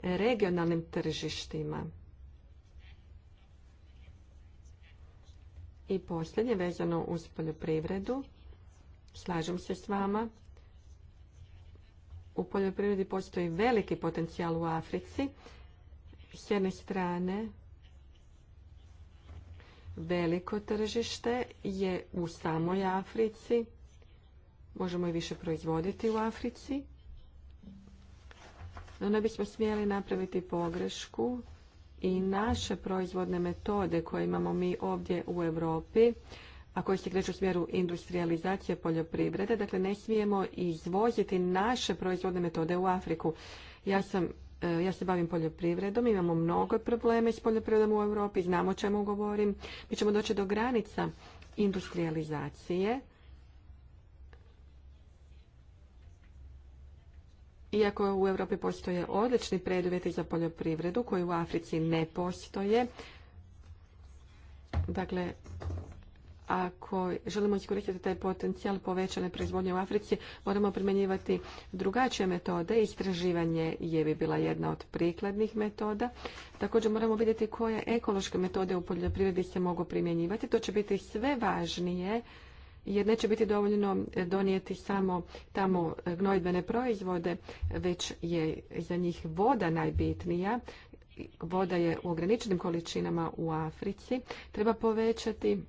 regionalnim tržištima. I posljednje vezano uz poljoprivredu. Slažem se s vama. U poljoprivredi postoji veliki potencijal u Africi. S jedne strane, veliko tržište je u samoj Africi. Možemo i više proizvoditi u Africi. No ne bismo smjeli napraviti pogrešku i naše proizvodne metode koje imamo mi ovdje u Europi, a koje se kreću u smjeru industrializacije poljoprivrede, dakle ne smijemo izvoziti naše proizvodne metode u Afriku. Ja sam e, ja se bavim poljoprivredom, imamo mnogo problema s poljoprivredom u Europi, znamo o čemu govorim. Mi ćemo doći do granica industrializacije Iako u Europi postoje odlični preduvjeti za poljoprivredu koji u Africi ne postoje, dakle, ako želimo iskoristiti taj potencijal povećane proizvodnje u Africi, moramo primjenjivati drugačije metode. Istraživanje je bi bila jedna od prikladnih metoda. Također moramo vidjeti koje ekološke metode u poljoprivredi se mogu primjenjivati. To će biti sve važnije jer neće biti dovoljno eh, donijeti samo tamo eh, gnojdbene proizvode, već je za njih voda najbitnija. Voda je u ograničenim količinama u Africi. Treba povećati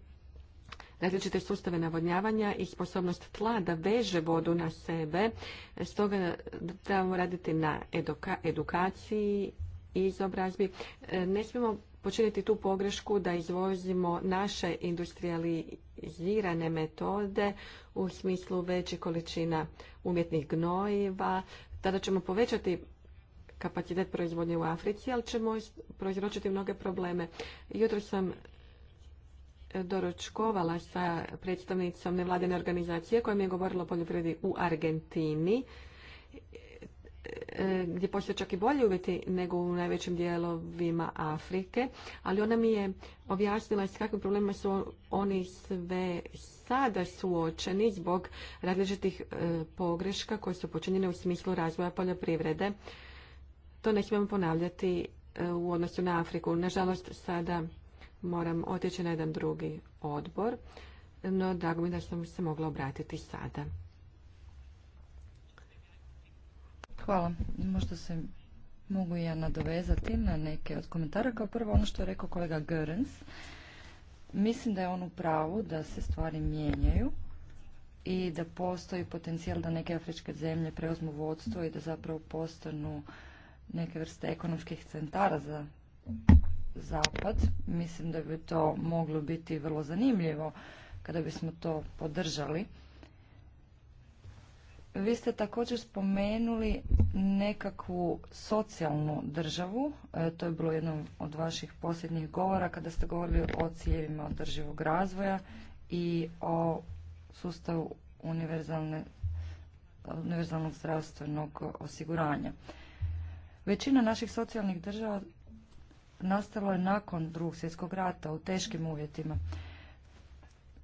različite sustave navodnjavanja i sposobnost tla da veže vodu na sebe. Stoga trebamo raditi na edukaciji i izobrazbi. Eh, ne smijemo počiniti tu pogrešku da izvozimo naše sofisticirane metode u smislu većih količina umjetnih gnojiva. Tada ćemo povećati kapacitet proizvodnje u Africi, ali ćemo proizročiti mnoge probleme. Jutro sam e, doročkovala sa predstavnicom nevladine organizacije koja mi je govorila o poljoprivredi u Argentini E, gdje postoje čak i bolji uvjeti nego u najvećim dijelovima Afrike, ali ona mi je objasnila s kakvim problemima su oni sve sada suočeni zbog različitih e, pogreška koje su počinjene u smislu razvoja poljoprivrede. To ne smijemo ponavljati e, u odnosu na Afriku. Nažalost, sada moram otići na jedan drugi odbor, no drago mi da sam se mogla obratiti sada. Hvala. Možda se mogu ja nadovezati na neke od komentara. Kao prvo ono što je rekao kolega Görens. Mislim da je on u pravu da se stvari mijenjaju i da postoji potencijal da neke afričke zemlje preuzmu vodstvo i da zapravo postanu neke vrste ekonomskih centara za zapad. Mislim da bi to moglo biti vrlo zanimljivo kada bismo to podržali. Vi ste također spomenuli nekakvu socijalnu državu, e, to je bilo jednom od vaših posljednjih govora kada ste govorili o ciljevima održivog razvoja i o sustavu univerzalnog zdravstvenog osiguranja. Većina naših socijalnih država nastalo je nakon drugog svjetskog rata u teškim uvjetima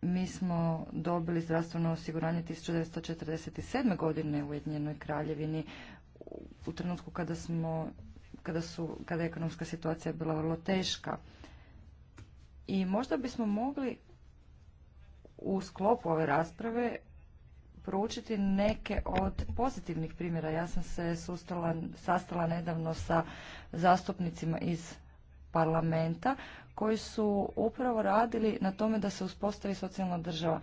mi smo dobili zdravstveno osiguranje 1947. godine u Ujedinjenoj kraljevini u trenutku kada smo kada, su, kada je ekonomska situacija bila vrlo teška. I možda bismo mogli u sklopu ove rasprave proučiti neke od pozitivnih primjera. Ja sam se sustala, sastala nedavno sa zastupnicima iz parlamenta koji su upravo radili na tome da se uspostavi socijalna država.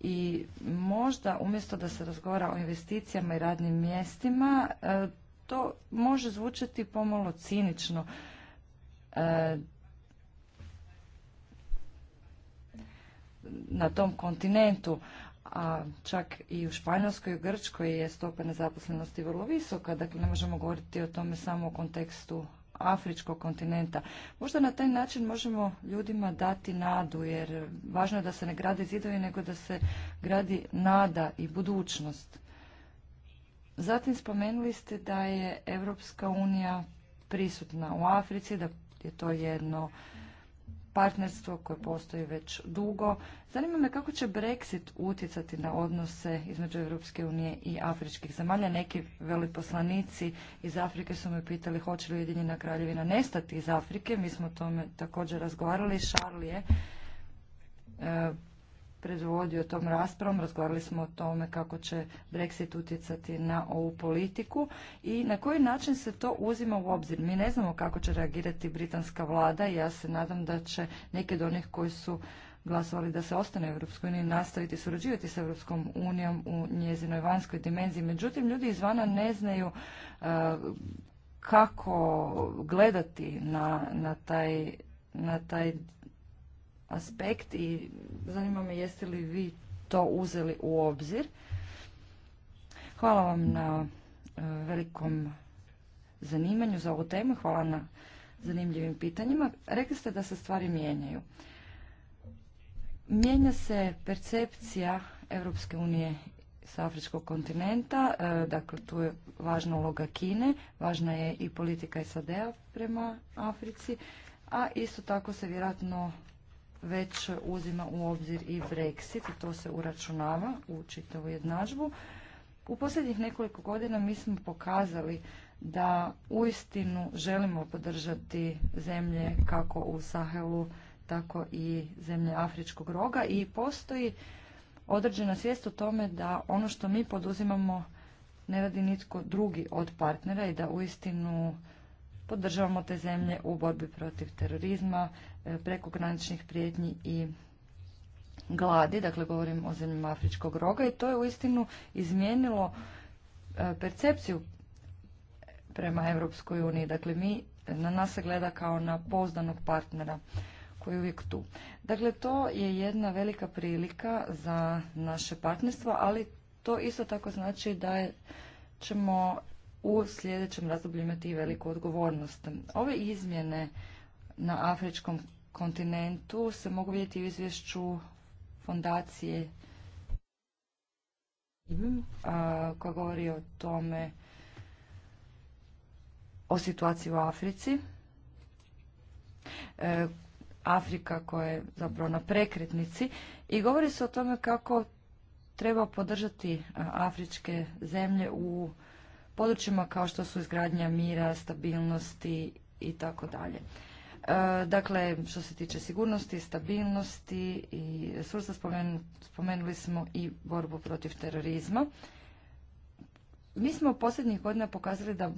I možda umjesto da se razgovara o investicijama i radnim mjestima, e, to može zvučati pomalo cinično. E, na tom kontinentu, a čak i u Španjolskoj i u Grčkoj je stopa nezaposlenosti vrlo visoka, dakle ne možemo govoriti o tome samo u kontekstu afričkog kontinenta. Možda na taj način možemo ljudima dati nadu, jer važno je da se ne grade zidovi, nego da se gradi nada i budućnost. Zatim spomenuli ste da je Europska unija prisutna u Africi, da je to jedno partnerstvo koje postoji već dugo. Zanima me kako će Brexit utjecati na odnose između Europske unije i afričkih zemalja. Neki veliposlanici iz Afrike su me pitali hoće li Ujedinjena kraljevina nestati iz Afrike. Mi smo o tome također razgovarali. Šarl predvodio tom raspravom. Razgovarali smo o tome kako će Brexit utjecati na ovu politiku i na koji način se to uzima u obzir. Mi ne znamo kako će reagirati britanska vlada i ja se nadam da će neki od onih koji su glasovali da se ostane u Europskoj uniji, nastaviti surađivati s Europskom unijom u njezinoj vanjskoj dimenziji. Međutim, ljudi izvana ne znaju e, kako gledati na, na, taj, na taj aspekt i zanima me jeste li vi to uzeli u obzir. Hvala vam na e, velikom zanimanju za ovu temu, hvala na zanimljivim pitanjima. Rekli ste da se stvari mijenjaju. Mijenja se percepcija Europske unije sa afričkog kontinenta, e, dakle tu je važna uloga Kine, važna je i politika SAD-a prema Africi, a isto tako se vjerojatno već uzima u obzir i Brexit i to se uračunava u čitavu jednadžbu. U posljednjih nekoliko godina mi smo pokazali da uistinu želimo podržati zemlje kako u Sahelu, tako i zemlje Afričkog roga i postoji određena svijest o tome da ono što mi poduzimamo ne radi nitko drugi od partnera i da uistinu podržavamo te zemlje u borbi protiv terorizma, prekograničnih prijetnji i gladi, dakle govorim o zemljama Afričkog roga i to je uistinu izmijenilo e, percepciju prema Europskoj uniji. Dakle, mi, na nas se gleda kao na pozdanog partnera koji je uvijek tu. Dakle, to je jedna velika prilika za naše partnerstvo, ali to isto tako znači da ćemo u sljedećem razdoblju imati veliku odgovornost. Ove izmjene na afričkom kontinentu se mogu vidjeti u izvješću fondacije koja govori o tome o situaciji u Africi. E, Afrika koja je zapravo na prekretnici i govori se o tome kako treba podržati afričke zemlje u područjima kao što su izgradnja mira, stabilnosti i tako dalje. E, dakle, što se tiče sigurnosti, stabilnosti i resursa, spomenuli smo i borbu protiv terorizma. Mi smo posljednjih godina pokazali da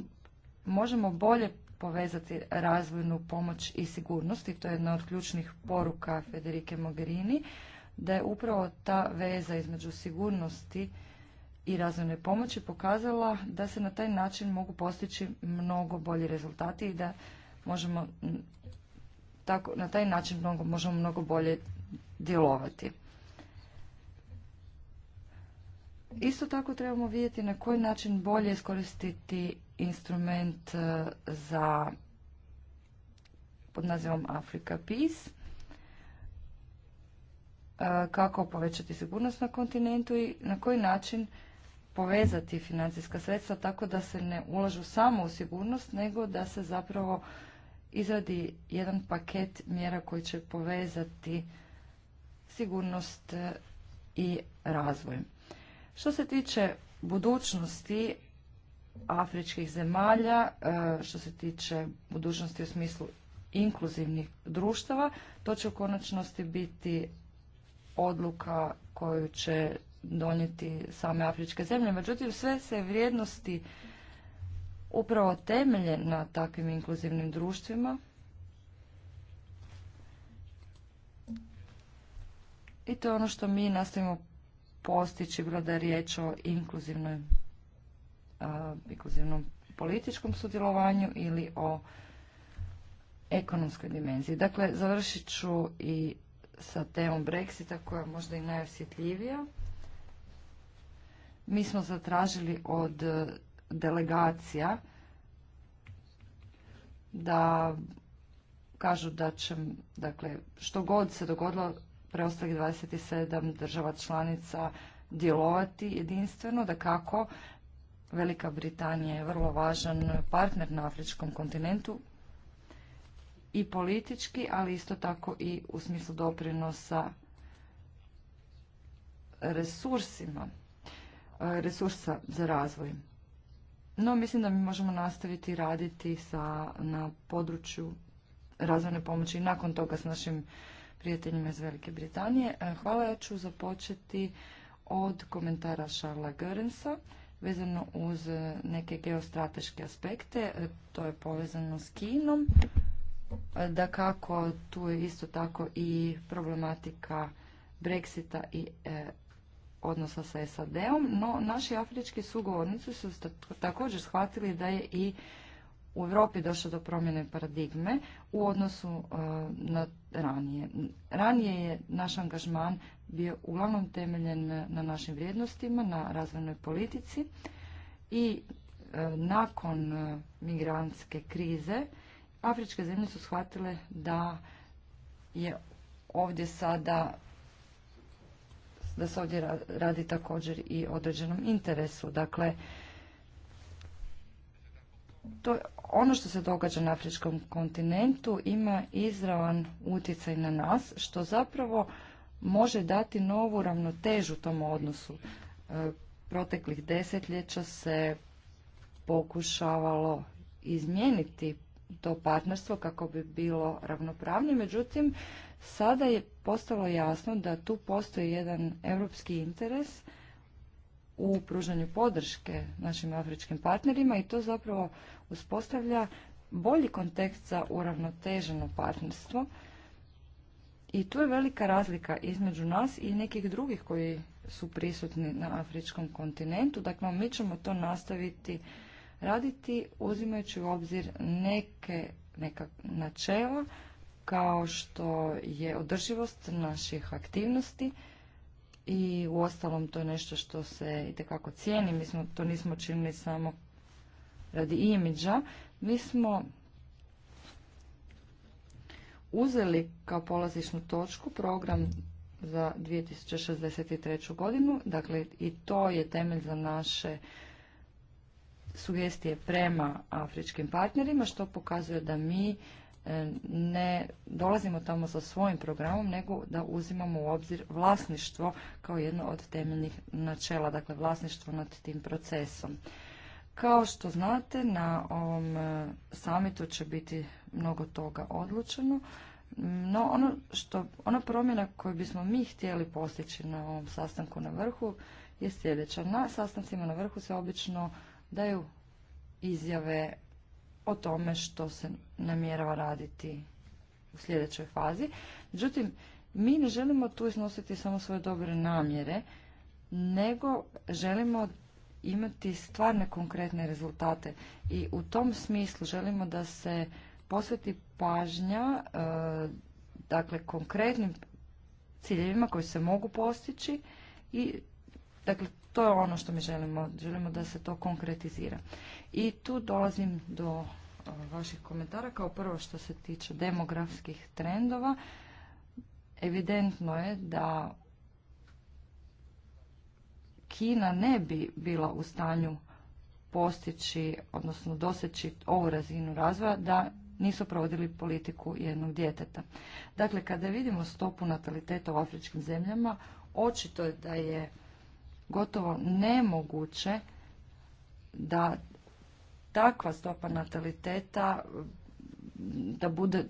možemo bolje povezati razvojnu pomoć i sigurnost i to je jedna od ključnih poruka Federike Mogherini, da je upravo ta veza između sigurnosti i razvojne pomoći pokazala da se na taj način mogu postići mnogo bolji rezultati i da možemo tako, na taj način mnogo, možemo mnogo bolje djelovati. Isto tako trebamo vidjeti na koji način bolje iskoristiti instrument e, za pod nazivom Africa Peace e, kako povećati sigurnost na kontinentu i na koji način povezati financijska sredstva tako da se ne ulažu samo u sigurnost, nego da se zapravo izradi jedan paket mjera koji će povezati sigurnost e, i razvoj. Što se tiče budućnosti afričkih zemalja, e, što se tiče budućnosti u smislu inkluzivnih društava, to će u konačnosti biti odluka koju će donijeti same afričke zemlje. Međutim, sve se vrijednosti upravo temelje na takvim inkluzivnim društvima i to je ono što mi nastavimo postići, bilo da je riječ o inkluzivnom političkom sudjelovanju ili o ekonomskoj dimenziji. Dakle, završit ću i sa temom Brexita koja je možda i najosjetljivija. Mi smo zatražili od delegacija da kažu da će, dakle, što god se dogodilo, preostalih 27 država članica djelovati jedinstveno, da kako Velika Britanija je vrlo važan partner na afričkom kontinentu i politički, ali isto tako i u smislu doprinosa resursima, resursa za razvoj. No, mislim da mi možemo nastaviti raditi sa, na području razvojne pomoći i nakon toga s našim prijateljima iz Velike Britanije. E, hvala, ja ću započeti od komentara Šarla Görensa vezano uz e, neke geostrateške aspekte. E, to je povezano s Kinom. Da kako tu je isto tako i problematika Brexita i odnosa sa SAD-om, no naši afrički sugovornici su također shvatili da je i u Europi došlo do promjene paradigme u odnosu e, na ranije. Ranije je naš angažman bio uglavnom temeljen na našim vrijednostima, na razvojnoj politici i e, nakon e, migrantske krize afričke zemlje su shvatile da je ovdje sada da se ovdje radi također i određenom interesu. Dakle, to, ono što se događa na afričkom kontinentu ima izravan utjecaj na nas, što zapravo može dati novu ravnotežu tom odnosu. E, proteklih desetljeća se pokušavalo izmijeniti to partnerstvo kako bi bilo ravnopravnije, međutim Sada je postalo jasno da tu postoji jedan europski interes u pružanju podrške našim afričkim partnerima i to zapravo uspostavlja bolji kontekst za uravnoteženo partnerstvo. I tu je velika razlika između nas i nekih drugih koji su prisutni na afričkom kontinentu. Dakle, mi ćemo to nastaviti raditi uzimajući u obzir neke, načela kao što je održivost naših aktivnosti i u ostalom to je nešto što se itekako cijeni. Mi smo, to nismo činili samo radi imidža. Mi smo uzeli kao polazišnu točku program za 2063. godinu, dakle i to je temelj za naše sugestije prema afričkim partnerima, što pokazuje da mi E, ne dolazimo tamo sa svojim programom, nego da uzimamo u obzir vlasništvo kao jedno od temeljnih načela, dakle vlasništvo nad tim procesom. Kao što znate, na ovom e, samitu će biti mnogo toga odlučeno, no ono što, ona promjena koju bismo mi htjeli postići na ovom sastanku na vrhu je sljedeća. Na sastancima na vrhu se obično daju izjave o tome što se namjerava raditi u sljedećoj fazi. Međutim, mi ne želimo tu iznositi samo svoje dobre namjere, nego želimo imati stvarne konkretne rezultate i u tom smislu želimo da se posveti pažnja e, dakle konkretnim ciljevima koji se mogu postići i dakle to je ono što mi želimo, želimo da se to konkretizira. I tu dolazim do vaših komentara. Kao prvo što se tiče demografskih trendova, evidentno je da Kina ne bi bila u stanju postići, odnosno doseći ovu razinu razvoja da nisu provodili politiku jednog djeteta. Dakle, kada vidimo stopu nataliteta u afričkim zemljama, očito je da je gotovo nemoguće da takva stopa nataliteta da bude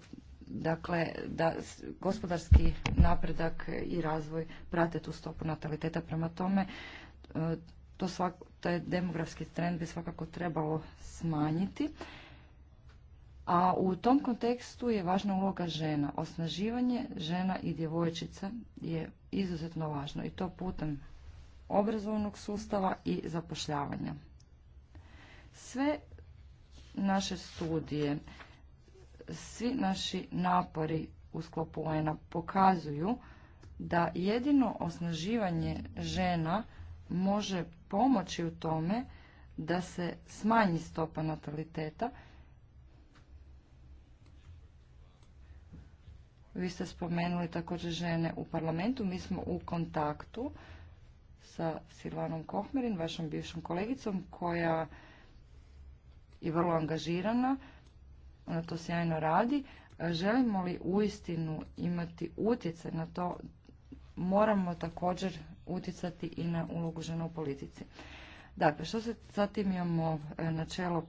dakle da gospodarski napredak i razvoj prate tu stopu nataliteta prema tome e, to svak, taj demografski trend bi svakako trebalo smanjiti a u tom kontekstu je važna uloga žena osnaživanje žena i djevojčica je izuzetno važno i to putem obrazovnog sustava i zapošljavanja sve naše studije, svi naši napori u sklopu ENA pokazuju da jedino osnaživanje žena može pomoći u tome da se smanji stopa nataliteta. Vi ste spomenuli također žene u parlamentu. Mi smo u kontaktu sa Silvanom Kohmerin, vašom bivšom kolegicom, koja i vrlo angažirana, ona to sjajno radi. Želimo li uistinu imati utjecaj na to, moramo također utjecati i na ulogu žena u politici. Dakle, što se zatim imamo e, načelo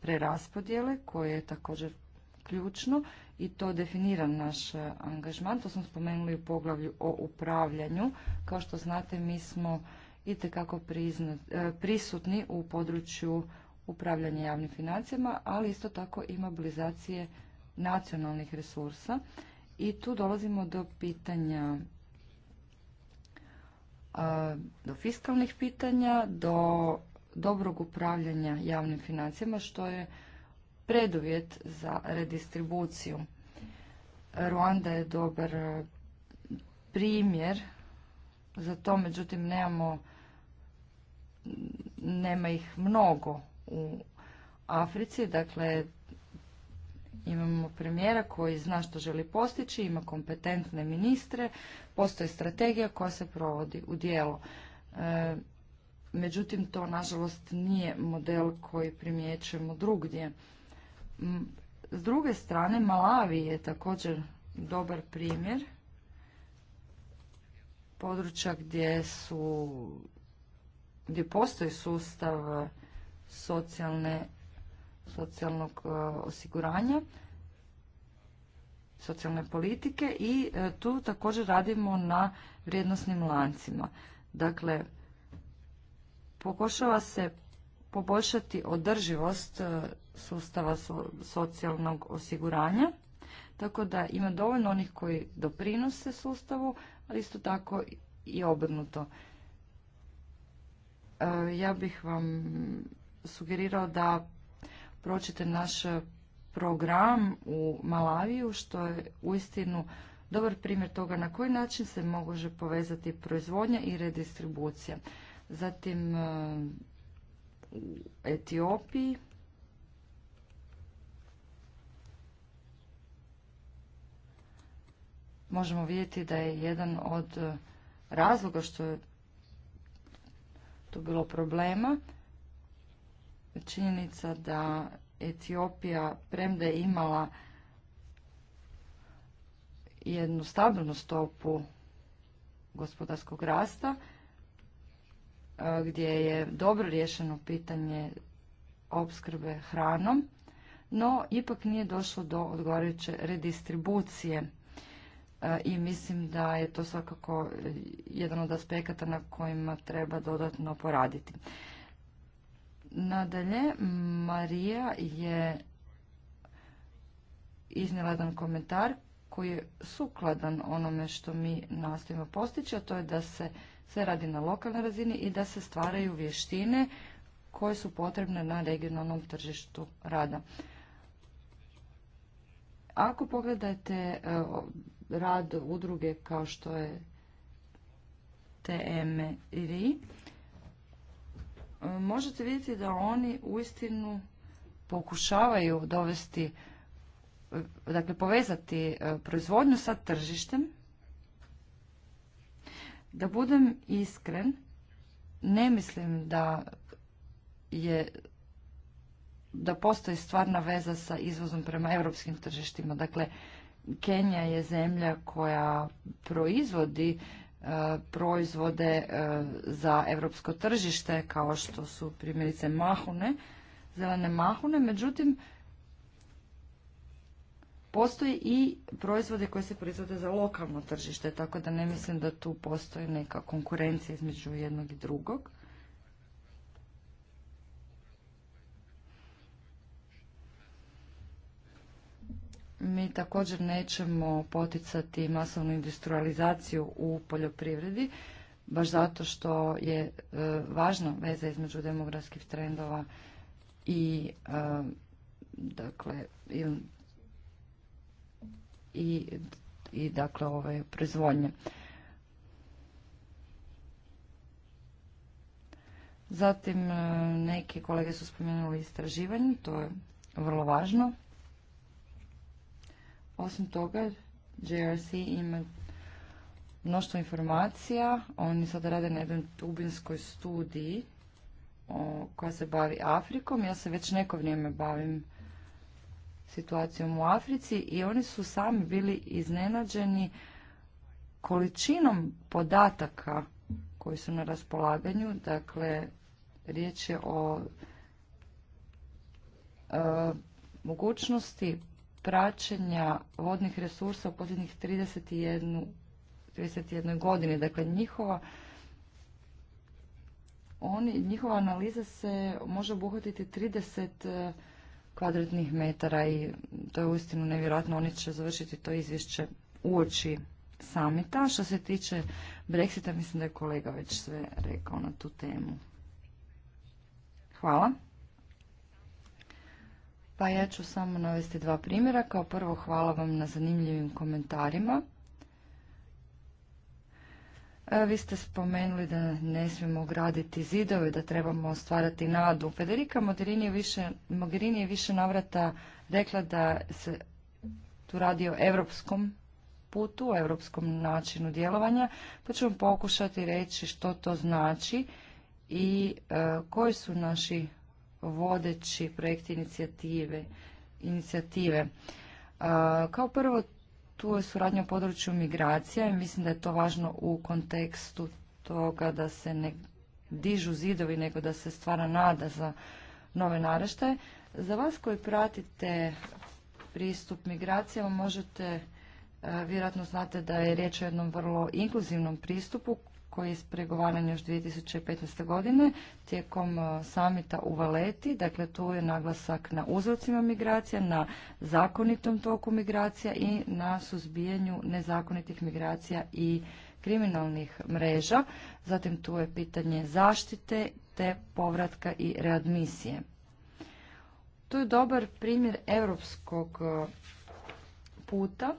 preraspodjele koje je također ključno i to definira naš e, angažman. To smo spomenuli u poglavlju o upravljanju. Kao što znate, mi smo itekako e, prisutni u području upravljanje javnim financijama, ali isto tako i mobilizacije nacionalnih resursa. I tu dolazimo do pitanja, do fiskalnih pitanja, do dobrog upravljanja javnim financijama, što je preduvjet za redistribuciju. Ruanda je dobar primjer za to, međutim nemamo nema ih mnogo u Africi. Dakle, imamo premijera koji zna što želi postići, ima kompetentne ministre, postoji strategija koja se provodi u dijelo. E, međutim, to nažalost nije model koji primjećujemo drugdje. S druge strane, Malavi je također dobar primjer područja gdje su gdje postoji sustav socijalne, socijalnog e, osiguranja, socijalne politike i e, tu također radimo na vrijednosnim lancima. Dakle, pokušava se poboljšati održivost e, sustava socijalnog osiguranja, tako da ima dovoljno onih koji doprinose sustavu, ali isto tako i obrnuto. Ja bih vam sugerirao da pročite naš program u Malaviju, što je uistinu dobar primjer toga na koji način se može povezati proizvodnja i redistribucija. Zatim e, u Etiopiji možemo vidjeti da je jedan od razloga što je tu bilo problema činjenica da Etiopija, premda je imala jednu stabilnu stopu gospodarskog rasta, e, gdje je dobro rješeno pitanje opskrbe hranom, no ipak nije došlo do odgovarajuće redistribucije e, i mislim da je to svakako e, jedan od aspekata na kojima treba dodatno poraditi. Nadalje, Marija je iznijela jedan komentar koji je sukladan onome što mi nastojimo postići, a to je da se sve radi na lokalnoj razini i da se stvaraju vještine koje su potrebne na regionalnom tržištu rada. Ako pogledate e, rad udruge kao što je TMRI, možete vidjeti da oni uistinu pokušavaju dovesti, e, dakle povezati e, proizvodnju sa tržištem. Da budem iskren, ne mislim da je da postoji stvarna veza sa izvozom prema europskim tržištima. Dakle, Kenija je zemlja koja proizvodi E, proizvode e, za europsko tržište kao što su primjerice mahune, zelene mahune, međutim postoji i proizvode koje se proizvode za lokalno tržište, tako da ne mislim da tu postoji neka konkurencija između jednog i drugog. mi također nećemo poticati masovnu industrializaciju u poljoprivredi, baš zato što je e, važna veza između demografskih trendova i e, dakle i, i, i dakle ove proizvodnje. Zatim e, neki kolege su spomenuli istraživanje, to je vrlo važno. Osim toga, JRC ima mnoštvo informacija. Oni sada rade na jednoj dubinskoj studiji o, koja se bavi Afrikom. Ja se već neko vrijeme bavim situacijom u Africi i oni su sami bili iznenađeni količinom podataka koji su na raspolaganju. Dakle, riječ je o e, mogućnosti praćenja vodnih resursa u posljednjih 31, 31 godini. Dakle, njihova oni, njihova analiza se može obuhvatiti 30 e, kvadratnih metara i to je uistinu nevjerojatno. Oni će završiti to izvješće uoči samita. Što se tiče Brexita, mislim da je kolega već sve rekao na tu temu. Hvala. Pa ja ću samo navesti dva primjera. Kao prvo hvala vam na zanimljivim komentarima. E, vi ste spomenuli da ne smijemo graditi zidove, da trebamo stvarati nadu. Federika Mogherini je više, više navrata rekla da se tu radi o evropskom putu, o evropskom načinu djelovanja, pa ću vam pokušati reći što to znači i e, koji su naši vodeći projekt inicijative. inicijative. Kao prvo, tu je suradnja u području migracija i mislim da je to važno u kontekstu toga da se ne dižu zidovi, nego da se stvara nada za nove naraštaje. Za vas koji pratite pristup migracijama možete, vjerojatno znate da je riječ o jednom vrlo inkluzivnom pristupu koji je ispregovaran još 2015. godine tijekom e, samita u Valeti. Dakle, tu je naglasak na uzrocima migracija, na zakonitom toku migracija i na suzbijanju nezakonitih migracija i kriminalnih mreža. Zatim tu je pitanje zaštite te povratka i readmisije. Tu je dobar primjer europskog e, puta.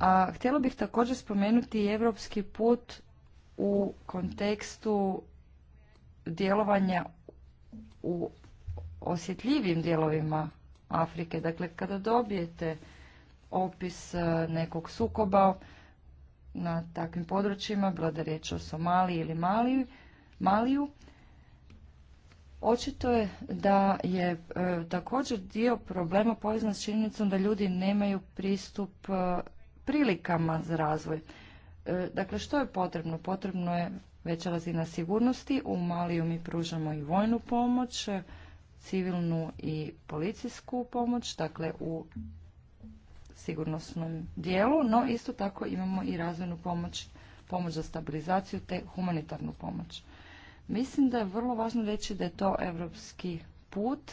A htjela bih također spomenuti i europski put u kontekstu djelovanja u osjetljivim dijelovima Afrike. Dakle, kada dobijete opis e, nekog sukoba na takvim područjima, bilo da riječ o Somaliji ili Maliju, Maliju očito je da je e, također dio problema povezan s činjenicom da ljudi nemaju pristup e, prilikama za razvoj. E, dakle, što je potrebno? Potrebno je veća razina sigurnosti. U Maliju mi pružamo i vojnu pomoć, civilnu i policijsku pomoć, dakle u sigurnosnom dijelu, no isto tako imamo i razvojnu pomoć, pomoć za stabilizaciju te humanitarnu pomoć. Mislim da je vrlo važno reći da je to evropski put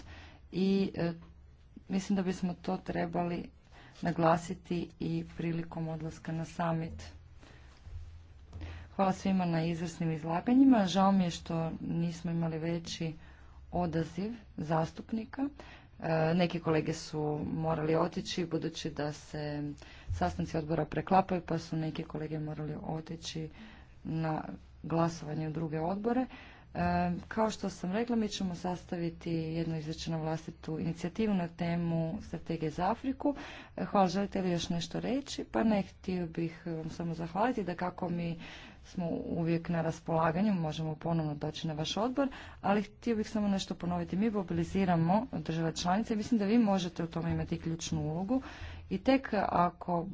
i e, mislim da bismo to trebali naglasiti i prilikom odlaska na summit. Hvala svima na izvrsnim izlaganjima. Žao mi je što nismo imali veći odaziv zastupnika. E, neki kolege su morali otići budući da se sastanci odbora preklapaju pa su neki kolege morali otići na glasovanje u druge odbore. E, kao što sam rekla, mi ćemo sastaviti jednu izrečenu vlastitu inicijativu na temu strategije za Afriku. E, hvala, želite li još nešto reći? Pa ne, htio bih vam samo zahvaliti da kako mi smo uvijek na raspolaganju, možemo ponovno doći na vaš odbor, ali htio bih samo nešto ponoviti. Mi mobiliziramo države članice i mislim da vi možete u tome imati ključnu ulogu i tek ako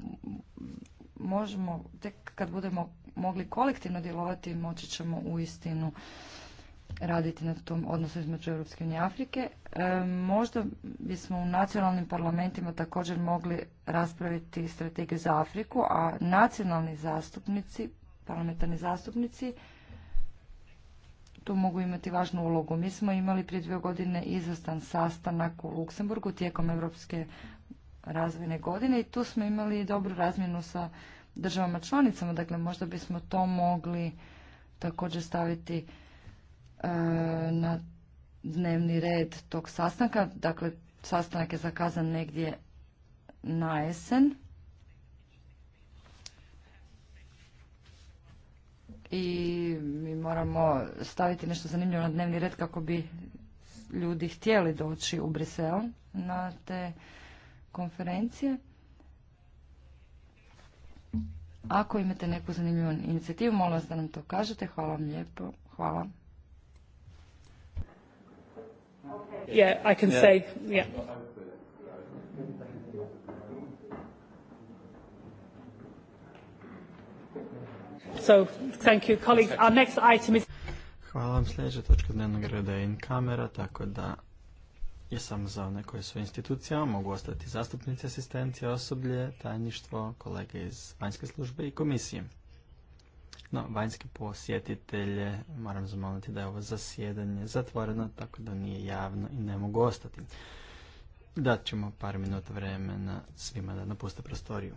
možemo, tek kad budemo mogli kolektivno djelovati, moći ćemo u istinu raditi na tom odnosu između Europske unije i Afrike. E, možda bismo u nacionalnim parlamentima također mogli raspraviti strategiju za Afriku, a nacionalni zastupnici parlamentarni zastupnici tu mogu imati važnu ulogu. Mi smo imali prije dvije godine izvrstan sastanak u Luksemburgu tijekom Europske razvojne godine i tu smo imali dobru razmjenu sa državama članicama, dakle možda bismo to mogli također staviti e, na dnevni red tog sastanka. Dakle, sastanak je zakazan negdje na jesen i mi moramo staviti nešto zanimljivo na dnevni red kako bi ljudi htjeli doći u Brisel na te konferencije. Ako imate neku zanimljivu inicijativu, molim vas da nam to kažete. Hvala vam lijepo. Hvala. Yeah, I can say, yeah. So, Hvala vam, sljedeća točka dnevnog reda je in kamera, tako da je samo za one koje su institucijama, mogu ostati zastupnici, asistencije, osoblje, tajništvo, kolege iz vanjske službe i komisije. No, vanjske posjetitelje moram zamoliti da je ovo zasjedanje zatvoreno, tako da nije javno i ne mogu ostati. Dat ćemo par minuta vremena svima da napuste prostoriju.